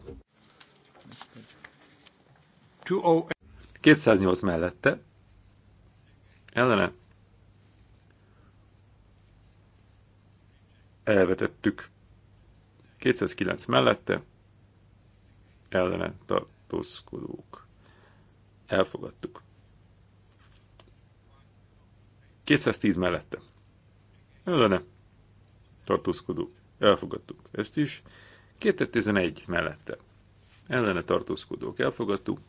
208 mellette. Ellene. Elvetettük. 209 mellette. Ellene tartózkodók. Elfogadtuk. 210 mellette. Ellene tartózkodók Elfogadtuk ezt is. 2011 mellette. Ellene tartózkodók elfogadtuk.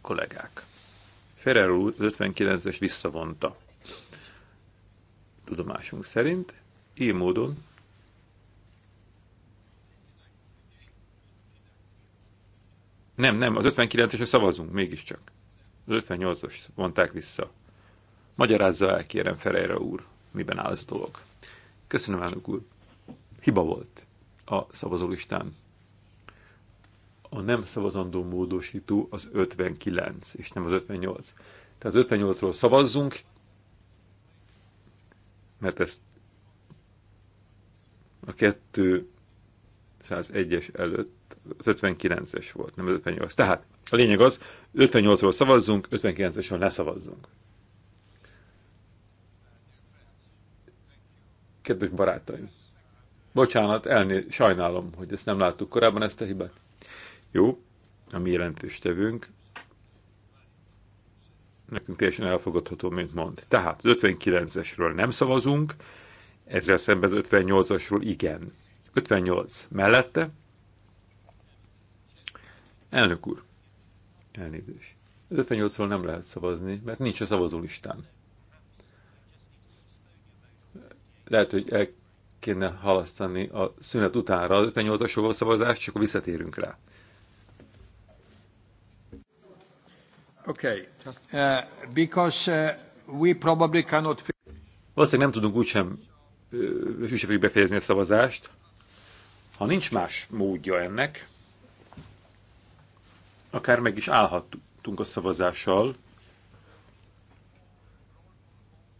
Kollégák. Ferrer 59-es visszavonta. Tudomásunk szerint így módon Nem, nem, az 59-esre szavazunk, mégiscsak. Az 58-as vonták vissza. Magyarázza el, kérem Ferejre úr, miben áll ez a dolog. Köszönöm, elnök úr. Hiba volt a szavazólistán. A nem szavazandó módosító az 59, és nem az 58. Tehát 58-ról szavazzunk, mert ezt a 201-es előtt az 59-es volt, nem az 58. Tehát a lényeg az, 58-ról szavazzunk, 59-esről ne szavazzunk. Kedves barátaim! Bocsánat, elné sajnálom, hogy ezt nem láttuk korábban, ezt a hibát. Jó, a mi jelentéstevünk nekünk teljesen elfogadható, mint mond. Tehát az 59-esről nem szavazunk, ezzel szemben az 58-asról igen. 58 mellette. Elnök úr, elnézést. Az 58-ról nem lehet szavazni, mert nincs a szavazólistán lehet, hogy el kéne halasztani a szünet utánra a 58-as szavazást, csak akkor visszatérünk rá. Okay. Uh, because uh, we probably cannot... Valószínűleg nem tudunk úgysem uh, fogjuk befejezni a szavazást. Ha nincs más módja ennek, akár meg is állhatunk a szavazással,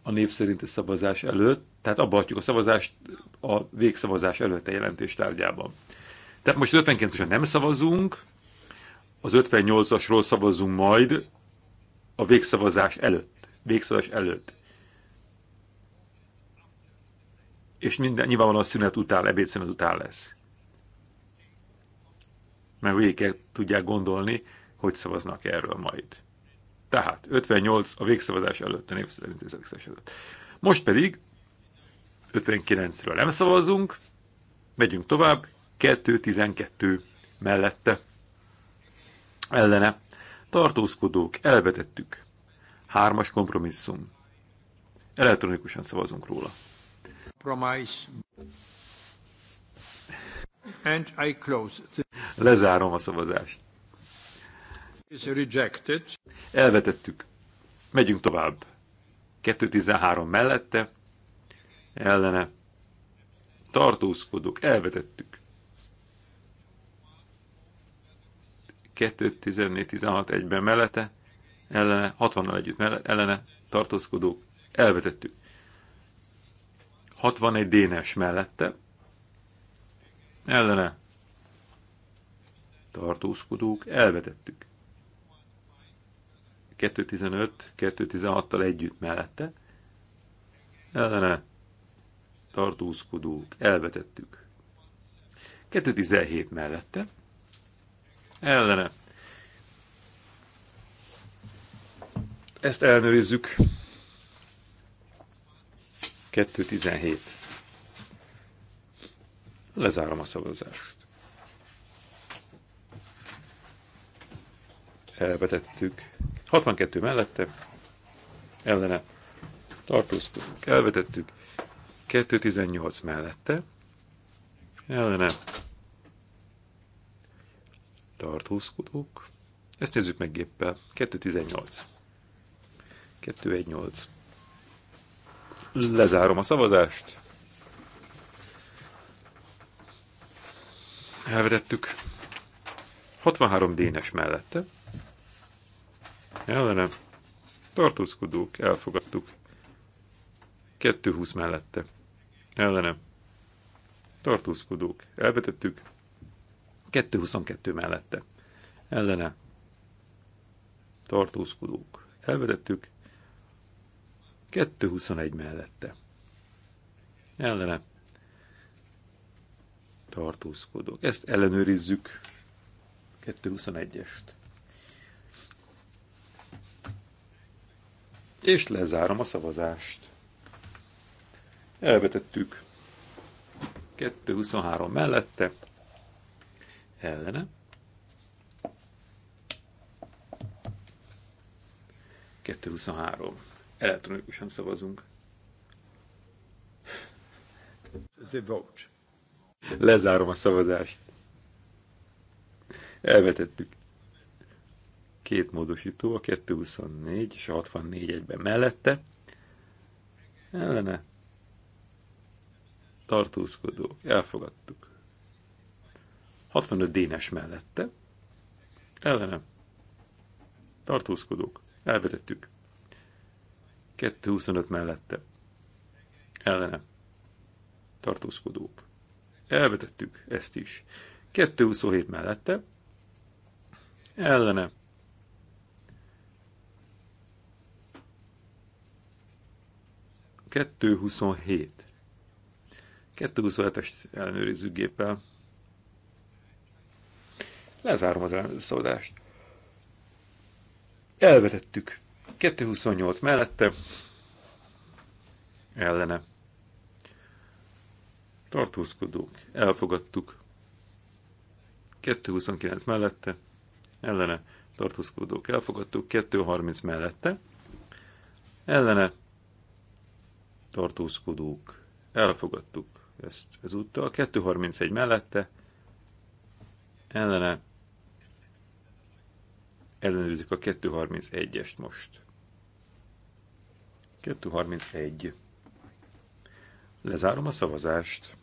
a név szerinti szavazás előtt, tehát abba adjuk a szavazást a végszavazás előtt a jelentés tárgyában. Tehát most 59-esen nem szavazunk, az 58-asról szavazunk majd a végszavazás előtt. Végszavazás előtt. És minden, nyilvánvalóan a szünet után, ebédszünet után lesz. Mert végig tudják gondolni, hogy szavaznak erről majd. Tehát 58 a végszavazás előtt, a név szavazás előtt. Most pedig 59-ről nem szavazunk, megyünk tovább, 2-12 mellette ellene. Tartózkodók, elvetettük. Hármas kompromisszum. Elektronikusan szavazunk róla. And I close. Lezárom a szavazást. Elvetettük. Megyünk tovább. 2.13 mellette, ellene, tartózkodók, elvetettük. 2.14.16 egyben mellette, ellene, 60-nal együtt mellette, ellene, tartózkodók, elvetettük. 61 dénes mellette, ellene, tartózkodók, elvetettük. 2.15-2.16-tal együtt mellette, ellene tartózkodók, elvetettük. 2.17 mellette, ellene. Ezt elnőrizzük. 2.17. Lezárom a szavazást. Elvetettük 62 mellette, ellene tartóztunk, elvetettük, 218 mellette, ellene tartózkodók, ezt nézzük meg géppel, 218. 218. Lezárom a szavazást. Elvetettük. 63 dénes mellette ellene tartózkodók, elfogadtuk. 220 mellette ellene tartózkodók, elvetettük. 222 mellette ellene tartózkodók, elvetettük. 221 mellette ellene tartózkodók. Ezt ellenőrizzük 221-est. És lezárom a szavazást. Elvetettük. 223 mellette. Ellene. 223. Elektronikusan szavazunk. The vote. Lezárom a szavazást. Elvetettük két módosító, a 224 és a 64 egyben mellette, ellene tartózkodók, elfogadtuk. 65 dénes mellette, ellene tartózkodók, elvetettük. 225 mellette, ellene tartózkodók, elvetettük ezt is. 227 mellette, ellene 227. 227-est ellenőrizzük géppel. Lezárom az ellenőrzőszódást. Elvetettük. 228 mellette. Ellene. Tartózkodók. Elfogadtuk. 229 mellette. Ellene. Tartózkodók. Elfogadtuk. 230 mellette. Ellene tartózkodók. Elfogadtuk ezt ezúttal. 231 mellette ellene ellenőrizzük a 231-est most. 231. Lezárom a szavazást.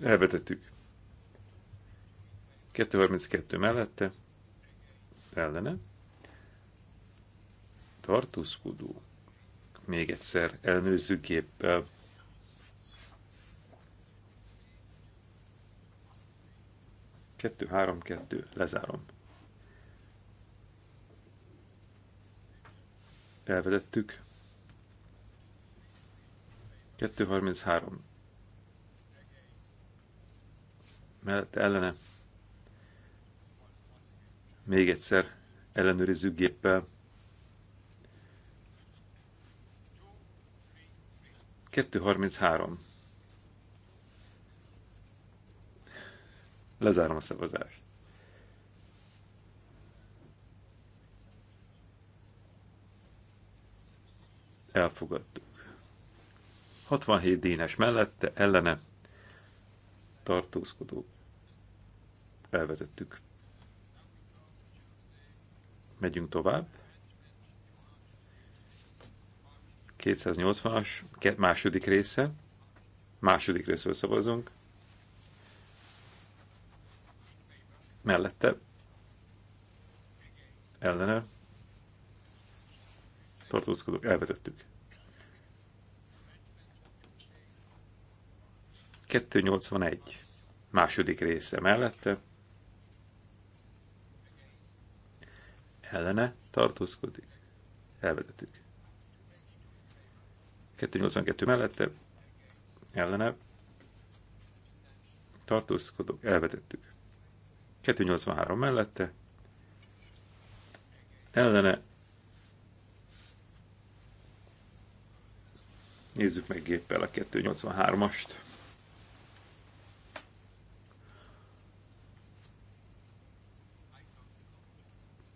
Elvetettük. 232 mellette, ellene, tartózkodó. Még egyszer ellenőrző géppel. Kettő, három, kettő, lezárom. Elvedettük. 233. Mellette ellene. Még egyszer ellenőrizzük géppel. 233. Lezárom a szavazást. Elfogadtuk. 67 dénes mellette, ellene tartózkodó. Elvetettük. Megyünk tovább. 280-as második része. Második részről szavazunk. Mellette. Ellene. Tartózkodók. Elvetettük. 281. Második része mellette. Ellene tartózkodik. Elvetettük. 282 mellette ellene tartózkodók elvetettük. 283 mellette ellene Nézzük meg géppel a 283-ast.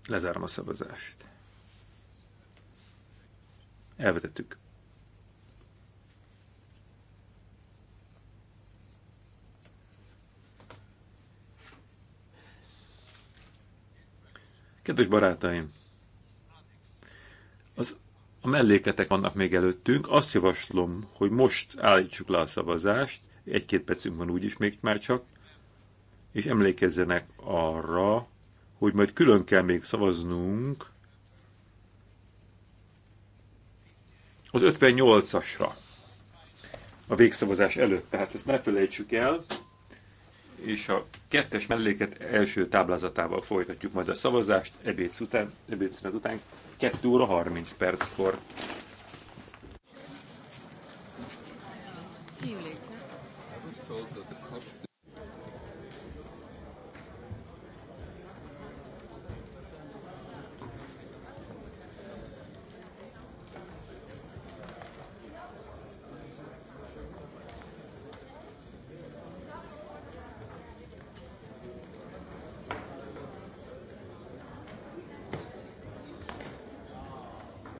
Lezárom a szavazást. Elvetettük. Kedves barátaim, az, a mellékletek vannak még előttünk. Azt javaslom, hogy most állítsuk le a szavazást, egy-két percünk van úgyis még már csak, és emlékezzenek arra, hogy majd külön kell még szavaznunk az 58-asra a végszavazás előtt. Tehát ezt ne felejtsük el és a kettes melléket első táblázatával folytatjuk majd a szavazást, ebéd után, ebédszünet után 2 óra 30 perckor.